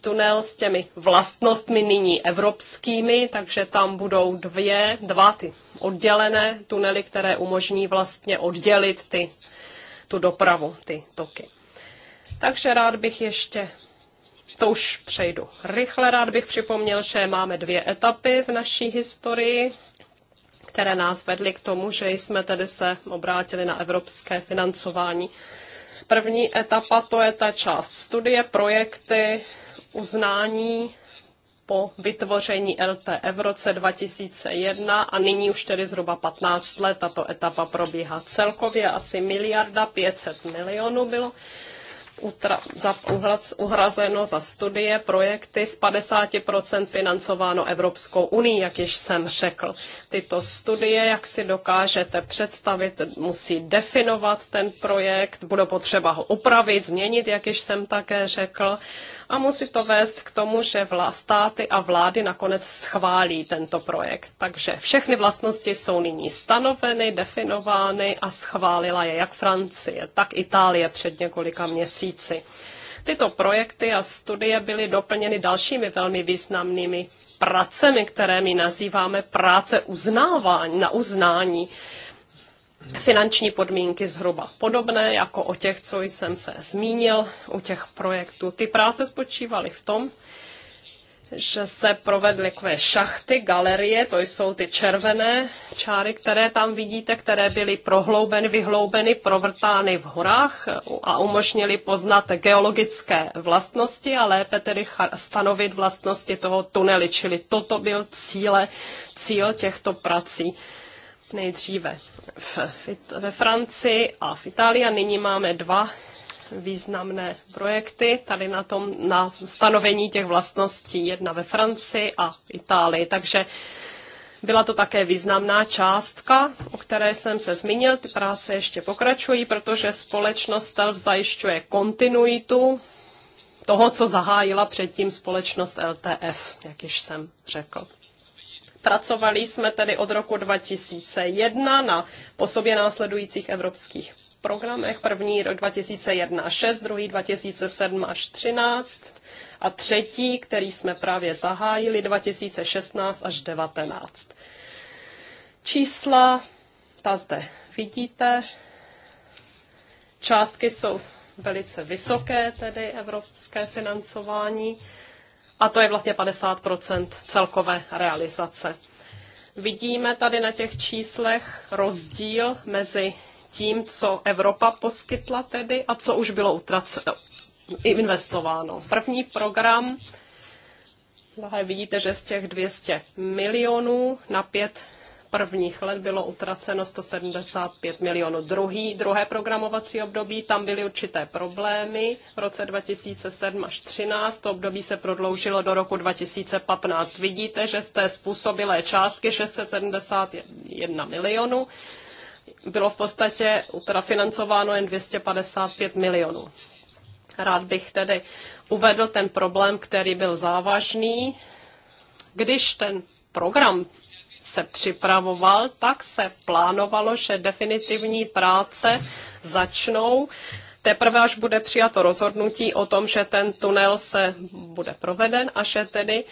tunel s těmi vlastnostmi nyní evropskými, takže tam budou dvě, dva ty oddělené tunely, které umožní vlastně oddělit ty, tu dopravu, ty toky. Takže rád bych ještě to už přejdu rychle. Rád bych připomněl, že máme dvě etapy v naší historii které nás vedly k tomu, že jsme tedy se obrátili na evropské financování. První etapa to je ta část studie, projekty, uznání po vytvoření LTE v roce 2001 a nyní už tedy zhruba 15 let tato etapa probíhá. Celkově asi miliarda 500 milionů bylo utra, za, uhrazeno za studie, projekty z 50% financováno Evropskou unii, jak již jsem řekl. Tyto studie, jak si dokážete představit, musí definovat ten projekt, bude potřeba ho upravit, změnit, jak již jsem také řekl, a musí to vést k tomu, že vlá, státy a vlády nakonec schválí tento projekt. Takže všechny vlastnosti jsou nyní stanoveny, definovány a schválila je jak Francie, tak Itálie před několika měsíci říci. Tyto projekty a studie byly doplněny dalšími velmi významnými pracemi, které my nazýváme práce uznávání, na uznání. Finanční podmínky zhruba podobné jako o těch, co jsem se zmínil, u těch projektů. Ty práce spočívaly v tom, že se provedly takové šachty, galerie, to jsou ty červené čáry, které tam vidíte, které byly prohloubeny, vyhloubeny, provrtány v horách a umožnily poznat geologické vlastnosti a lépe tedy stanovit vlastnosti toho tunely, čili toto byl cíle, cíl těchto prací nejdříve ve Francii a v Itálii a nyní máme dva významné projekty tady na tom, na stanovení těch vlastností, jedna ve Francii a Itálii. Takže byla to také významná částka, o které jsem se zmínil. Ty práce ještě pokračují, protože společnost TELF zajišťuje kontinuitu toho, co zahájila předtím společnost LTF, jak již jsem řekl. Pracovali jsme tedy od roku 2001 na po sobě následujících evropských programech. První rok 2001 až 6, druhý 2007 až 13 a třetí, který jsme právě zahájili, 2016 až 19. Čísla, ta zde vidíte, částky jsou velice vysoké, tedy evropské financování, a to je vlastně 50 celkové realizace. Vidíme tady na těch číslech rozdíl mezi tím, co Evropa poskytla tedy a co už bylo utraceno, investováno. První program, vidíte, že z těch 200 milionů na pět prvních let bylo utraceno 175 milionů. Druhý, druhé programovací období, tam byly určité problémy. V roce 2007 až 2013 to období se prodloužilo do roku 2015. Vidíte, že z té způsobilé částky 671 milionů bylo v podstatě financováno jen 255 milionů. Rád bych tedy uvedl ten problém, který byl závažný. Když ten program se připravoval, tak se plánovalo, že definitivní práce začnou teprve až bude přijato rozhodnutí o tom, že ten tunel se bude proveden a že tedy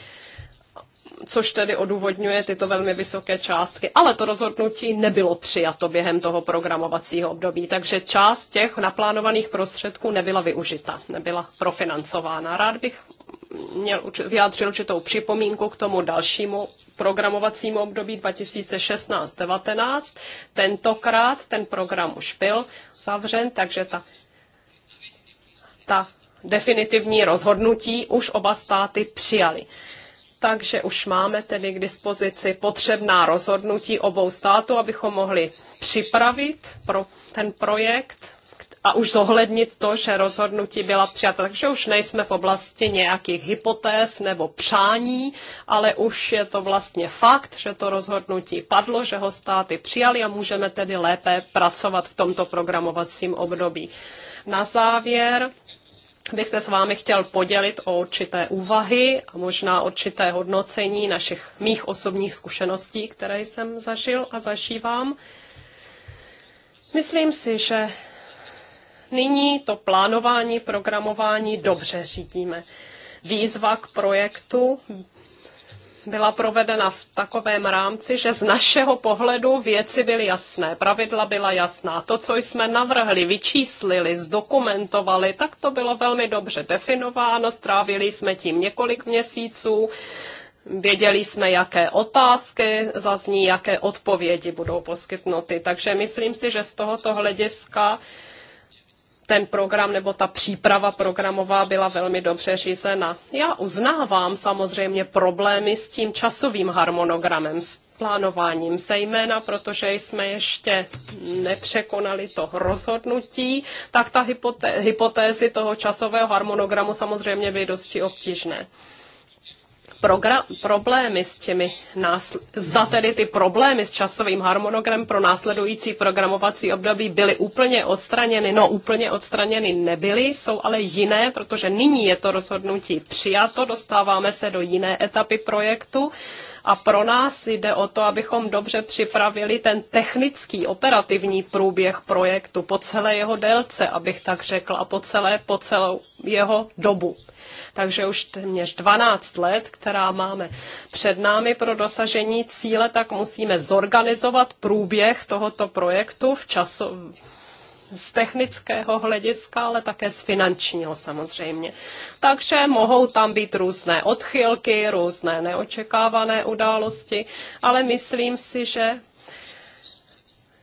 což tedy odůvodňuje tyto velmi vysoké částky. Ale to rozhodnutí nebylo přijato během toho programovacího období, takže část těch naplánovaných prostředků nebyla využita, nebyla profinancována. Rád bych měl, vyjádřil určitou připomínku k tomu dalšímu programovacímu období 2016-19. Tentokrát ten program už byl zavřen, takže ta, ta definitivní rozhodnutí už oba státy přijali takže už máme tedy k dispozici potřebná rozhodnutí obou států, abychom mohli připravit pro ten projekt a už zohlednit to, že rozhodnutí byla přijata. Takže už nejsme v oblasti nějakých hypotéz nebo přání, ale už je to vlastně fakt, že to rozhodnutí padlo, že ho státy přijali a můžeme tedy lépe pracovat v tomto programovacím období. Na závěr bych se s vámi chtěl podělit o určité úvahy a možná určité hodnocení našich mých osobních zkušeností, které jsem zažil a zažívám. Myslím si, že nyní to plánování, programování dobře řídíme. Výzva k projektu byla provedena v takovém rámci, že z našeho pohledu věci byly jasné, pravidla byla jasná. To, co jsme navrhli, vyčíslili, zdokumentovali, tak to bylo velmi dobře definováno, strávili jsme tím několik měsíců. Věděli jsme, jaké otázky zazní, jaké odpovědi budou poskytnuty. Takže myslím si, že z tohoto hlediska uh, ten program nebo ta příprava programová byla velmi dobře řízena. Já uznávám samozřejmě problémy s tím časovým harmonogramem, s plánováním, zejména protože jsme ještě nepřekonali to rozhodnutí, tak ta hypoté- hypotézy toho časového harmonogramu samozřejmě byly dosti obtížné problémy s těmi násl- zda tedy ty problémy s časovým harmonogramem pro následující programovací období byly úplně odstraněny. No úplně odstraněny nebyly, jsou ale jiné, protože nyní je to rozhodnutí přijato, dostáváme se do jiné etapy projektu a pro nás jde o to, abychom dobře připravili ten technický operativní průběh projektu po celé jeho délce, abych tak řekla, a po, celé, po celou jeho dobu. Takže už téměř 12 let, která máme před námi pro dosažení cíle, tak musíme zorganizovat průběh tohoto projektu v času, z technického hlediska, ale také z finančního samozřejmě. Takže mohou tam být různé odchylky, různé neočekávané události, ale myslím si, že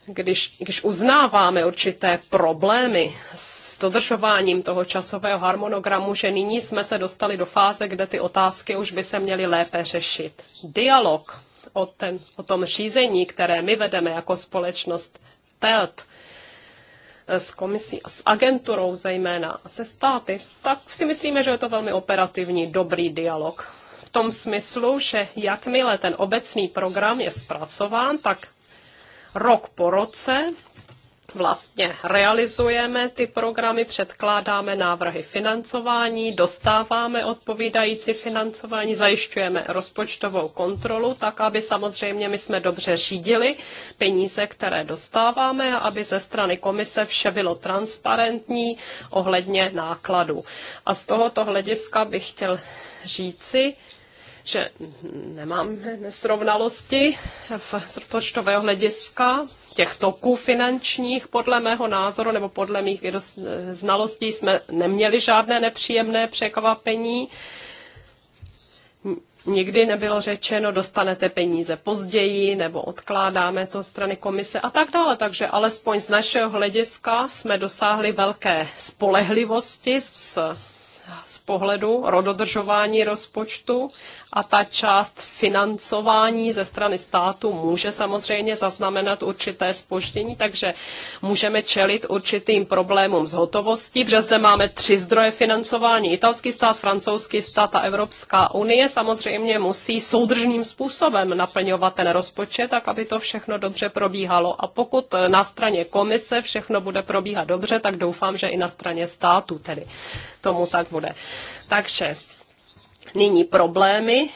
když, když uznáváme určité problémy s dodržováním toho časového harmonogramu, že nyní jsme se dostali do fáze, kde ty otázky už by se měly lépe řešit. Dialog o, ten, o tom řízení, které my vedeme jako společnost TELT, s komisí a s agenturou zejména a se státy, tak si myslíme, že je to velmi operativní, dobrý dialog. V tom smyslu, že jakmile ten obecný program je zpracován, tak rok po roce vlastně realizujeme ty programy, předkládáme návrhy financování, dostáváme odpovídající financování, zajišťujeme rozpočtovou kontrolu, tak aby samozřejmě my jsme dobře řídili peníze, které dostáváme a aby ze strany komise vše bylo transparentní ohledně nákladů. A z tohoto hlediska bych chtěl říci, že nemám nesrovnalosti v rozpočtového hlediska těch toků finančních, podle mého názoru nebo podle mých znalostí jsme neměli žádné nepříjemné překvapení. Nikdy nebylo řečeno, dostanete peníze později nebo odkládáme to strany komise a tak dále. Takže alespoň z našeho hlediska jsme dosáhli velké spolehlivosti z, z pohledu rododržování rozpočtu a ta část financování ze strany státu může samozřejmě zaznamenat určité spoždění, takže můžeme čelit určitým problémům s hotovostí, protože zde máme tři zdroje financování. Italský stát, francouzský stát a Evropská unie samozřejmě musí soudržným způsobem naplňovat ten rozpočet, tak aby to všechno dobře probíhalo. A pokud na straně komise všechno bude probíhat dobře, tak doufám, že i na straně státu tedy tomu tak bude. Takže nyní problémy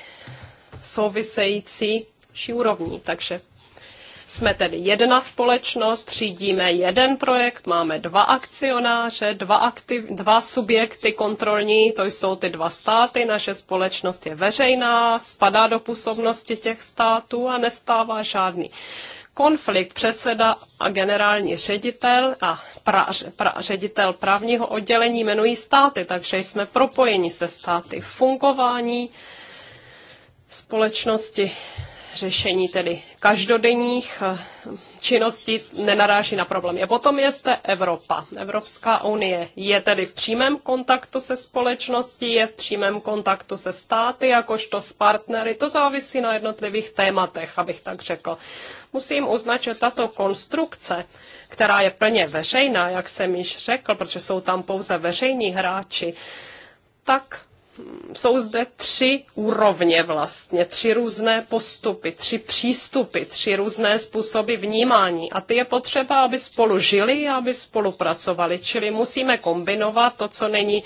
související či úrovní. Takže jsme tedy jedna společnost, řídíme jeden projekt, máme dva akcionáře, dva, aktiv, dva subjekty kontrolní, to jsou ty dva státy, naše společnost je veřejná, spadá do působnosti těch států a nestává žádný Konflikt předseda a generální ředitel a pra, pra, ředitel právního oddělení jmenují státy, takže jsme propojeni se státy. Fungování společnosti, řešení tedy každodenních činnosti nenaráží na problémy. A potom je zde Evropa. Evropská unie je tedy v přímém kontaktu se společností, je v přímém kontaktu se státy, jakožto s partnery. To závisí na jednotlivých tématech, abych tak řekl. Musím uznat, že tato konstrukce, která je plně veřejná, jak jsem již řekl, protože jsou tam pouze veřejní hráči, tak jsou zde tři úrovně vlastně, tři různé postupy, tři přístupy, tři různé způsoby vnímání. A ty je potřeba, aby spolu žili a aby spolupracovali. Čili musíme kombinovat to, co není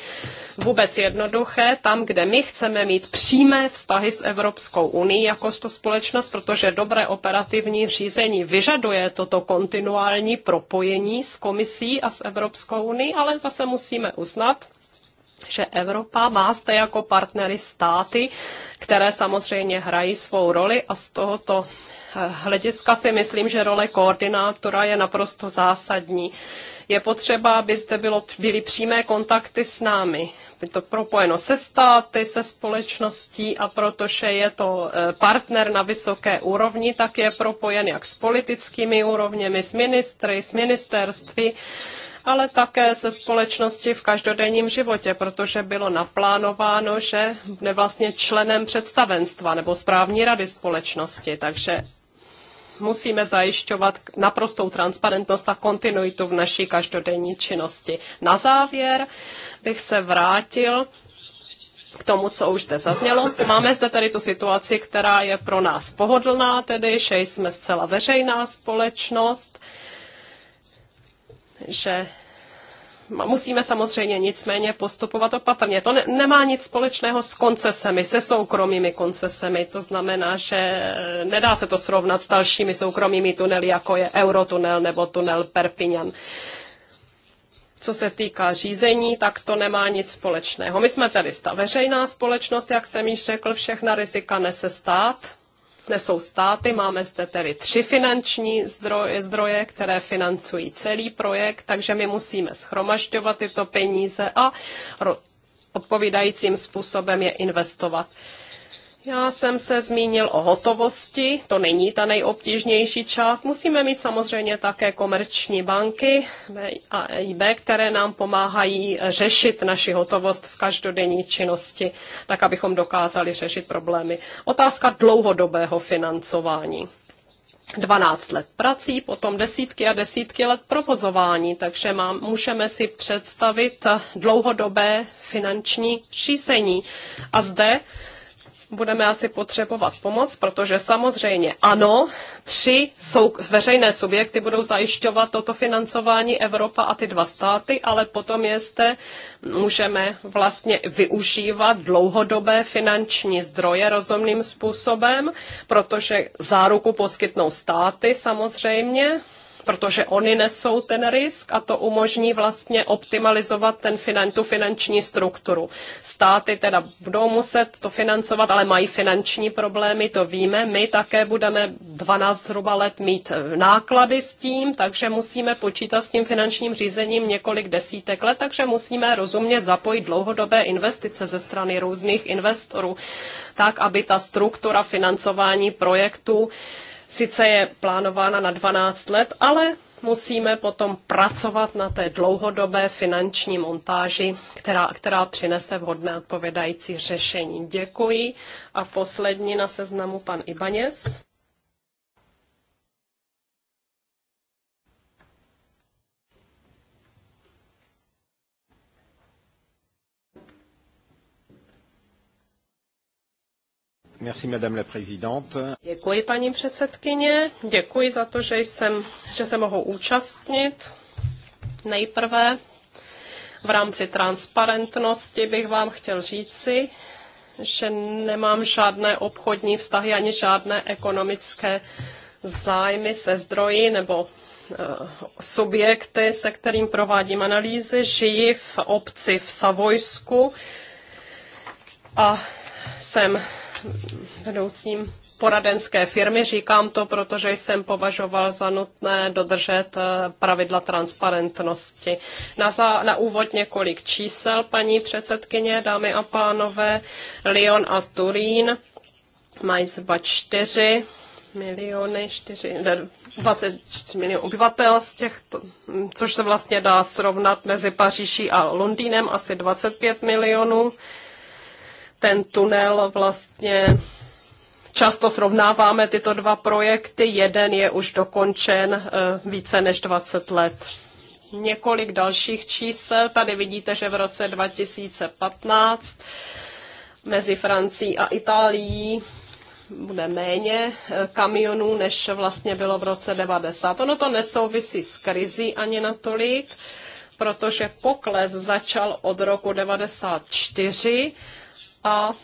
vůbec jednoduché, tam, kde my chceme mít přímé vztahy s Evropskou unii jakožto společnost, protože dobré operativní řízení vyžaduje toto kontinuální propojení s komisí a s Evropskou unii, ale zase musíme uznat, že Evropa má zde jako partnery státy, které samozřejmě hrají svou roli a z tohoto eh, hlediska si myslím, že role koordinátora je naprosto zásadní. Je potřeba, aby zde bylo, byly přímé kontakty s námi. Je to propojeno se státy, se společností a protože je to eh, partner na vysoké úrovni, tak je propojen jak s politickými úrovněmi, s ministry, s ministerství ale také se společnosti v každodenním životě, protože bylo naplánováno, že bude vlastně členem představenstva nebo správní rady společnosti. Takže musíme zajišťovat naprostou transparentnost a kontinuitu v naší každodenní činnosti. Na závěr bych se vrátil k tomu, co už zde zaznělo. Máme zde tady tu situaci, která je pro nás pohodlná, tedy, že jsme zcela veřejná společnost že musíme samozřejmě nicméně postupovat opatrně. To ne, nemá nic společného s koncesemi, se soukromými koncesemi. To znamená, že eh, nedá se to srovnat s dalšími soukromými tunely, jako je Eurotunel nebo tunel Perpignan. Co se týká řízení, tak to nemá nic společného. My jsme tedy ta veřejná společnost, jak jsem již řekl, všechna rizika nese stát nesou státy. Máme zde tedy tři finanční zdroje, zdroje, které financují celý projekt, takže my musíme schromažďovat tyto peníze a odpovídajícím způsobem je investovat. Já jsem se zmínil o hotovosti, to není ta nejobtížnější část. Musíme mít samozřejmě také komerční banky a EIB, které nám pomáhají řešit naši hotovost v každodenní činnosti, tak abychom dokázali řešit problémy. Otázka dlouhodobého financování. 12 let prací, potom desítky a desítky let provozování, takže mám, můžeme si představit dlouhodobé finanční řízení. A zde budeme asi potřebovat pomoc, protože samozřejmě ano, tři jsou, veřejné subjekty budou zajišťovat toto financování Evropa a ty dva státy, ale potom jste můžeme vlastně využívat dlouhodobé finanční zdroje rozumným způsobem, protože záruku poskytnou státy samozřejmě, protože oni nesou ten risk a to umožní vlastně optimalizovat ten finan, tu finanční strukturu. Státy teda budou muset to financovat, ale mají finanční problémy, to víme. My také budeme 12 zhruba let mít e, náklady s tím, takže musíme počítat s tím finančním řízením několik desítek let, takže musíme rozumně zapojit dlouhodobé investice ze strany různých investorů, tak aby ta struktura financování projektů sice je plánována na 12 let, ale musíme potom pracovat na té dlouhodobé finanční montáži, která, která přinese vhodné odpovědající řešení. Děkuji. A poslední na seznamu pan Ibaněz. Merci, madame la présidente. Děkuji, paní předsedkyně. Děkuji za to, že, jsem, že se mohu účastnit. Nejprve v rámci transparentnosti bych vám chtěl říci, že nemám žádné obchodní vztahy ani žádné ekonomické zájmy se zdroji nebo eh, subjekty, se kterým provádím analýzy. Žiji v obci v Savojsku a jsem vedoucím poradenské firmy. Říkám to, protože jsem považoval za nutné dodržet eh, pravidla transparentnosti. Na, za, na úvod několik čísel, paní předsedkyně, dámy a pánové. Lyon a Turín mají zhruba 4 miliony, 4, 24 milionů obyvatel z těch, což se vlastně dá srovnat mezi Paříží a Londýnem, asi 25 milionů ten tunel vlastně Často srovnáváme tyto dva projekty. Jeden je už dokončen eh, více než 20 let. Několik dalších čísel. Tady vidíte, že v roce 2015 mezi Francií a Itálií bude méně eh, kamionů, než vlastně bylo v roce 90. Ono to nesouvisí s krizí ani natolik, protože pokles začal od roku 94 a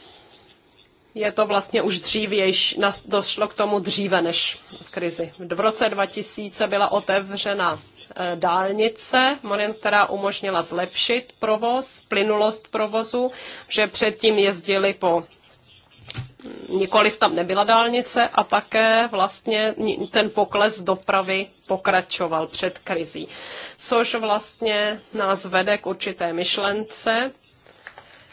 je to vlastně už dřívější, došlo k tomu dříve než v krizi. V roce 2000 byla otevřena e, dálnice, která umožnila zlepšit provoz, plynulost provozu, že předtím jezdili po nikoliv tam nebyla dálnice a také vlastně ten pokles dopravy pokračoval před krizí, což vlastně nás vede k určité myšlence,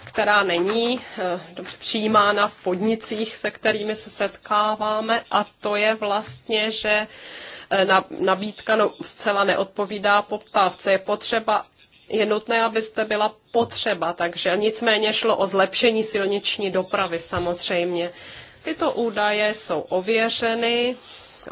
která není eh, dobře přijímána v podnicích, se kterými se setkáváme, a to je vlastně, že eh, nabídka no, zcela neodpovídá poptávce. Je potřeba je nutné, abyste byla potřeba, takže nicméně šlo o zlepšení silniční dopravy samozřejmě. Tyto údaje jsou ověřeny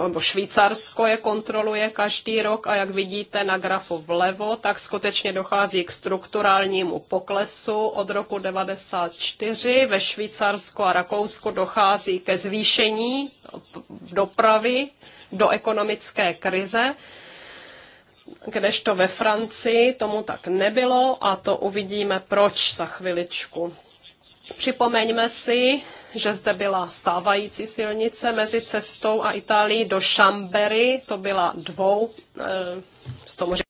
nebo Švýcarsko je kontroluje každý rok a jak vidíte na grafu vlevo, tak skutečně dochází k strukturálnímu poklesu od roku 94. Ve Švýcarsku a Rakousku dochází ke zvýšení dopravy do ekonomické krize kdežto ve Francii tomu tak nebylo a to uvidíme proč za chviličku. Připomeňme si, že zde byla stávající silnice mezi cestou a Itálií do Šambery, to byla dvou, eh, z toho může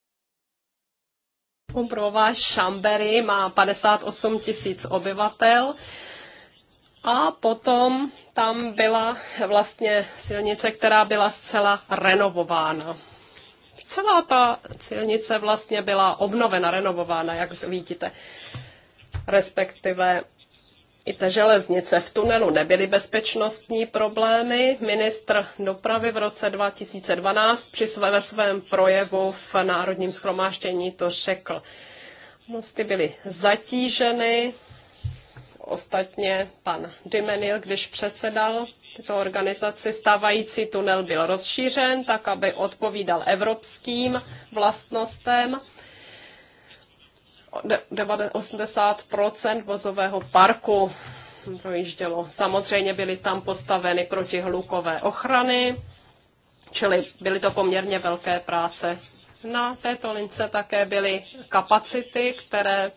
Šambery má 58 tisíc obyvatel a potom tam byla vlastně silnice, která byla zcela renovována. Celá ta silnice vlastně byla obnovena, renovována, jak vidíte. Respektive i ta železnice v tunelu nebyly bezpečnostní problémy. Ministr dopravy v roce 2012 při své, ve svém projevu v Národním schromáštění to řekl. Mosty byly zatíženy, ostatně pan Dimenil, když předsedal této organizaci, stávající tunel byl rozšířen tak, aby odpovídal evropským vlastnostem 80 vozového parku projíždělo. Samozřejmě byly tam postaveny protihlukové ochrany, čili byly to poměrně velké práce. Na této lince také byly kapacity, které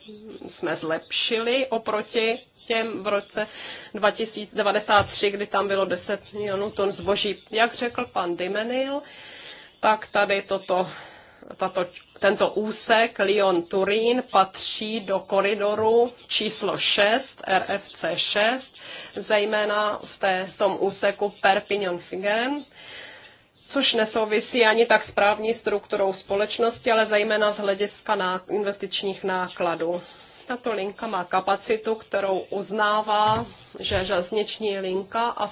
jsme zlepšili oproti těm v roce 2093, kdy tam bylo 10 milionů ton zboží. Jak řekl pan Dimenil, tak tady toto tato, tento úsek Lyon-Turín patří do koridoru číslo 6, RFC 6, zejména v, té, v tom úseku Perpignan-Figen což nesouvisí ani tak s právní strukturou společnosti, ale zejména z hlediska ná, investičních nákladů. Tato linka má kapacitu, kterou uznává železniční linka a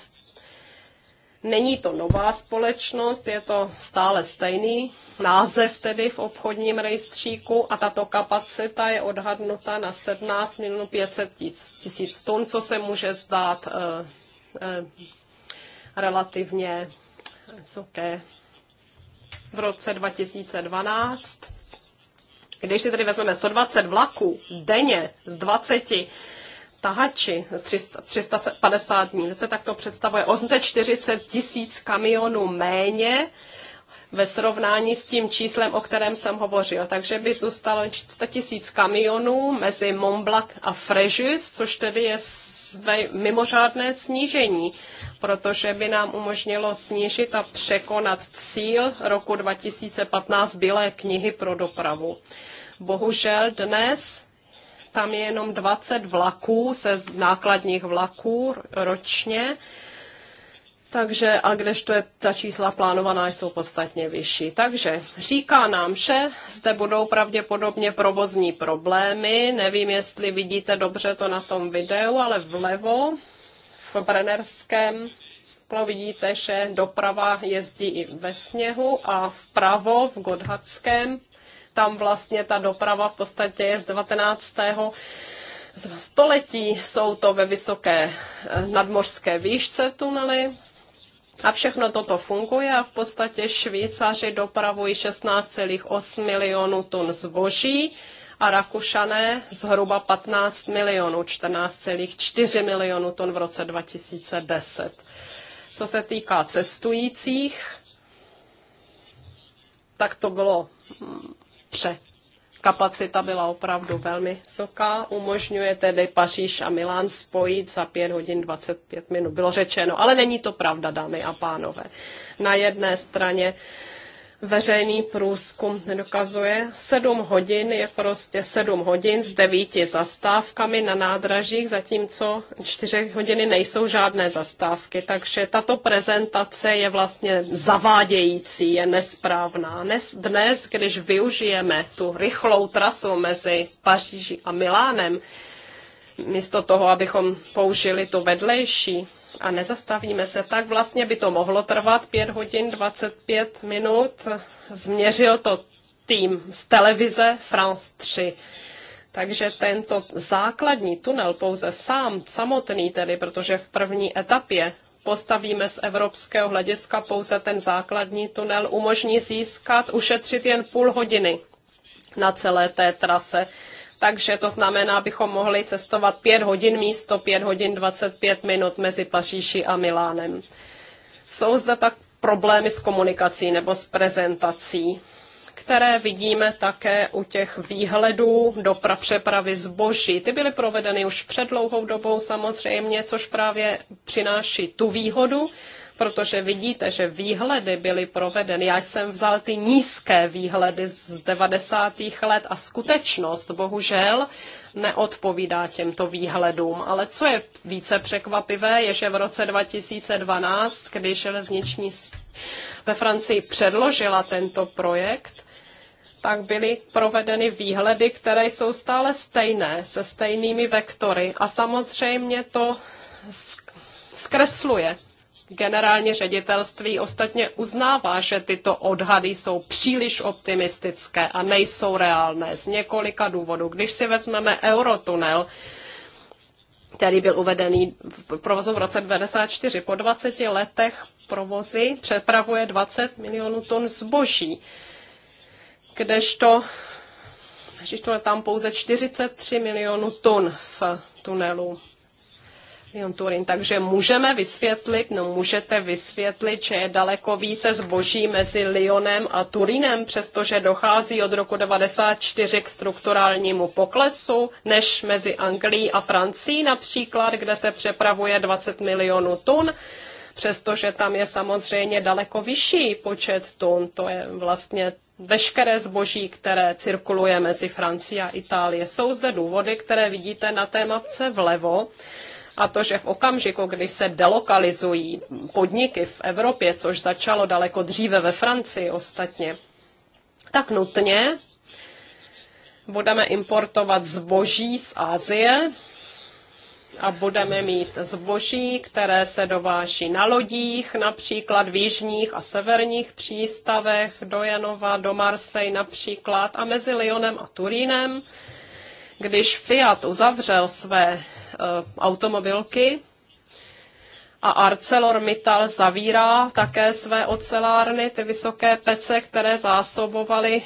Není to nová společnost, je to stále stejný název tedy v obchodním rejstříku a tato kapacita je odhadnuta na 17 milionů 500 tisíc tun, co se může zdát eh, eh, relativně vysoké v roce 2012. Když si tedy vezmeme 120 vlaků denně z 20 tahači z 300, 350 dní, Co tak to představuje 840 tisíc kamionů méně ve srovnání s tím číslem, o kterém jsem hovořil. Takže by zůstalo 400 tisíc kamionů mezi Montblanc a Frejus, což tedy je mimořádné snížení, protože by nám umožnilo snížit a překonat cíl roku 2015 Bílé knihy pro dopravu. Bohužel dnes tam je jenom 20 vlaků, se z nákladních vlaků ročně. Takže a to je ta čísla plánovaná, jsou podstatně vyšší. Takže říká nám, že zde budou pravděpodobně provozní problémy. Nevím, jestli vidíte dobře to na tom videu, ale vlevo v Brennerském plo vidíte, že doprava jezdí i ve sněhu a vpravo v Godhatském tam vlastně ta doprava v podstatě je z 19. století. Jsou to ve vysoké eh, nadmořské výšce tunely, a všechno toto funguje a v podstatě Švýcaři dopravují 16,8 milionů tun zboží a Rakušané zhruba 15 milionů, 14,4 milionů tun v roce 2010. Co se týká cestujících, tak to bylo mm, pře. Kapacita byla opravdu velmi vysoká, umožňuje tedy Paříž a Milán spojit za 5 hodin 25 minut. Bylo řečeno, ale není to pravda, dámy a pánové. Na jedné straně veřejný průzkum dokazuje. Sedm hodin je prostě sedm hodin s devíti zastávkami na nádražích, zatímco čtyři hodiny nejsou žádné zastávky. Takže tato prezentace je vlastně zavádějící, je nesprávná. Dnes, když využijeme tu rychlou trasu mezi Paříží a Milánem, místo toho, abychom použili tu vedlejší a nezastavíme se, tak vlastně by to mohlo trvat 5 hodin 25 minut. Změřil to tým z televize France 3. Takže tento základní tunel pouze sám, samotný tedy, protože v první etapě postavíme z evropského hlediska pouze ten základní tunel, umožní získat, ušetřit jen půl hodiny na celé té trase takže to znamená, abychom mohli cestovat 5 hodin místo 5 hodin 25 minut mezi Paříží a Milánem. Jsou zde tak problémy s komunikací nebo s prezentací které vidíme také u těch výhledů do přepravy zboží. Ty byly provedeny už před dlouhou dobou samozřejmě, což právě přináší tu výhodu, protože vidíte, že výhledy byly provedeny. Já jsem vzal ty nízké výhledy z 90. let a skutečnost bohužel neodpovídá těmto výhledům. Ale co je více překvapivé, je, že v roce 2012, kdy železniční ve Francii předložila tento projekt, tak byly provedeny výhledy, které jsou stále stejné, se stejnými vektory. A samozřejmě to zkresluje generálně ředitelství ostatně uznává, že tyto odhady jsou příliš optimistické a nejsou reálné z několika důvodů. Když si vezmeme Eurotunel, který byl uvedený v provozu v roce 1994, po 20 letech provozy přepravuje 20 milionů tun zboží, kdežto je tam pouze 43 milionů tun v tunelu. Jan Turin, takže můžeme vysvětlit, no můžete vysvětlit, že je daleko více zboží mezi Lyonem a Turínem, přestože dochází od roku 94 k strukturálnímu poklesu, než mezi Anglií a Francií například, kde se přepravuje 20 milionů tun přestože tam je samozřejmě daleko vyšší počet tun, to je vlastně veškeré zboží, které cirkuluje mezi Francií a Itálie. Jsou zde důvody, které vidíte na té mapce vlevo a to, že v okamžiku, kdy se delokalizují podniky v Evropě, což začalo daleko dříve ve Francii ostatně, tak nutně budeme importovat zboží z Asie a budeme mít zboží, které se dováží na lodích, například v jižních a severních přístavech do Janova, do Marseille například a mezi Lyonem a Turínem když Fiat uzavřel své eh, automobilky, a ArcelorMittal zavírá také své ocelárny, ty vysoké pece, které zásobovaly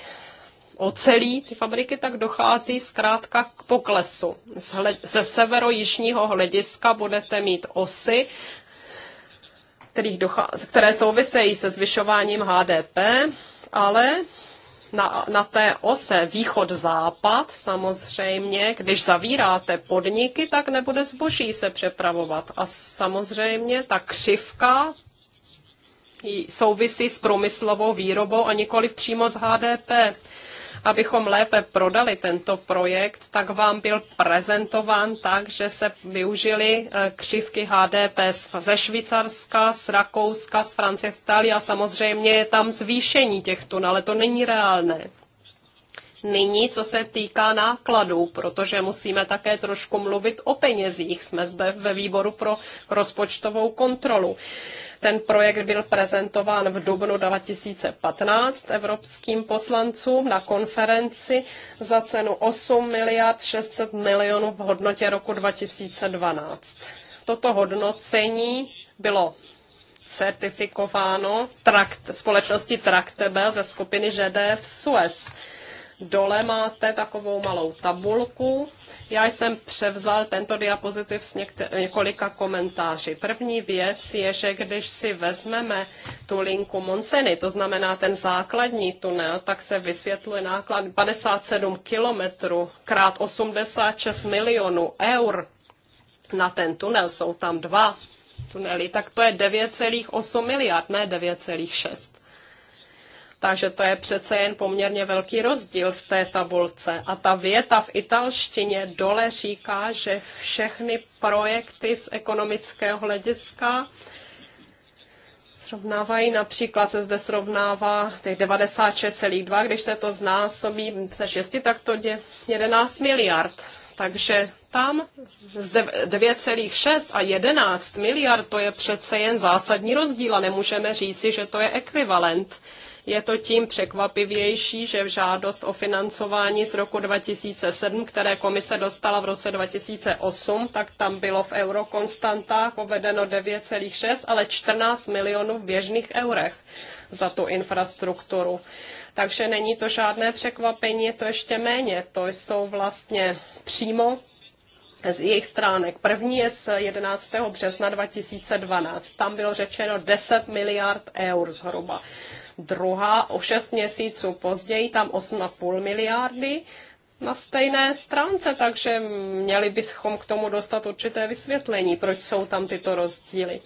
ocelí ty fabriky, tak dochází zkrátka k poklesu. Ze severojižního hlediska budete mít osy, kterých dochází, které souvisejí se zvyšováním HDP, ale na, na té ose východ-západ samozřejmě, když zavíráte podniky, tak nebude zboží se přepravovat. A samozřejmě ta křivka souvisí s průmyslovou výrobou a nikoli přímo s HDP. Abychom lépe prodali tento projekt, tak vám byl prezentován tak, že se využili e, křivky HDP ze Švýcarska, z Rakouska, z Francie, z Itálie a samozřejmě je tam zvýšení těchto, ale to není reálné. Nyní, co se týká nákladů, protože musíme také trošku mluvit o penězích. Jsme zde ve výboru pro rozpočtovou kontrolu. Ten projekt byl prezentován v dubnu 2015 evropským poslancům na konferenci za cenu 8 miliard 600 milionů v hodnotě roku 2012. Toto hodnocení bylo certifikováno trakt, společnosti Tractebel ze skupiny ŽD v Suez Dole máte takovou malou tabulku. Já jsem převzal tento diapozitiv s několika komentáři. První věc je, že když si vezmeme tu linku Monseny, to znamená ten základní tunel, tak se vysvětluje náklad 57 kilometrů krát 86 milionů eur na ten tunel. Jsou tam dva tunely, tak to je 9,8 miliard, ne 9,6 takže to je přece jen poměrně velký rozdíl v té tabulce. A ta věta v italštině dole říká, že všechny projekty z ekonomického hlediska srovnávají například, se zde srovnává těch 96,2, když se to znásobí se 6, tak to je 11 miliard. Takže tam z 9,6 a 11 miliard, to je přece jen zásadní rozdíl a nemůžeme říci, že to je ekvivalent. Je to tím překvapivější, že v žádost o financování z roku 2007, které komise dostala v roce 2008, tak tam bylo v eurokonstantách uvedeno 9,6, ale 14 milionů v běžných eurech za tu infrastrukturu. Takže není to žádné překvapení, je to ještě méně. To jsou vlastně přímo z jejich stránek. První je z 11. března 2012. Tam bylo řečeno 10 miliard eur zhruba druhá o 6 měsíců později tam 8,5 miliardy na stejné stránce, takže měli bychom k tomu dostat určité vysvětlení, proč jsou tam tyto rozdíly.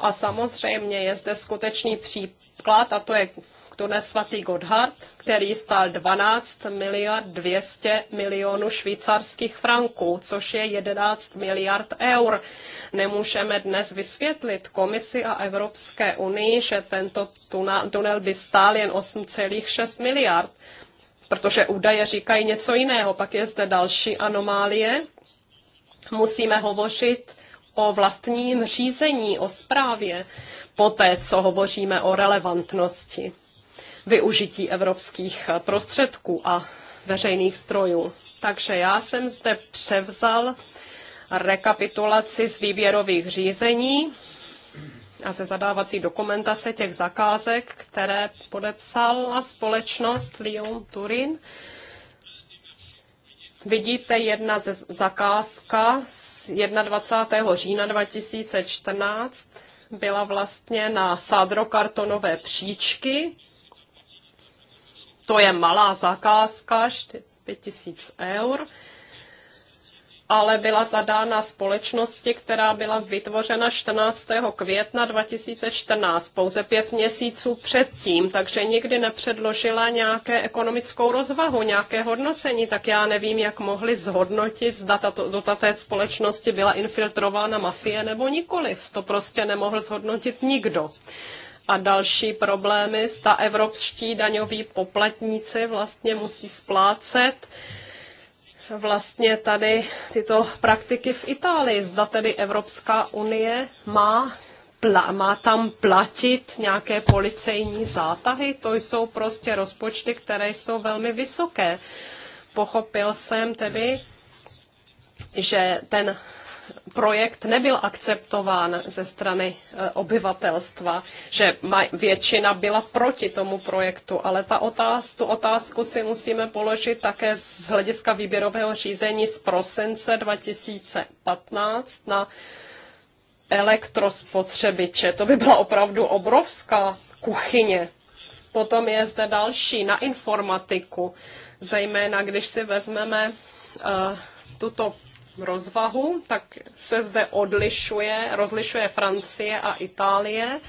A samozřejmě je zde skutečný příklad, a to je to nesvatý Godhard, který stál 12 miliard 200 milionů švýcarských franků, což je 11 miliard eur. Nemůžeme dnes vysvětlit komisi a Evropské unii, že tento tunel by stál jen 8,6 miliard, protože údaje říkají něco jiného. Pak je zde další anomálie. Musíme hovořit o vlastním řízení, o správě, poté co hovoříme o relevantnosti využití evropských eh, prostředků a veřejných strojů. Takže já jsem zde převzal rekapitulaci z výběrových řízení a ze zadávací dokumentace těch zakázek, které podepsala společnost Lyon Turin. Vidíte jedna ze zakázka z 21. října 2014 byla vlastně na sádrokartonové příčky to je malá zakázka, 45 tisíc eur, ale byla zadána společnosti, která byla vytvořena 14. května 2014, pouze pět měsíců předtím, takže nikdy nepředložila nějaké ekonomickou rozvahu, nějaké hodnocení, tak já nevím, jak mohli zhodnotit, zda tato, do té společnosti byla infiltrována mafie nebo nikoliv. To prostě nemohl zhodnotit nikdo a další problémy. Sta evropští daňoví poplatníci vlastně musí splácet vlastně tady tyto praktiky v Itálii. Zda tedy Evropská unie má pla, má tam platit nějaké policejní zátahy. To jsou prostě rozpočty, které jsou velmi vysoké. Pochopil jsem tedy, že ten projekt nebyl akceptován ze strany e, obyvatelstva, že většina byla proti tomu projektu, ale ta otáz, tu otázku si musíme položit také z hlediska výběrového řízení z prosince 2015 na elektrospotřebiče. To by byla opravdu obrovská kuchyně. Potom je zde další na informatiku, zejména když si vezmeme uh, tuto rozvahu, tak se zde odlišuje, rozlišuje Francie a Itálie.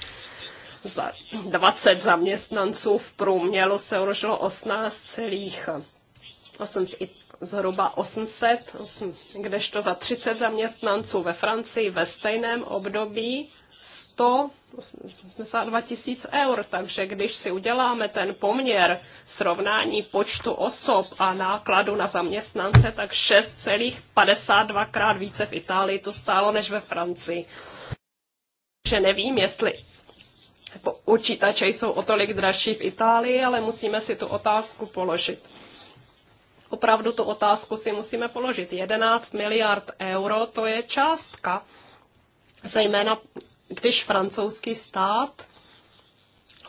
Za 20 zaměstnanců v průměru se urožilo 18 celých 8 v It- zhruba 800, 8, kdežto za 30 zaměstnanců ve Francii ve stejném období 182 tisíc eur. Takže když si uděláme ten poměr srovnání počtu osob a nákladu na zaměstnance, tak 6,52 krát více v Itálii to stálo než ve Francii. Takže nevím, jestli počítače jsou o tolik dražší v Itálii, ale musíme si tu otázku položit. Opravdu tu otázku si musíme položit. 11 miliard euro to je částka, zejména když francouzský stát,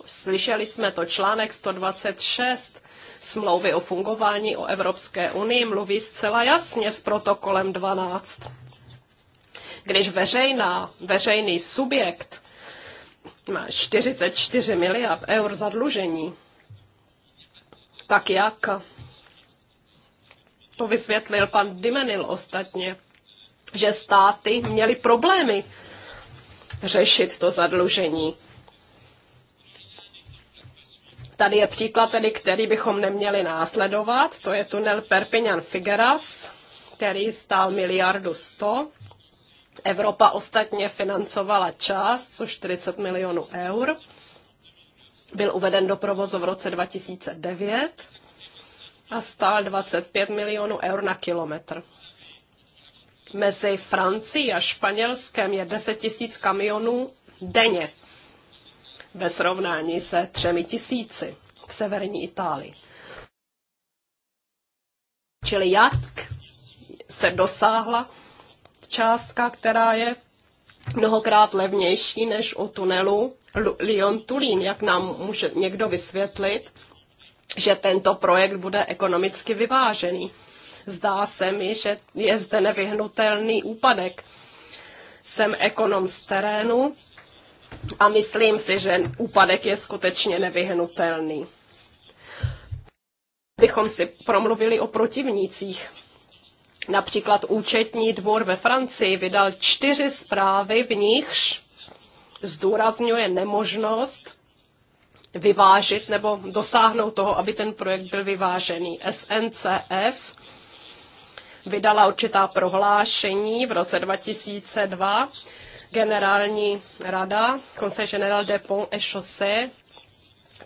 slyšeli jsme to článek 126 smlouvy o fungování o Evropské unii, mluví zcela jasně s protokolem 12. Když veřejná, veřejný subjekt má 44 miliard eur zadlužení, tak jak to vysvětlil pan Dimenil ostatně, že státy měly problémy řešit to zadlužení. Tady je příklad, tedy, který bychom neměli následovat. To je tunel Perpignan Figueras, který stál miliardu 100. Evropa ostatně financovala část, což 40 milionů eur. Byl uveden do provozu v roce 2009 a stál 25 milionů eur na kilometr mezi Francií a Španělskem je 10 tisíc kamionů denně ve srovnání se třemi tisíci v severní Itálii. Čili jak se dosáhla částka, která je mnohokrát levnější než u tunelu Lyon-Tulín. Jak nám může někdo vysvětlit, že tento projekt bude ekonomicky vyvážený? Zdá se mi, že je zde nevyhnutelný úpadek. Jsem ekonom z terénu a myslím si, že úpadek je skutečně nevyhnutelný. Bychom si promluvili o protivnících. Například účetní dvor ve Francii vydal čtyři zprávy, v nichž zdůrazňuje nemožnost vyvážit nebo dosáhnout toho, aby ten projekt byl vyvážený. SNCF vydala určitá prohlášení v roce 2002. Generální rada, konce General de Pont et Chaussées,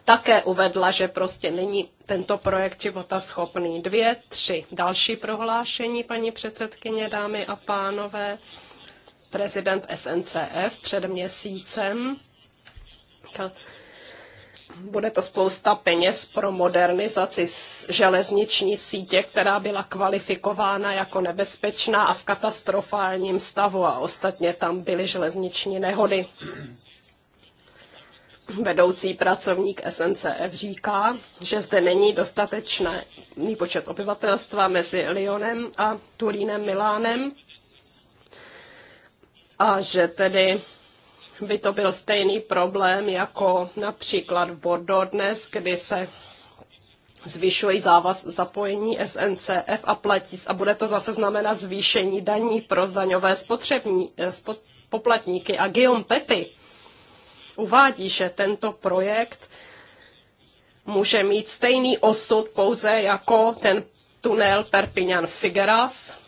také uvedla, že prostě není tento projekt života schopný. Dvě, tři další prohlášení, paní předsedkyně, dámy a pánové. Prezident SNCF před měsícem bude to spousta peněz pro modernizaci železniční sítě, která byla kvalifikována jako nebezpečná a v katastrofálním stavu a ostatně tam byly železniční nehody. Vedoucí pracovník SNCF říká, že zde není dostatečný počet obyvatelstva mezi Lyonem a Turínem Milánem a že tedy by to byl stejný problém jako například v Bordeaux dnes, kdy se zvyšují závaz zapojení SNCF a platí a bude to zase znamenat zvýšení daní pro zdaňové spotřební, eh, spot, poplatníky. A Guillaume Pepy uvádí, že tento projekt může mít stejný osud pouze jako ten tunel Perpignan Figueras,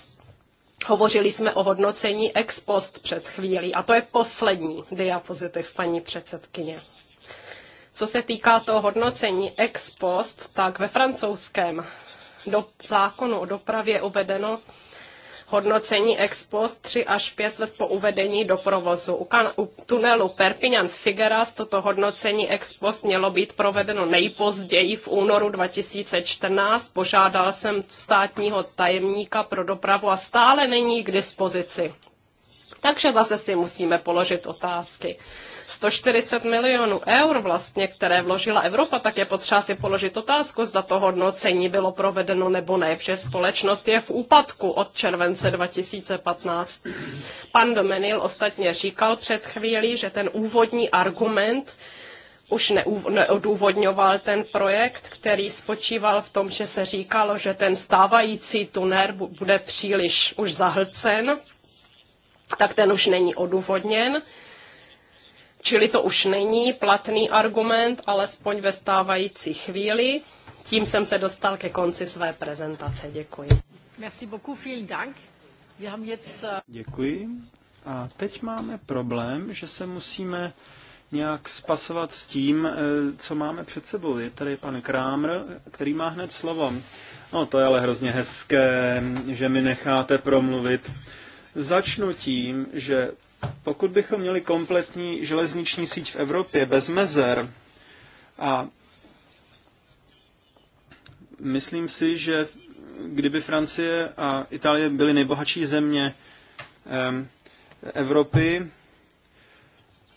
Hovořili jsme o hodnocení ex post před chvílí a to je poslední diapozitiv, paní předsedkyně. Co se týká toho hodnocení ex post, tak ve francouzském do zákonu o dopravě je uvedeno, hodnocení ex post 3 až 5 let po uvedení do provozu. U, kan- u tunelu Perpignan Figueras toto hodnocení ex post mělo být provedeno nejpozději v únoru 2014. Požádal jsem státního tajemníka pro dopravu a stále není k dispozici. Takže zase si musíme položit otázky. 140 milionů eur vlastně, které vložila Evropa, tak je potřeba si položit otázku, zda to hodnocení bylo provedeno nebo ne, protože společnost je v úpadku od července 2015. Pan Domenil ostatně říkal před chvílí, že ten úvodní argument, už neodůvodňoval ten projekt, který spočíval v tom, že se říkalo, že ten stávající tuner bude příliš už zahlcen, tak ten už není odůvodněn. Čili to už není platný argument, alespoň ve stávající chvíli. Tím jsem se dostal ke konci své prezentace. Děkuji. Merci beaucoup, vielen Dank. Wir haben jetzt... Äh, Děkuji. A teď máme problém, že se musíme nějak spasovat s tím, eh, co máme před sebou. Je tady pan Krámr, který má hned slovo. No to je ale hrozně hezké, že mi necháte promluvit. Začnu tím, že pokud bychom měli kompletní železniční síť v Evropě bez mezer a myslím si, že kdyby Francie a Itálie byly nejbohatší země Evropy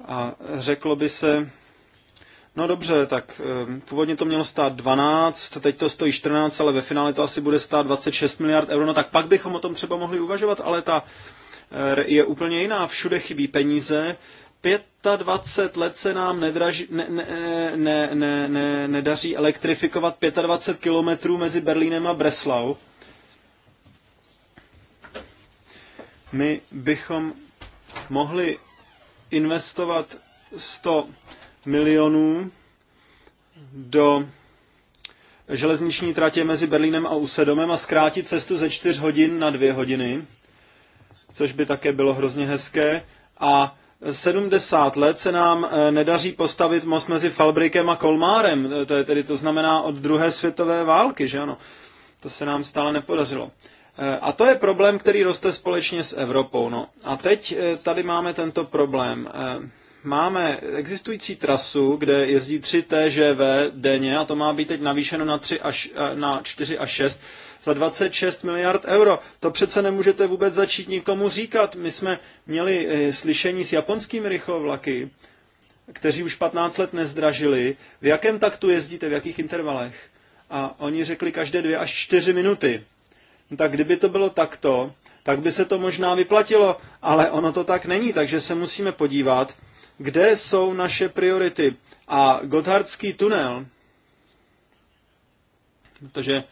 a řeklo by se, no dobře, tak původně to mělo stát 12, teď to stojí 14, ale ve finále to asi bude stát 26 miliard euro, no tak pak bychom o tom třeba mohli uvažovat, ale ta Eh, je úplně jiná. Všude chybí peníze. 25 let se nám nedraží, ne, ne, ne, ne, ne, nedaří elektrifikovat 25 kilometrů mezi Berlínem a Breslau. My bychom mohli investovat 100 milionů do železniční tratě mezi Berlínem a Usedomem a zkrátit cestu ze 4 hodin na 2 hodiny což by také bylo hrozně hezké. A 70 let se nám eh, nedaří postavit most mezi Falbrikem a Kolmárem, eh, to je tedy to znamená od druhé světové války, že ano? To se nám stále nepodařilo. Eh, a to je problém, který roste společně s Evropou. No. A teď tady máme tento problém. Máme existující trasu, kde jezdí 3 TŽV denně a to má být teď navýšeno na, 3 až, na 4 až 6 za 26 miliard euro. To přece nemůžete vůbec začít nikomu říkat. My jsme měli eh, slyšení s japonskými rychlovlaky, kteří už 15 let nezdražili. V jakém taktu jezdíte, v jakých intervalech? A oni řekli každé dvě až čtyři minuty. No tak kdyby to bylo takto, tak by se to možná vyplatilo, ale ono to tak není, takže se musíme podívat, kde jsou naše priority. A Gotthardský tunel, protože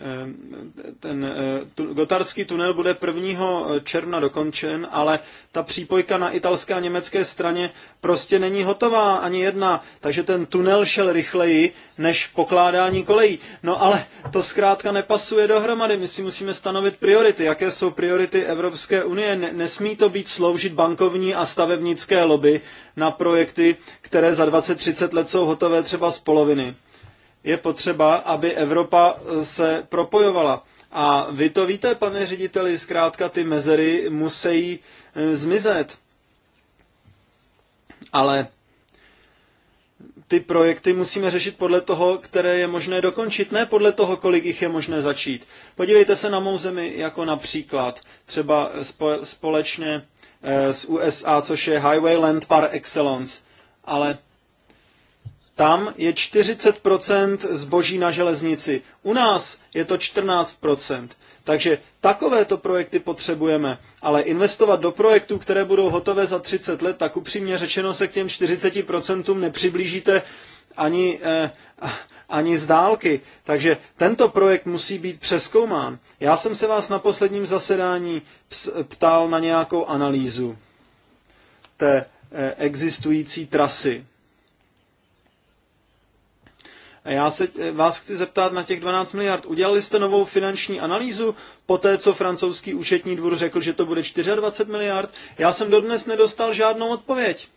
Ehm, ten eh, gotarský tunel bude 1. Eh, června dokončen, ale ta přípojka na italské a německé straně prostě není hotová ani jedna, takže ten tunel šel rychleji než pokládání kolejí. No ale to zkrátka nepasuje dohromady, my si musíme stanovit priority. Jaké jsou priority Evropské unie? Nesmí to být sloužit bankovní a stavebnické lobby na projekty, které za 20-30 let jsou hotové třeba z poloviny je potřeba, aby Evropa se propojovala. A vy to víte, pane řediteli, zkrátka ty mezery musí eh, zmizet. Ale ty projekty musíme řešit podle toho, které je možné dokončit, ne podle toho, kolik jich je možné začít. Podívejte se na mou zemi jako například třeba společně eh, s USA, což je Highway Land par excellence, ale tam je 40% zboží na železnici. U nás je to 14%. Takže takovéto projekty potřebujeme, ale investovat do projektů, které budou hotové za 30 let, tak upřímně řečeno se k těm 40% nepřiblížíte ani, eh, ani z dálky. Takže tento projekt musí být přeskoumán. Já jsem se vás na posledním zasedání ptal na nějakou analýzu té eh, existující trasy. A já se eh, vás chci zeptat na těch 12 miliard. Udělali jste novou finanční analýzu po té, co francouzský účetní dvůr řekl, že to bude 24 miliard? Já jsem dodnes nedostal žádnou odpověď.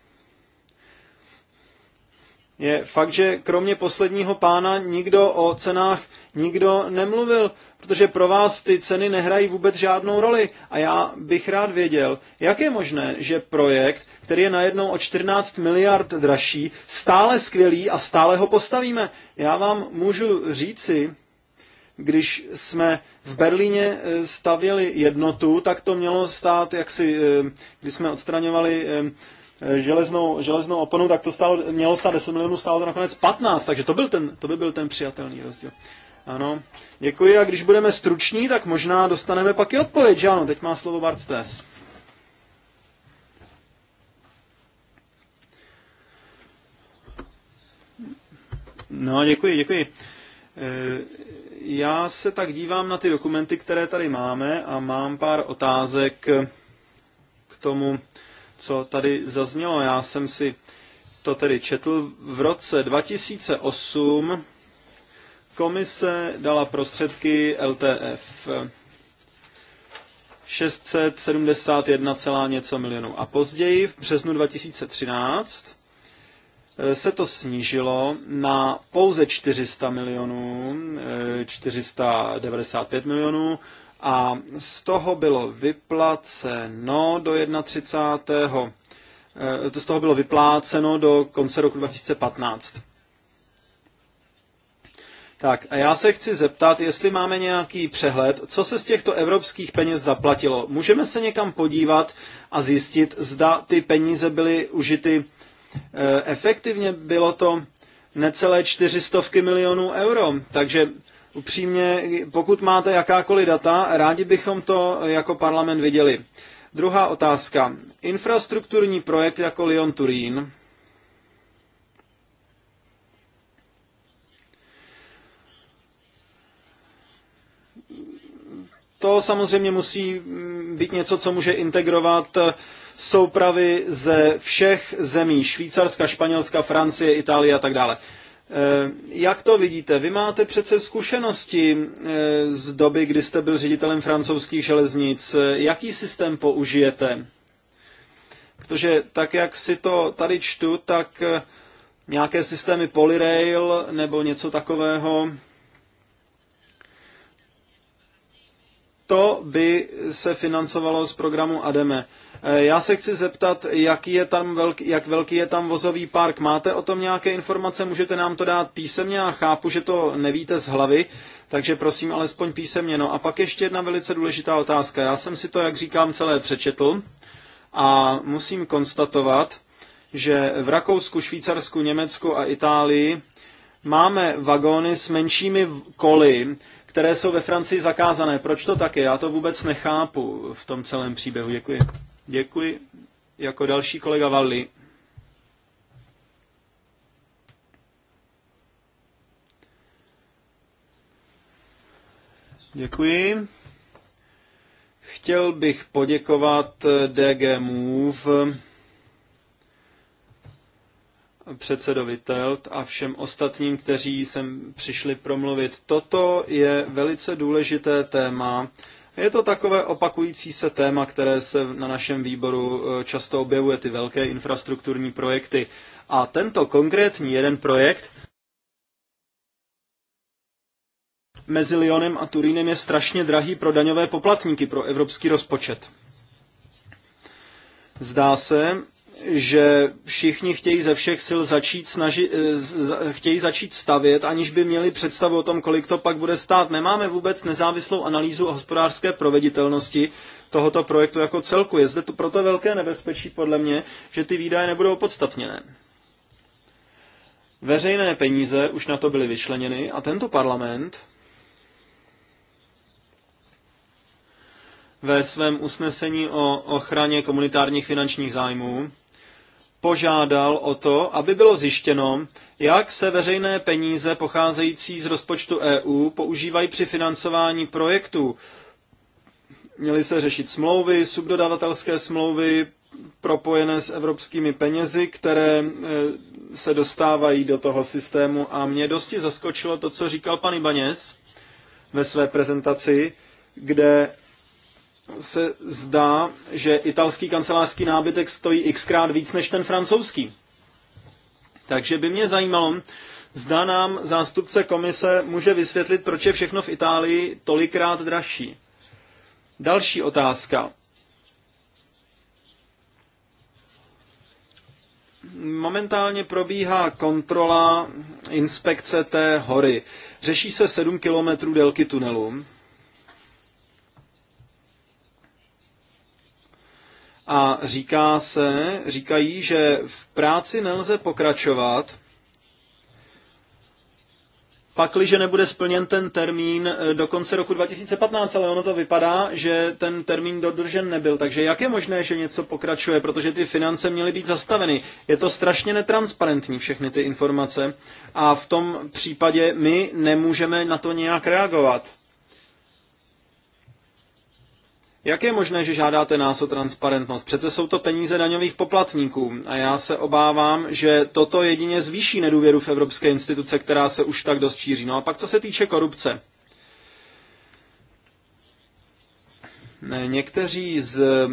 Je fakt, že kromě posledního pána nikdo o cenách nikdo nemluvil protože pro vás ty ceny nehrají vůbec žádnou roli. A já bych rád věděl, jak je možné, že projekt, který je najednou o 14 miliard dražší, stále skvělý a stále ho postavíme. Já vám můžu říci, když jsme v Berlíně eh, stavěli jednotu, tak to mělo stát, jak si, eh, když jsme odstraňovali eh, železnou, železnou oponu, tak to stalo, mělo stát 10 milionů, stálo to nakonec 15, takže to, byl ten, to by byl ten přijatelný rozdíl. Ano, děkuji a když budeme struční, tak možná dostaneme pak i odpověď, že ano, teď má slovo Bart Stes. No, děkuji, děkuji. Eh, já se tak dívám na ty dokumenty, které tady máme a mám pár otázek k tomu, co tady zaznělo. Já jsem si to tedy četl. V roce 2008 Komise dala prostředky LTF 671, něco milionů. A později, v březnu 2013, se to snížilo na pouze 400 milionů, 495 milionů a z toho bylo vypláceno do 31. Eh, z toho bylo vypláceno do konce roku 2015. Tak a já se chci zeptat, jestli máme nějaký přehled, co se z těchto evropských peněz zaplatilo. Můžeme se někam podívat a zjistit, zda ty peníze byly užity e, efektivně. Bylo to necelé čtyřistovky milionů euro, takže upřímně, pokud máte jakákoliv data, rádi bychom to jako parlament viděli. Druhá otázka. Infrastrukturní projekt jako Lyon Turín To samozřejmě musí mm, být něco, co může integrovat eh, soupravy ze všech zemí. Švýcarska, Španělska, Francie, Itálie a tak dále. Eh, jak to vidíte? Vy máte přece zkušenosti eh, z doby, kdy jste byl ředitelem francouzských železnic. Jaký systém použijete? Protože tak, jak si to tady čtu, tak nějaké systémy Polyrail nebo něco takového to by se financovalo z programu ADEME. Eh, já se chci zeptat, jaký je tam velký, jak velký je tam vozový park. Máte o tom nějaké informace? Můžete nám to dát písemně? Já chápu, že to nevíte z hlavy, takže prosím alespoň písemně. No a pak ještě jedna velice důležitá otázka. Já jsem si to, jak říkám, celé přečetl a musím konstatovat, že v Rakousku, Švýcarsku, Německu a Itálii máme vagóny s menšími koly, které jsou ve Francii zakázané. Proč to tak je? Já to vůbec nechápu v tom celém příběhu. Děkuji. Děkuji. Jako další kolega Valli. Děkuji. Chtěl bych poděkovat DG Move předsedovi Telt a všem ostatním, kteří sem přišli promluvit. Toto je velice důležité téma. Je to takové opakující se téma, které se na našem výboru eh, často objevuje, ty velké infrastrukturní projekty. A tento konkrétní jeden projekt mezi Lyonem a Turínem je strašně drahý pro daňové poplatníky, pro evropský rozpočet. Zdá se, že všichni chtějí ze všech sil začít snaži, eh, chtějí začít stavět, aniž by měli představu o tom, kolik to pak bude stát. Nemáme vůbec nezávislou analýzu o hospodářské proveditelnosti tohoto projektu jako celku. Je zde to proto velké nebezpečí, podle mě, že ty výdaje nebudou opodstatněné. Veřejné peníze už na to byly vyčleněny a tento parlament ve svém usnesení o ochraně komunitárních finančních zájmů požádal o to, aby bylo zjištěno, jak se veřejné peníze pocházející z rozpočtu EU používají při financování projektů. Měly se řešit smlouvy, subdodavatelské smlouvy propojené s evropskými penězi, které e, se dostávají do toho systému. A mě dosti zaskočilo to, co říkal pan Ibanez ve své prezentaci, kde se zdá, že italský kancelářský nábytek stojí xkrát víc než ten francouzský. Takže by mě zajímalo, zda nám zástupce komise může vysvětlit, proč je všechno v Itálii tolikrát dražší. Další otázka. Momentálně probíhá kontrola inspekce té hory. Řeší se 7 kilometrů délky tunelu A říká se, říkají, že v práci nelze pokračovat, pakliže nebude splněn ten termín eh, do konce roku 2015, ale ono to vypadá, že ten termín dodržen nebyl. Takže jak je možné, že něco pokračuje, protože ty finance měly být zastaveny? Je to strašně netransparentní, všechny ty informace, a v tom případě my nemůžeme na to nějak reagovat. Jak je možné, že žádáte nás o transparentnost? Přece jsou to peníze daňových poplatníků a já se obávám, že toto jedině zvýší nedůvěru v evropské instituce, která se už tak dost šíří. No a pak co se týče korupce. Někteří z e,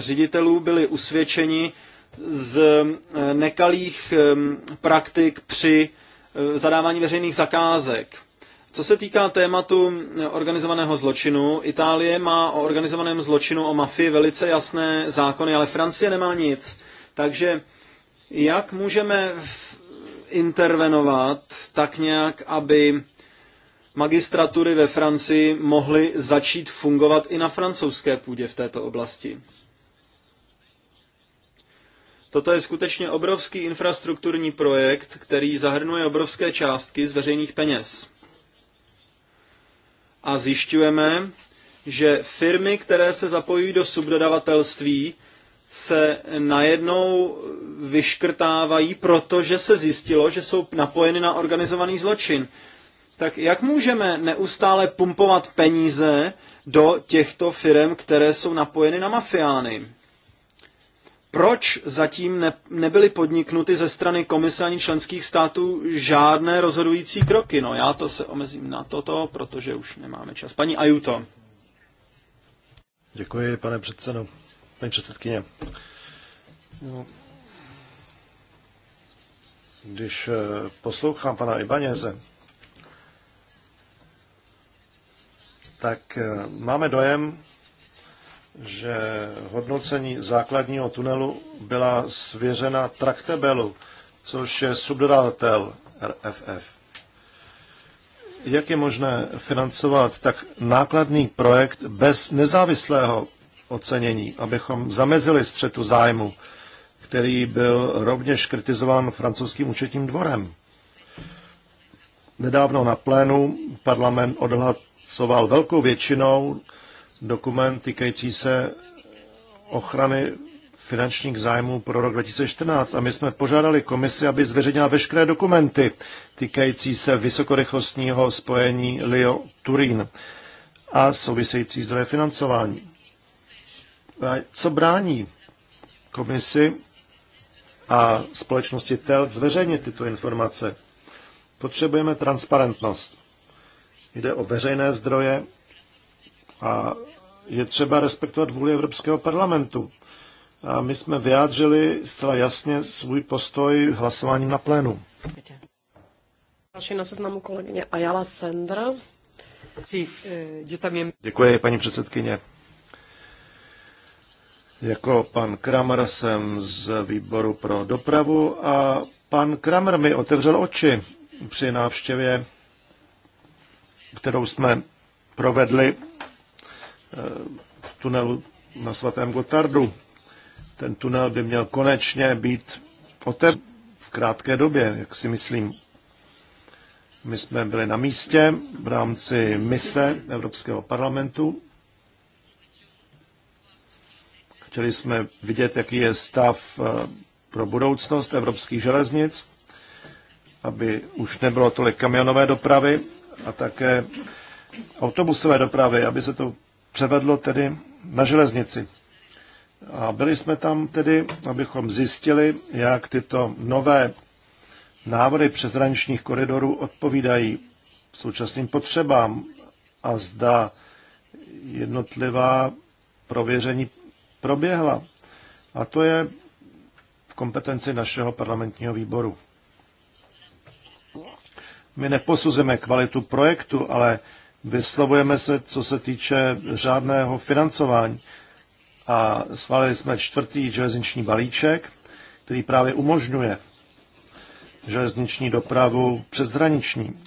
ředitelů byli usvědčeni z e, nekalých e, praktik při zadávání veřejných zakázek. Co se týká tématu organizovaného zločinu, Itálie má o organizovaném zločinu, o mafii velice jasné zákony, ale Francie nemá nic. Takže jak můžeme intervenovat tak nějak, aby magistratury ve Francii mohly začít fungovat i na francouzské půdě v této oblasti? Toto je skutečně obrovský infrastrukturní projekt, který zahrnuje obrovské částky z veřejných peněz a zjišťujeme, že firmy, které se zapojují do subdodavatelství, se najednou vyškrtávají, protože se zjistilo, že jsou napojeny na organizovaný zločin. Tak jak můžeme neustále pumpovat peníze do těchto firm, které jsou napojeny na mafiány? proč zatím ne, nebyly podniknuty ze strany komise ani členských států žádné rozhodující kroky. No já to se omezím na toto, protože už nemáme čas. Paní Ajuto. Děkuji, pane předsedo. Paní předsedkyně. No. Když eh, poslouchám pana Ibaněze, tak eh, máme dojem, že hodnocení základního tunelu byla svěřena Traktebelu, což je subdodatel RFF. Jak je možné financovat tak nákladný projekt bez nezávislého ocenění, abychom zamezili střetu zájmu, který byl rovněž kritizován francouzským účetním dvorem? Nedávno na plénu parlament odhlasoval velkou většinou dokument týkající se ochrany finančních zájmů pro rok 2014 a my jsme požádali komisi, aby zveřejnila veškeré dokumenty týkající se vysokorychlostního spojení Lio-Turín a související zdroje financování. A co brání komisi a společnosti TEL zveřejnit tyto informace? Potřebujeme transparentnost. Jde o veřejné zdroje a je třeba respektovat vůli Evropského parlamentu. A my jsme vyjádřili zcela jasně svůj postoj hlasováním na plénu. Další na seznamu kolegyně Ayala Sendra. Eh, Děkuji, paní předsedkyně. Jako pan Kramer jsem z výboru pro dopravu a pan Kramer mi otevřel oči při návštěvě, kterou jsme provedli Eh, tunelu na svatém Gotardu. Ten tunel by měl konečně být otevřen v krátké době, jak si myslím. My jsme byli na místě v rámci mise Evropského parlamentu. Chtěli jsme vidět, jaký je stav eh, pro budoucnost evropských železnic, aby už nebylo tolik kamionové dopravy a také autobusové dopravy, aby se to převedlo tedy na železnici. A byli jsme tam tedy, abychom zjistili, jak tyto nové návrhy přezraničních koridorů odpovídají současným potřebám a zda jednotlivá prověření proběhla. A to je v kompetenci našeho parlamentního výboru. My neposuzujeme kvalitu projektu, ale vyslovujeme se, co se týče řádného financování. A schválili jsme čtvrtý železniční balíček, který právě umožňuje železniční dopravu přeshraniční.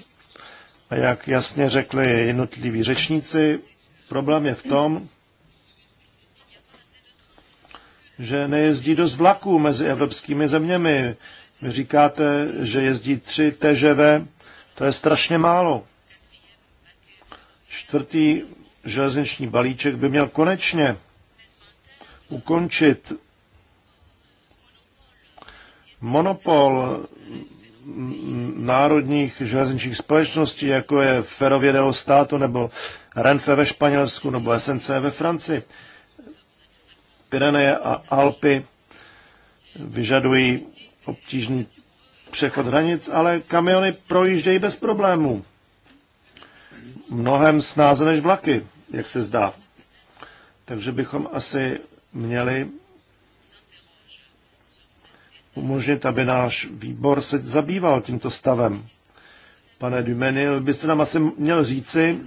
A jak jasně řekli jednotliví řečníci, problém je v tom, že nejezdí dost vlaků mezi evropskými zeměmi. Vy říkáte, že jezdí tři TŽV, to je strašně málo. Čtvrtý železniční balíček by měl konečně ukončit monopol národních železničních společností, jako je Ferrovie dello Stato nebo Renfe ve Španělsku nebo SNC ve Francii. Pireneje a Alpy vyžadují obtížný přechod hranic, ale kamiony projíždějí bez problémů mnohem snáze než vlaky, jak se zdá. Takže bychom asi měli umožnit, aby náš výbor se zabýval tímto stavem. Pane Dumenil, byste nám asi měl říci,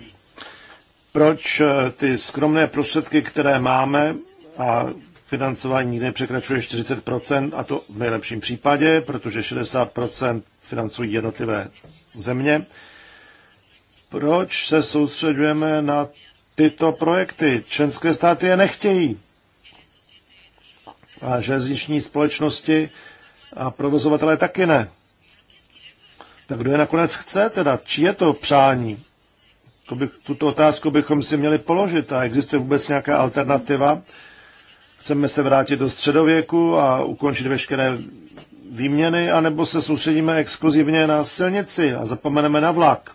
proč eh, ty skromné prostředky, které máme a financování nikdy nepřekračuje 40%, a to v nejlepším případě, protože 60% financují jednotlivé země, proč se soustředujeme na tyto projekty? Členské státy je nechtějí. A železniční společnosti a provozovatelé taky ne. Tak kdo je nakonec chce teda? či je to přání? To bych, tuto otázku bychom si měli položit. A existuje vůbec nějaká alternativa? Chceme se vrátit do středověku a ukončit veškeré výměny, anebo se soustředíme exkluzivně na silnici a zapomeneme na vlak?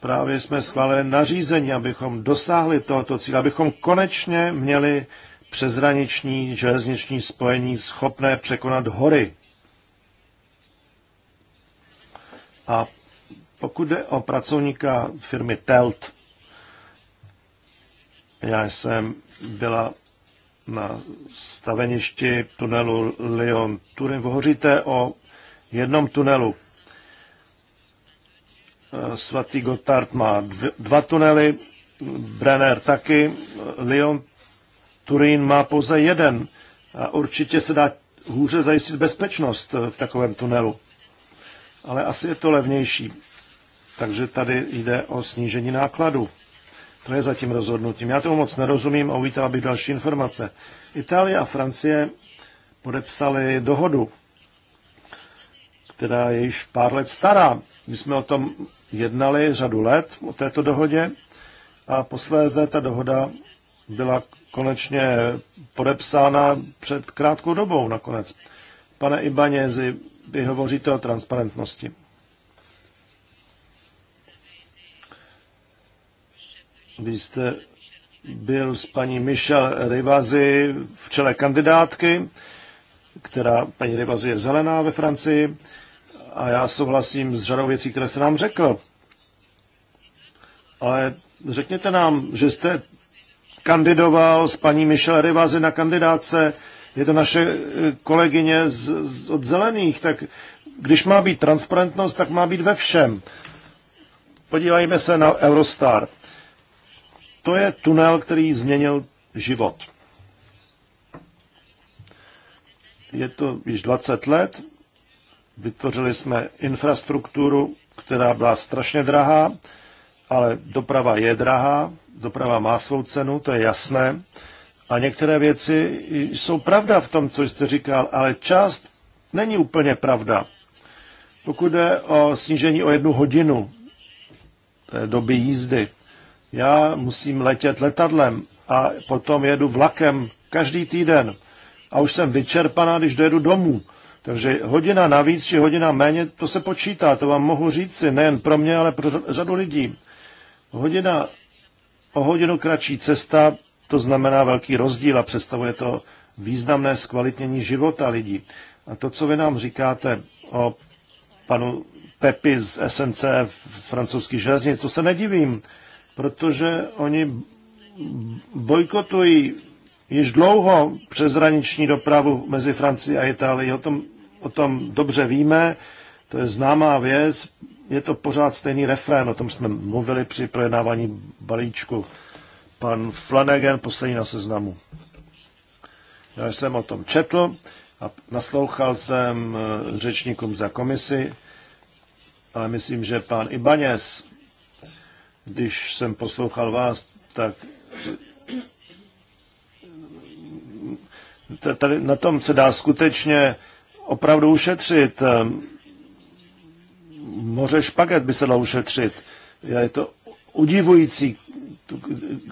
Právě jsme schválili nařízení, abychom dosáhli tohoto cíle, abychom konečně měli přezraniční železniční spojení schopné překonat hory. A pokud jde o pracovníka firmy TELT, já jsem byla na staveništi tunelu Lyon Turin. Hovoříte o jednom tunelu, Eh, svatý Gotthard má dva tunely, Brenner taky, Lyon Turín má pouze jeden a určitě se dá hůře zajistit bezpečnost eh, v takovém tunelu. Ale asi je to levnější. Takže tady jde o snížení nákladu. To je zatím rozhodnutím. Já tomu moc nerozumím a uvítala bych další informace. Itálie a Francie podepsali dohodu která je již pár let stará. My jsme o tom jednali řadu let, o této dohodě, a posléze ta dohoda byla konečně podepsána před krátkou dobou nakonec. Pane Ibanězi, vy hovoříte o transparentnosti. Vy jste byl s paní Michelle Rivazi v čele kandidátky, která paní Rivazi je zelená ve Francii a já souhlasím s řadou věcí, které jste nám řekl. Ale řekněte nám, že jste kandidoval s paní Michelle Rivazy na kandidáce, je to naše eh, kolegyně z, z, od zelených, tak když má být transparentnost, tak má být ve všem. Podívejme se na Eurostar. To je tunel, který změnil život. Je to již 20 let Vytvořili jsme infrastrukturu, která byla strašně drahá, ale doprava je drahá, doprava má svou cenu, to je jasné. A některé věci jsou pravda v tom, co jste říkal, ale část není úplně pravda. Pokud jde o snížení o jednu hodinu té doby jízdy, já musím letět letadlem a potom jedu vlakem každý týden a už jsem vyčerpaná, když dojedu domů. Takže hodina navíc či hodina méně, to se počítá, to vám mohu říci, nejen pro mě, ale pro řadu lidí. Hodina o hodinu kratší cesta, to znamená velký rozdíl a představuje to významné zkvalitnění života lidí. A to, co vy nám říkáte o panu Pepi z SNCF, z francouzských železnic, to se nedivím, protože oni bojkotují již dlouho přezraniční dopravu mezi Francií a Itálií. O tom o tom dobře víme, to je známá věc, je to pořád stejný refrén, o tom jsme mluvili při projednávání balíčku. Pan Flanagan, poslední na seznamu. Já jsem o tom četl a naslouchal jsem eh, řečníkům za komisi, ale myslím, že pan Ibanez, když jsem poslouchal vás, tak tady na tom se dá skutečně opravdu ušetřit. Eh, moře špaget by se dalo ušetřit. Je to udivující.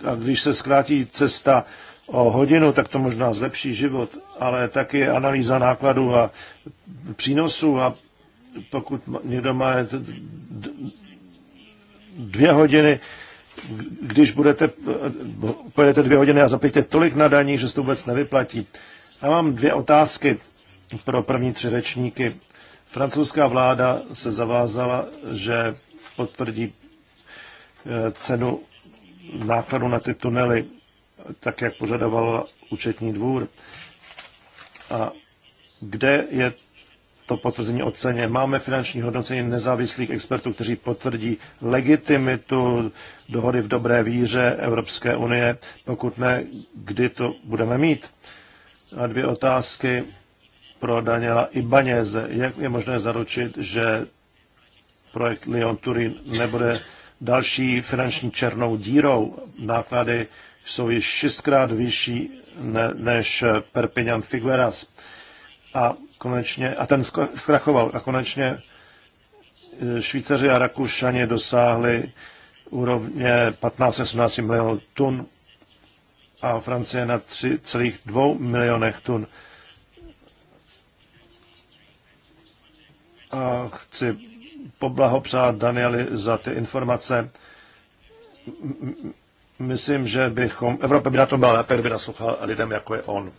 A když se zkrátí cesta o hodinu, tak to možná zlepší život, ale taky analýza nákladů a přínosů a pokud někdo má dvě hodiny, když budete, eh, pojedete dvě hodiny a zaplatíte tolik na daní, že se to vůbec nevyplatí. Já mám dvě otázky pro první tři řečníky. Francouzská vláda se zavázala, že potvrdí eh, cenu nákladu na ty tunely, tak jak požadoval účetní dvůr. A kde je to potvrzení o ceně? Máme finanční hodnocení nezávislých expertů, kteří potvrdí legitimitu dohody v dobré víře Evropské unie. Pokud ne, kdy to budeme mít? A dvě otázky pro Daniela Ibaněze. Jak je možné zaručit, že projekt Lyon-Turin nebude další finanční černou dírou? Náklady jsou již šestkrát vyšší ne, než Perpignan Figueras. A konečně, a ten zkrachoval. A konečně e, Švýcaři a Rakušani dosáhli úrovně 15 18 milionů tun a Francie na 3,2 milionech tun. a chci poblahopřát Danieli za ty informace. Myslím, že bychom, Evropa by na tom byla lépe, kdyby naslouchala lidem, jako je on.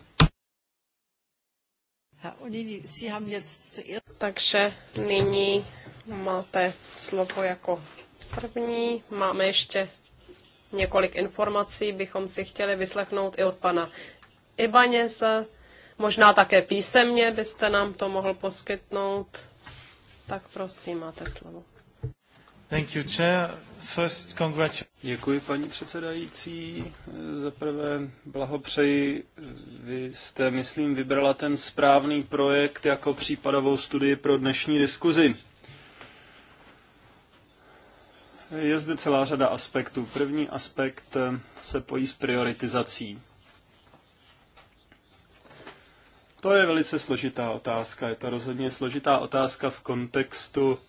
Takže nyní máte slovo jako první. Máme ještě několik informací, bychom si chtěli vyslechnout i od pana Ibaněza. Možná také písemně byste nám to mohl poskytnout tak prosím, máte slovo. Thank you, Chair. First, Děkuji, paní předsedající. Za prvé blahopřeji. Vy jste, myslím, vybrala ten správný projekt jako případovou studii pro dnešní diskuzi. Je zde celá řada aspektů. První aspekt se pojí s prioritizací. To je velice složitá otázka. Je to rozhodně složitá otázka v kontextu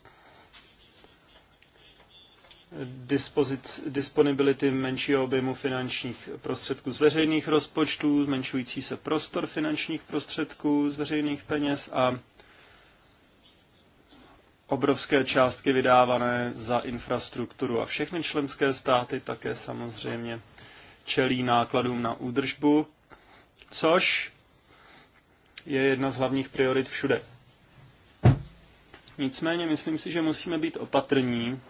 dispozic, disponibility menšího objemu finančních prostředků z veřejných rozpočtů, zmenšující se prostor finančních prostředků z veřejných peněz a obrovské částky vydávané za infrastrukturu. A všechny členské státy také samozřejmě čelí nákladům na údržbu, což je jedna z hlavních priorit všude. Nicméně myslím si, že musíme být opatrní,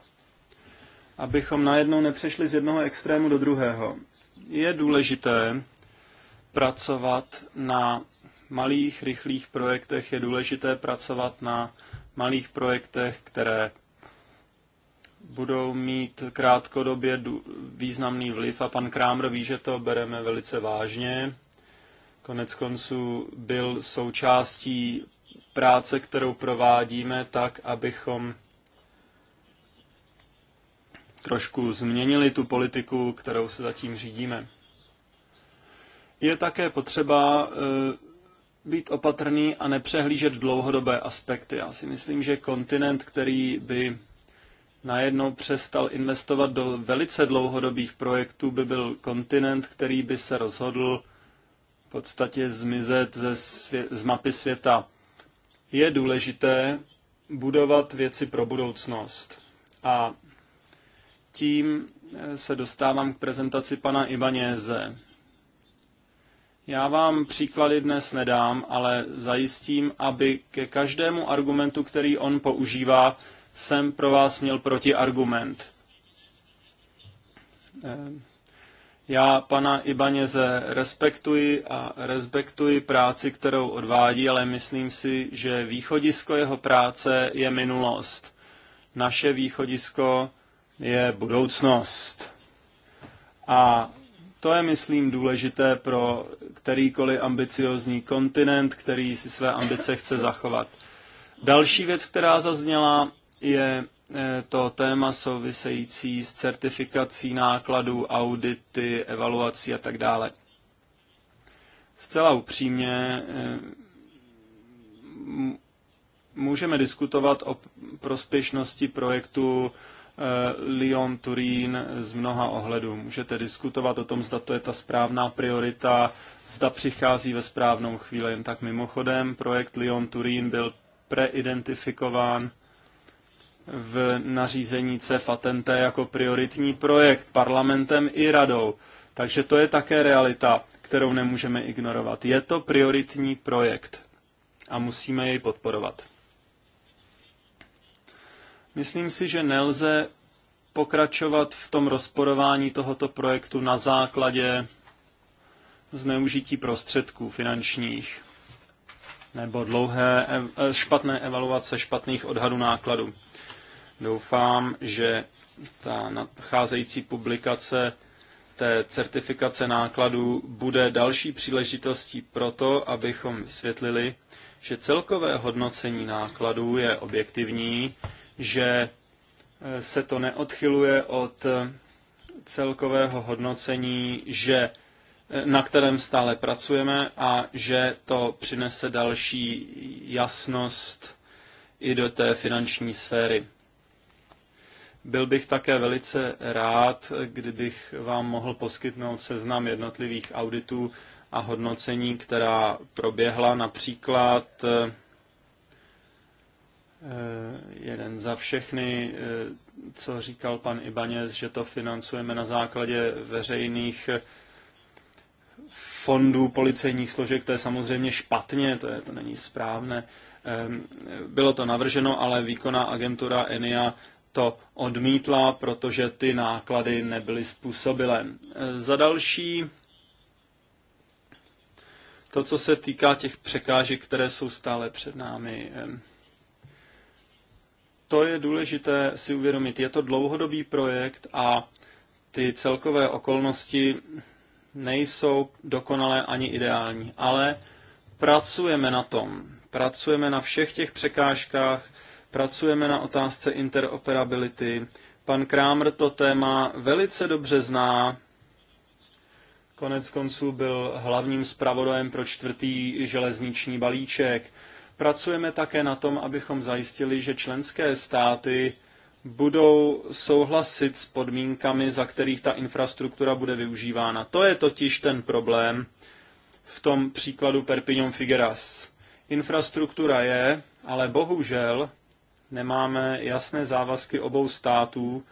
abychom najednou nepřešli z jednoho extrému do druhého. Je důležité pracovat na malých, rychlých projektech, je důležité pracovat na malých projektech, které budou mít krátkodobě významný vliv a pan Krámr ví, že to bereme velice vážně Konec konců byl součástí práce, kterou provádíme tak, abychom trošku změnili tu politiku, kterou se zatím řídíme. Je také potřeba eh, být opatrný a nepřehlížet dlouhodobé aspekty. Já si myslím, že kontinent, který by najednou přestal investovat do velice dlouhodobých projektů, by byl kontinent, který by se rozhodl podstatě zmizet ze svě- z mapy světa. Je důležité budovat věci pro budoucnost. A tím eh, se dostávám k prezentaci pana Ibaněze. Já vám příklady dnes nedám, ale zajistím, aby ke každému argumentu, který on používá, jsem pro vás měl protiargument. Eh, já pana Ibaněze respektuji a respektuji práci, kterou odvádí, ale myslím si, že východisko jeho práce je minulost. Naše východisko je budoucnost. A to je, myslím, důležité pro kterýkoliv ambiciozní kontinent, který si své ambice chce zachovat. Další věc, která zazněla, je eh, to téma související s certifikací nákladů, audity, evaluací a tak dále. Zcela upřímně eh, můžeme diskutovat o prospěšnosti projektu eh, Lyon Turín z mnoha ohledů. Můžete diskutovat o tom, zda to je ta správná priorita, zda přichází ve správnou chvíli. Jen tak mimochodem, projekt Lyon Turín byl preidentifikován v nařízení CFATNT e e jako prioritní projekt parlamentem i radou. Takže to je také realita, kterou nemůžeme ignorovat. Je to prioritní projekt a musíme jej podporovat. Myslím si, že nelze pokračovat v tom rozporování tohoto projektu na základě zneužití prostředků finančních nebo dlouhé špatné evaluace špatných odhadů nákladů. Doufám, že ta nadcházející publikace té certifikace nákladů bude další příležitostí pro to, abychom vysvětlili, že celkové hodnocení nákladů je objektivní, že e, se to neodchyluje od e, celkového hodnocení, že e, na kterém stále pracujeme a že to přinese další jasnost i do té finanční sféry. Byl bych také velice rád, kdybych vám mohl poskytnout seznam jednotlivých auditů a hodnocení, která proběhla. Například eh, eh, jeden za všechny, eh, co říkal pan Ibaněz, že to financujeme na základě veřejných fondů policejních složek, to je samozřejmě špatně, to, je, to není správné. Ehm, bylo to navrženo, ale výkonná agentura ENIA to odmítla, protože ty náklady nebyly způsobilé. E, za další, to, co se týká těch překážek, které jsou stále před námi, e, to je důležité si uvědomit. Je to dlouhodobý projekt a ty celkové okolnosti nejsou dokonalé ani ideální, ale pracujeme na tom. Pracujeme na všech těch překážkách, Pracujeme na otázce interoperability. Pan Krámer to téma velice dobře zná. Konec konců byl hlavním zpravodajem pro čtvrtý železniční balíček. Pracujeme také na tom, abychom zajistili, že členské státy budou souhlasit s podmínkami, za kterých ta infrastruktura bude využívána. To je totiž ten problém v tom příkladu Perpignan Figueras. Infrastruktura je, ale bohužel nemáme jasné závazky obou států,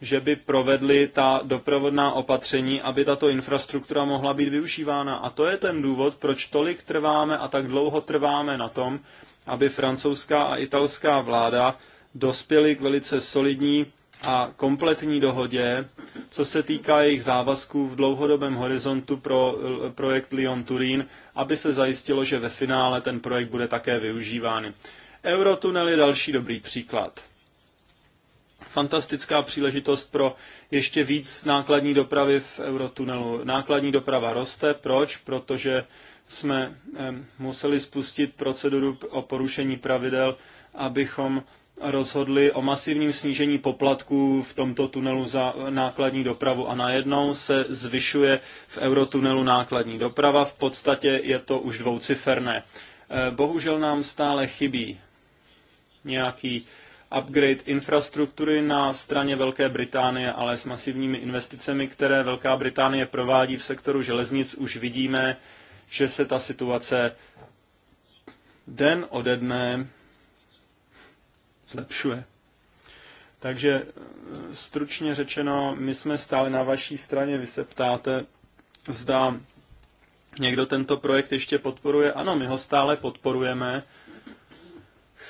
že by provedli ta doprovodná opatření, aby tato infrastruktura mohla být využívána. A to je ten důvod, proč tolik trváme a tak dlouho trváme na tom, aby francouzská a italská vláda dospěly k velice solidní a kompletní dohodě, co se týká jejich závazků v dlouhodobém horizontu pro projekt Lyon-Turín, aby se zajistilo, že ve finále ten projekt bude také využíván. Eurotunel je další dobrý příklad. Fantastická příležitost pro ještě víc nákladní dopravy v Eurotunelu. Nákladní doprava roste. Proč? Protože jsme museli spustit proceduru o porušení pravidel, abychom rozhodli o masivním snížení poplatků v tomto tunelu za nákladní dopravu a najednou se zvyšuje v eurotunelu nákladní doprava. V podstatě je to už dvouciferné. E, bohužel nám stále chybí nějaký upgrade infrastruktury na straně Velké Británie, ale s masivními investicemi, které Velká Británie provádí v sektoru železnic, už vidíme, že se ta situace den ode dne zlepšuje. Takže eh, stručně řečeno, my jsme stále na vaší straně, vy se ptáte, zda někdo tento projekt ještě podporuje. Ano, my ho stále podporujeme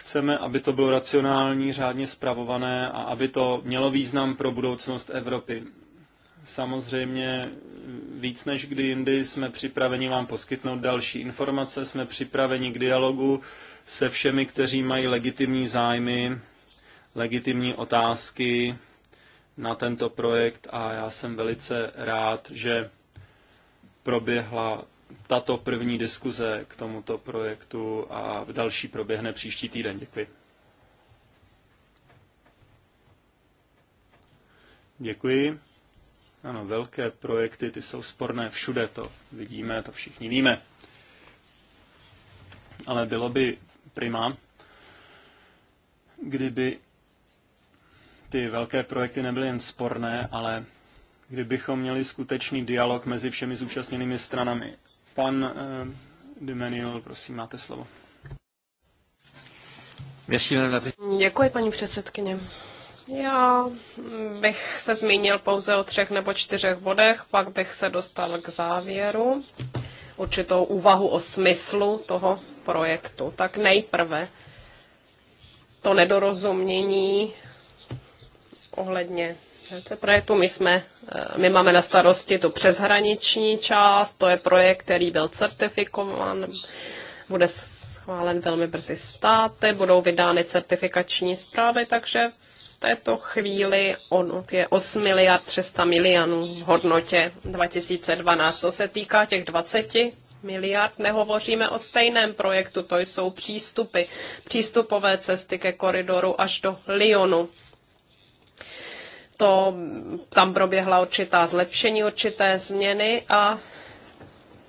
Chceme, aby to bylo racionální, řádně spravované a aby to mělo význam pro budoucnost Evropy. Samozřejmě víc než kdy jindy jsme připraveni vám poskytnout další informace, jsme připraveni k dialogu se všemi, kteří mají legitimní zájmy, legitimní otázky na tento projekt a já jsem velice rád, že proběhla tato první diskuze k tomuto projektu a další proběhne příští týden. Děkuji. Děkuji. Ano, velké projekty, ty jsou sporné všude, to vidíme, to všichni víme. Ale bylo by prima, kdyby ty velké projekty nebyly jen sporné, ale kdybychom měli skutečný dialog mezi všemi zúčastněnými stranami. Pan eh, Dimeniol, prosím, máte slovo. Děkuji, paní předsedkyně. Já bych se zmínil pouze o třech nebo čtyřech bodech, pak bych se dostal k závěru, určitou úvahu o smyslu toho projektu. Tak nejprve to nedorozumění ohledně projektu. My, jsme, eh, my máme na starosti tu přeshraniční část, to je projekt, který byl certifikován, bude schválen velmi brzy státy, budou vydány certifikační zprávy, takže v této chvíli on je 8 miliard 300 milionů v hodnotě 2012. Co se týká těch 20 miliard, nehovoříme o stejném projektu, to jsou přístupy, přístupové cesty ke koridoru až do Lyonu to, tam proběhla určitá zlepšení, určité změny a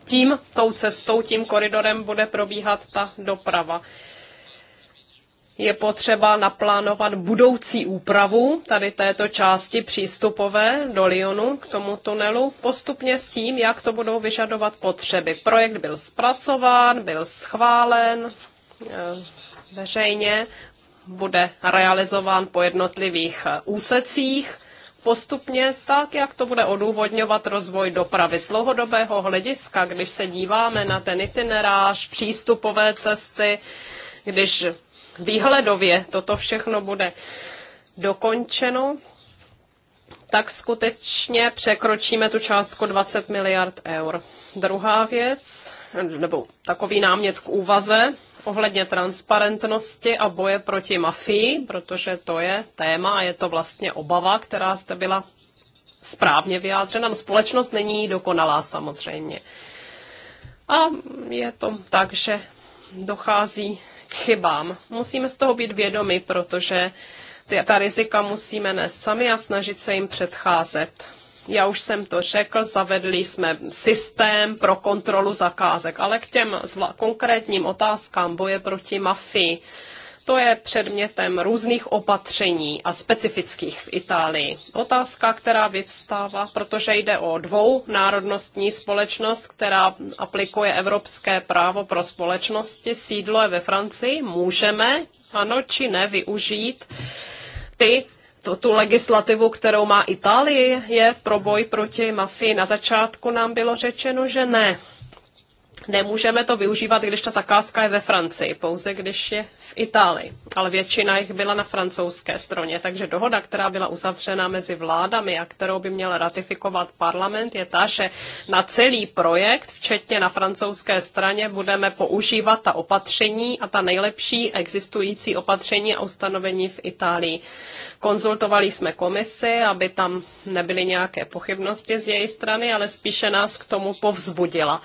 tím, tou cestou, tím koridorem bude probíhat ta doprava. Je potřeba naplánovat budoucí úpravu tady této části přístupové do Lyonu k tomu tunelu postupně s tím, jak to budou vyžadovat potřeby. Projekt byl zpracován, byl schválen e, veřejně, bude realizován po jednotlivých e, úsecích postupně tak, jak to bude odůvodňovat rozvoj dopravy. Z dlouhodobého hlediska, když se díváme na ten itinerář, přístupové cesty, když výhledově toto všechno bude dokončeno, tak skutečně překročíme tu částku 20 miliard eur. Druhá věc, nebo takový námět k úvaze, ohledně transparentnosti a boje proti mafii, protože to je téma a je to vlastně obava, která jste byla správně vyjádřena. No, společnost není dokonalá samozřejmě. A je to tak, že dochází k chybám. Musíme z toho být vědomi, protože ta rizika musíme nést sami a snažit se jim předcházet já už jsem to řekl, zavedli jsme systém pro kontrolu zakázek, ale k těm konkrétním otázkám boje proti mafii, to je předmětem různých opatření a specifických v Itálii. Otázka, která vyvstává, protože jde o dvou národnostní společnost, která aplikuje evropské právo pro společnosti, sídlo je ve Francii, můžeme ano či ne využít ty tu, tu legislativu, kterou má Itálie, je pro boj proti mafii. Na začátku nám bylo řečeno, že ne. Nemůžeme to využívat, když ta zakázka je ve Francii, pouze když je v Itálii, ale většina jich byla na francouzské straně. Takže dohoda, která byla uzavřena mezi vládami a kterou by měl ratifikovat parlament, je ta, že na celý projekt, včetně na francouzské straně, budeme používat ta opatření a ta nejlepší existující opatření a ustanovení v Itálii. Konzultovali jsme komisi, aby tam nebyly nějaké pochybnosti z její strany, ale spíše nás k tomu povzbudila,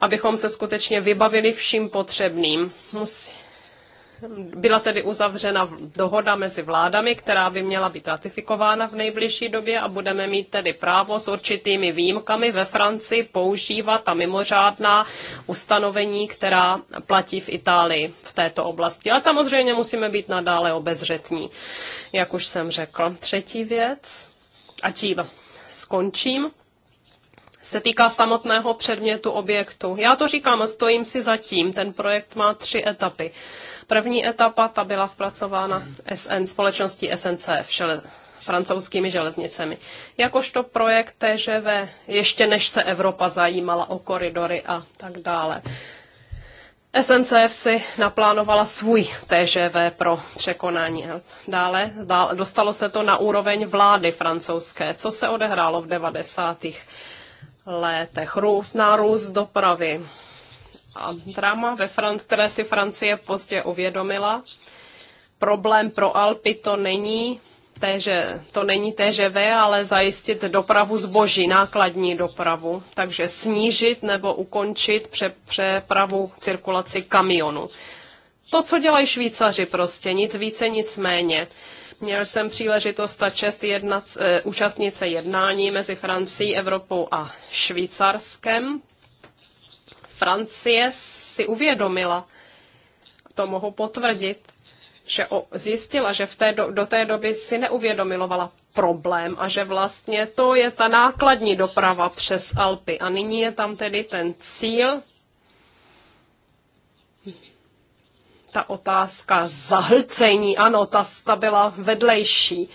abychom se skutečně vybavili vším potřebným. Musí byla tedy uzavřena dohoda mezi vládami, která by měla být ratifikována v nejbližší době a budeme mít tedy právo s určitými výjimkami ve Francii používat ta mimořádná ustanovení, která platí v Itálii v této oblasti. Ale samozřejmě musíme být nadále obezřetní, jak už jsem řekl. Třetí věc, a tím skončím se týká samotného předmětu objektu. Já to říkám a stojím si za tím. Ten projekt má tři etapy. První etapa, ta byla zpracována SN, společností SNCF, šele, francouzskými železnicemi. Jakožto projekt TŽV, ještě než se Evropa zajímala o koridory a tak dále. SNCF si naplánovala svůj TŽV pro překonání. Dále, dále dostalo se to na úroveň vlády francouzské. Co se odehrálo v 90 létech. Růst, nárůst dopravy a drama, ve Fran- které si Francie pozdě uvědomila. Problém pro Alpy to není, téže, to není TŽV, ale zajistit dopravu zboží, nákladní dopravu. Takže snížit nebo ukončit pře- přepravu cirkulaci kamionu. To, co dělají Švýcaři prostě, nic více, nic méně. Měl jsem příležitost a čest jednat, eh, účastnit se jednání mezi Francií, Evropou a Švýcarskem. Francie si uvědomila, to mohu potvrdit, že o, zjistila, že v té do, do té doby si neuvědomilovala problém a že vlastně to je ta nákladní doprava přes Alpy. A nyní je tam tedy ten cíl ta otázka zahlcení, ano, ta, ta byla vedlejší.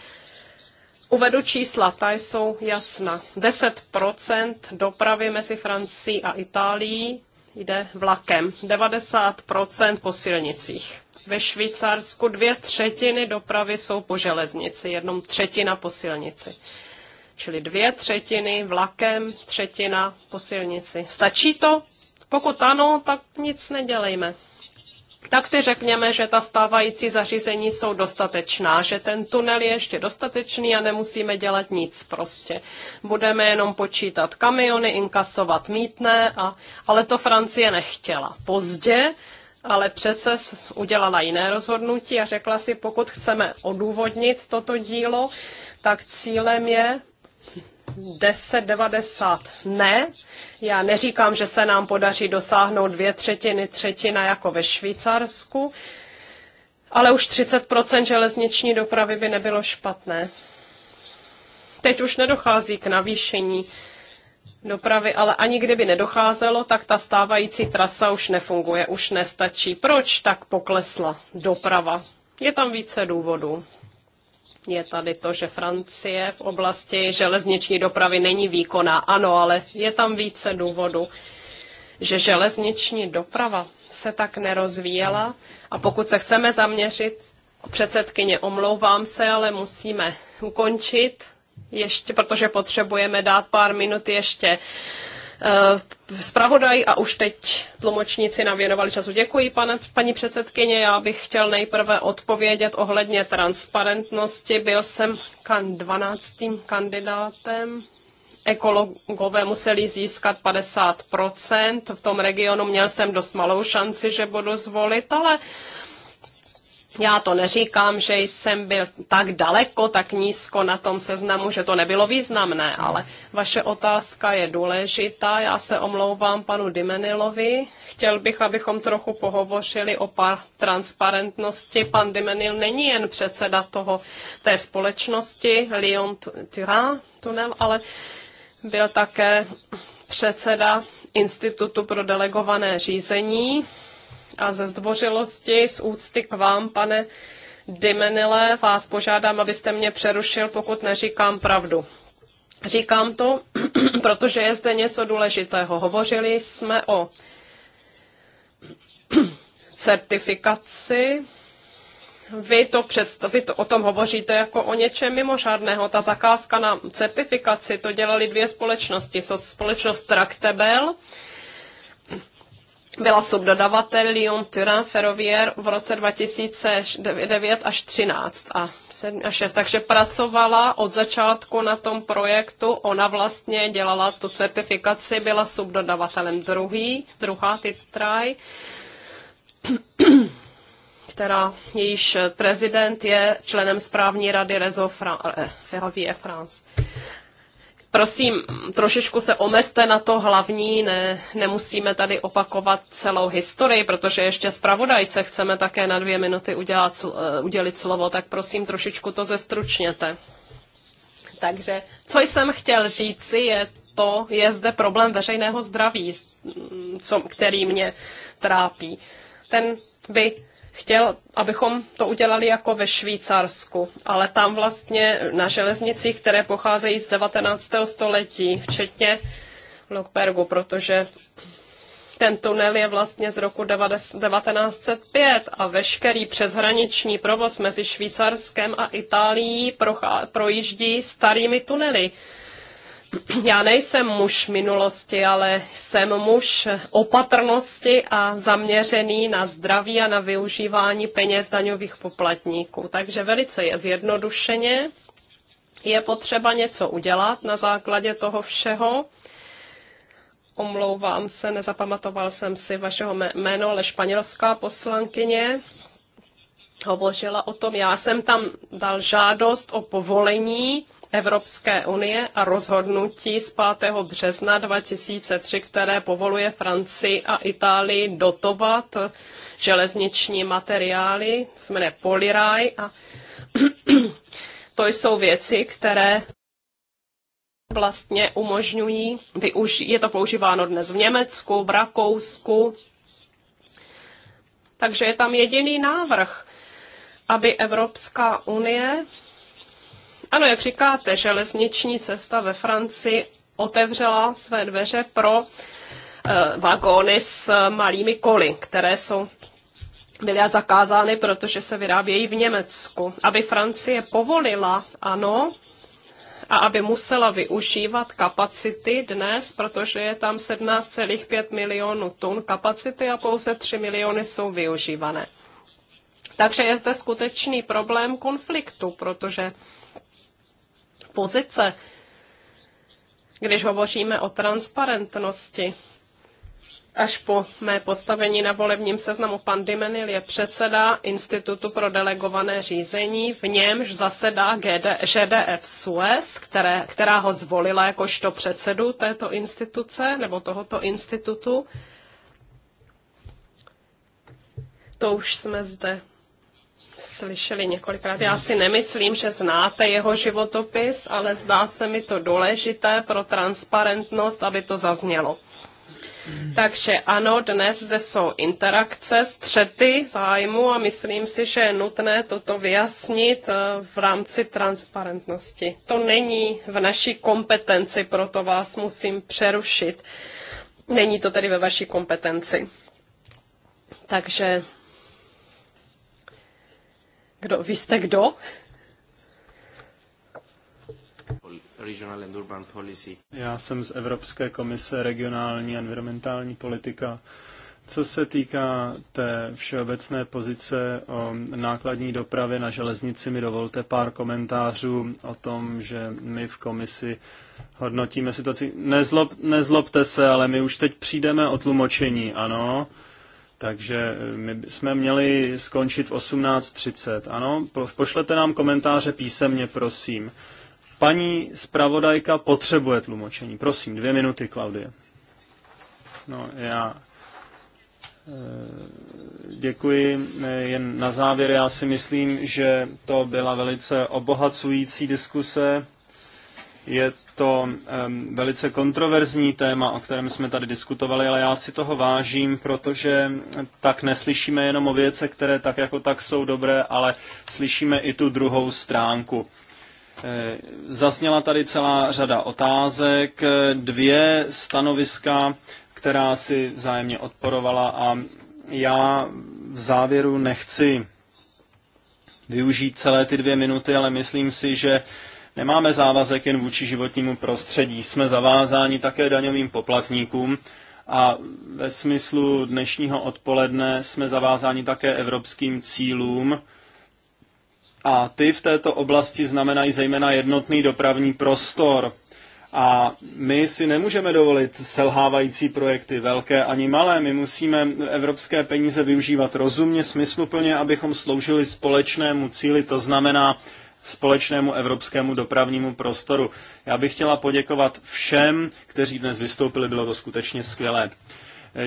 Uvedu čísla, ta jsou jasná. 10% dopravy mezi Francií a Itálií jde vlakem, 90% po silnicích. Ve Švýcarsku dvě třetiny dopravy jsou po železnici, jednom třetina po silnici. Čili dvě třetiny vlakem, třetina po silnici. Stačí to? Pokud ano, tak nic nedělejme tak si řekněme, že ta stávající zařízení jsou dostatečná, že ten tunel je ještě dostatečný a nemusíme dělat nic prostě. Budeme jenom počítat kamiony, inkasovat mítné, a, ale to Francie nechtěla. Pozdě, ale přece udělala jiné rozhodnutí a řekla si, pokud chceme odůvodnit toto dílo, tak cílem je 1090 ne. Já neříkám, že se nám podaří dosáhnout dvě třetiny, třetina jako ve Švýcarsku, ale už 30% železniční dopravy by nebylo špatné. Teď už nedochází k navýšení dopravy, ale ani kdyby nedocházelo, tak ta stávající trasa už nefunguje, už nestačí. Proč tak poklesla doprava? Je tam více důvodů je tady to, že Francie v oblasti železniční dopravy není výkonná. Ano, ale je tam více důvodů, že železniční doprava se tak nerozvíjela a pokud se chceme zaměřit, předsedkyně, omlouvám se, ale musíme ukončit, ještě, protože potřebujeme dát pár minut ještě Eh, zpravodaj a už teď tlumočníci nám věnovali času. Děkuji, pane, paní předsedkyně. Já bych chtěl nejprve odpovědět ohledně transparentnosti. Byl jsem kan 12. kandidátem ekologové museli získat 50%. V tom regionu měl jsem dost malou šanci, že budu zvolit, ale já to neříkám, že jsem byl tak daleko, tak nízko na tom seznamu, že to nebylo významné, ale vaše otázka je důležitá. Já se omlouvám panu Dimenilovi. Chtěl bych, abychom trochu pohovořili o pár transparentnosti. Pan Dimenil není jen předseda toho, té společnosti Lyon Turin tunel, ale byl také předseda Institutu pro delegované řízení a ze zdvořilosti, z úcty k vám, pane Dimenile, vás požádám, abyste mě přerušil, pokud neříkám pravdu. Říkám to, [CLEARS THROAT] protože je zde něco důležitého. Hovořili jsme o [CLEARS THROAT] certifikaci. Vy, to představ, vy to, o tom hovoříte jako o něčem mimořádného. Ta zakázka na certifikaci, to dělali dvě společnosti. Společnost Tractable byla Lyon Turin Ferrovier v roce 2009 až 13 a 7 a 6. Takže pracovala od začátku na tom projektu. Ona vlastně dělala tu certifikaci, byla subdodavatelem druhý, druhá Titraj, [CLEARS THROAT] která jejíž prezident je členem správní rady Rezo Fra- eh, Ferrovier France prosím, trošičku se omezte na to hlavní, ne, nemusíme tady opakovat celou historii, protože ještě zpravodajce chceme také na dvě minuty udělat, eh, udělit slovo, tak prosím, trošičku to zestručněte. Takže, co jsem chtěl říci, je to, je zde problém veřejného zdraví, co, který mě trápí. Ten by chtěl, abychom to udělali jako ve Švýcarsku, ale tam vlastně na železnicích, které pocházejí z 19. století, včetně Lokbergu, protože ten tunel je vlastně z roku 1905 a veškerý přeshraniční provoz mezi Švýcarskem a Itálií projíždí starými tunely. Já nejsem muž minulosti, ale jsem muž opatrnosti a zaměřený na zdraví a na využívání peněz daňových poplatníků. Takže velice je zjednodušeně. Je potřeba něco udělat na základě toho všeho. Omlouvám se, nezapamatoval jsem si vašeho jméno, ale španělská poslankyně hovořila o tom. Já jsem tam dal žádost o povolení Evropské unie a rozhodnutí z 5. března 2003, které povoluje Francii a Itálii dotovat železniční materiály, to se jmenuje Poliraj a [CLEARS THROAT] to jsou věci, které vlastně umožňují, je to používáno dnes v Německu, v Rakousku, takže je tam jediný návrh, aby Evropská unie ano, jak říkáte, železniční cesta ve Francii otevřela své dveře pro eh, vagóny s malými koly, které jsou byly zakázány, protože se vyrábějí v Německu. Aby Francie povolila, ano, a aby musela využívat kapacity dnes, protože je tam 17,5 milionů tun kapacity a pouze 3 miliony jsou využívané. Takže je zde skutečný problém konfliktu, protože pozice, když hovoříme o transparentnosti. Až po mé postavení na volebním seznamu pan Dimenil je předseda Institutu pro delegované řízení, v němž zasedá GD, ŽDF Suez, které, která ho zvolila jakožto předsedu této instituce nebo tohoto institutu. To už jsme zde slyšeli několikrát. Já si nemyslím, že znáte jeho životopis, ale zdá se mi to důležité pro transparentnost, aby to zaznělo. Takže ano, dnes zde jsou interakce, střety zájmu a myslím si, že je nutné toto vyjasnit eh, v rámci transparentnosti. To není v naší kompetenci, proto vás musím přerušit. Není to tedy ve vaší kompetenci. Takže kdo, vy jste kdo? Já jsem z Evropské komise regionální a environmentální politika. Co se týká té všeobecné pozice o nákladní dopravě na železnici, mi dovolte pár komentářů o tom, že my v komisi hodnotíme situaci. Nezlob, nezlobte se, ale my už teď přijdeme o tlumočení, ano. Takže eh, my jsme měli skončit v 18.30. Ano, pošlete nám komentáře písemně, prosím. Paní zpravodajka potřebuje tlumočení. Prosím, dvě minuty, Klaudie. No, já eh, Děkuji. Eh, jen na závěr, já si myslím, že to byla velice obohacující diskuse. Je to velice kontroverzní téma, o kterém jsme tady diskutovali, ale já si toho vážím, protože tak neslyšíme jenom o věce, které tak jako tak jsou dobré, ale slyšíme i tu druhou stránku. E, zazněla tady celá řada otázek, dvě stanoviska, která si vzájemně odporovala a já v závěru nechci využít celé ty dvě minuty, ale myslím si, že Nemáme závazek jen vůči životnímu prostředí, jsme zavázáni také daňovým poplatníkům a ve smyslu dnešního odpoledne jsme zavázáni také evropským cílům, a ty v této oblasti znamenají zejména jednotný dopravní prostor. A my si nemůžeme dovolit selhávající projekty, velké ani malé. My musíme evropské peníze využívat rozumně, smysluplně, abychom sloužili společnému cíli, to znamená společnému evropskému dopravnímu prostoru. Já bych chtěla poděkovat všem, kteří dnes vystoupili, bylo to skutečně skvělé.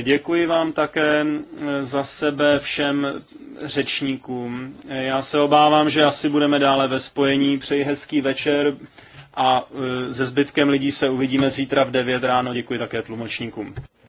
Děkuji vám také eh, za sebe všem řečníkům. Eh, já se obávám, že asi budeme dále ve spojení. Přeji hezký večer a eh, se zbytkem lidí se uvidíme zítra v 9 ráno. Děkuji také tlumočníkům.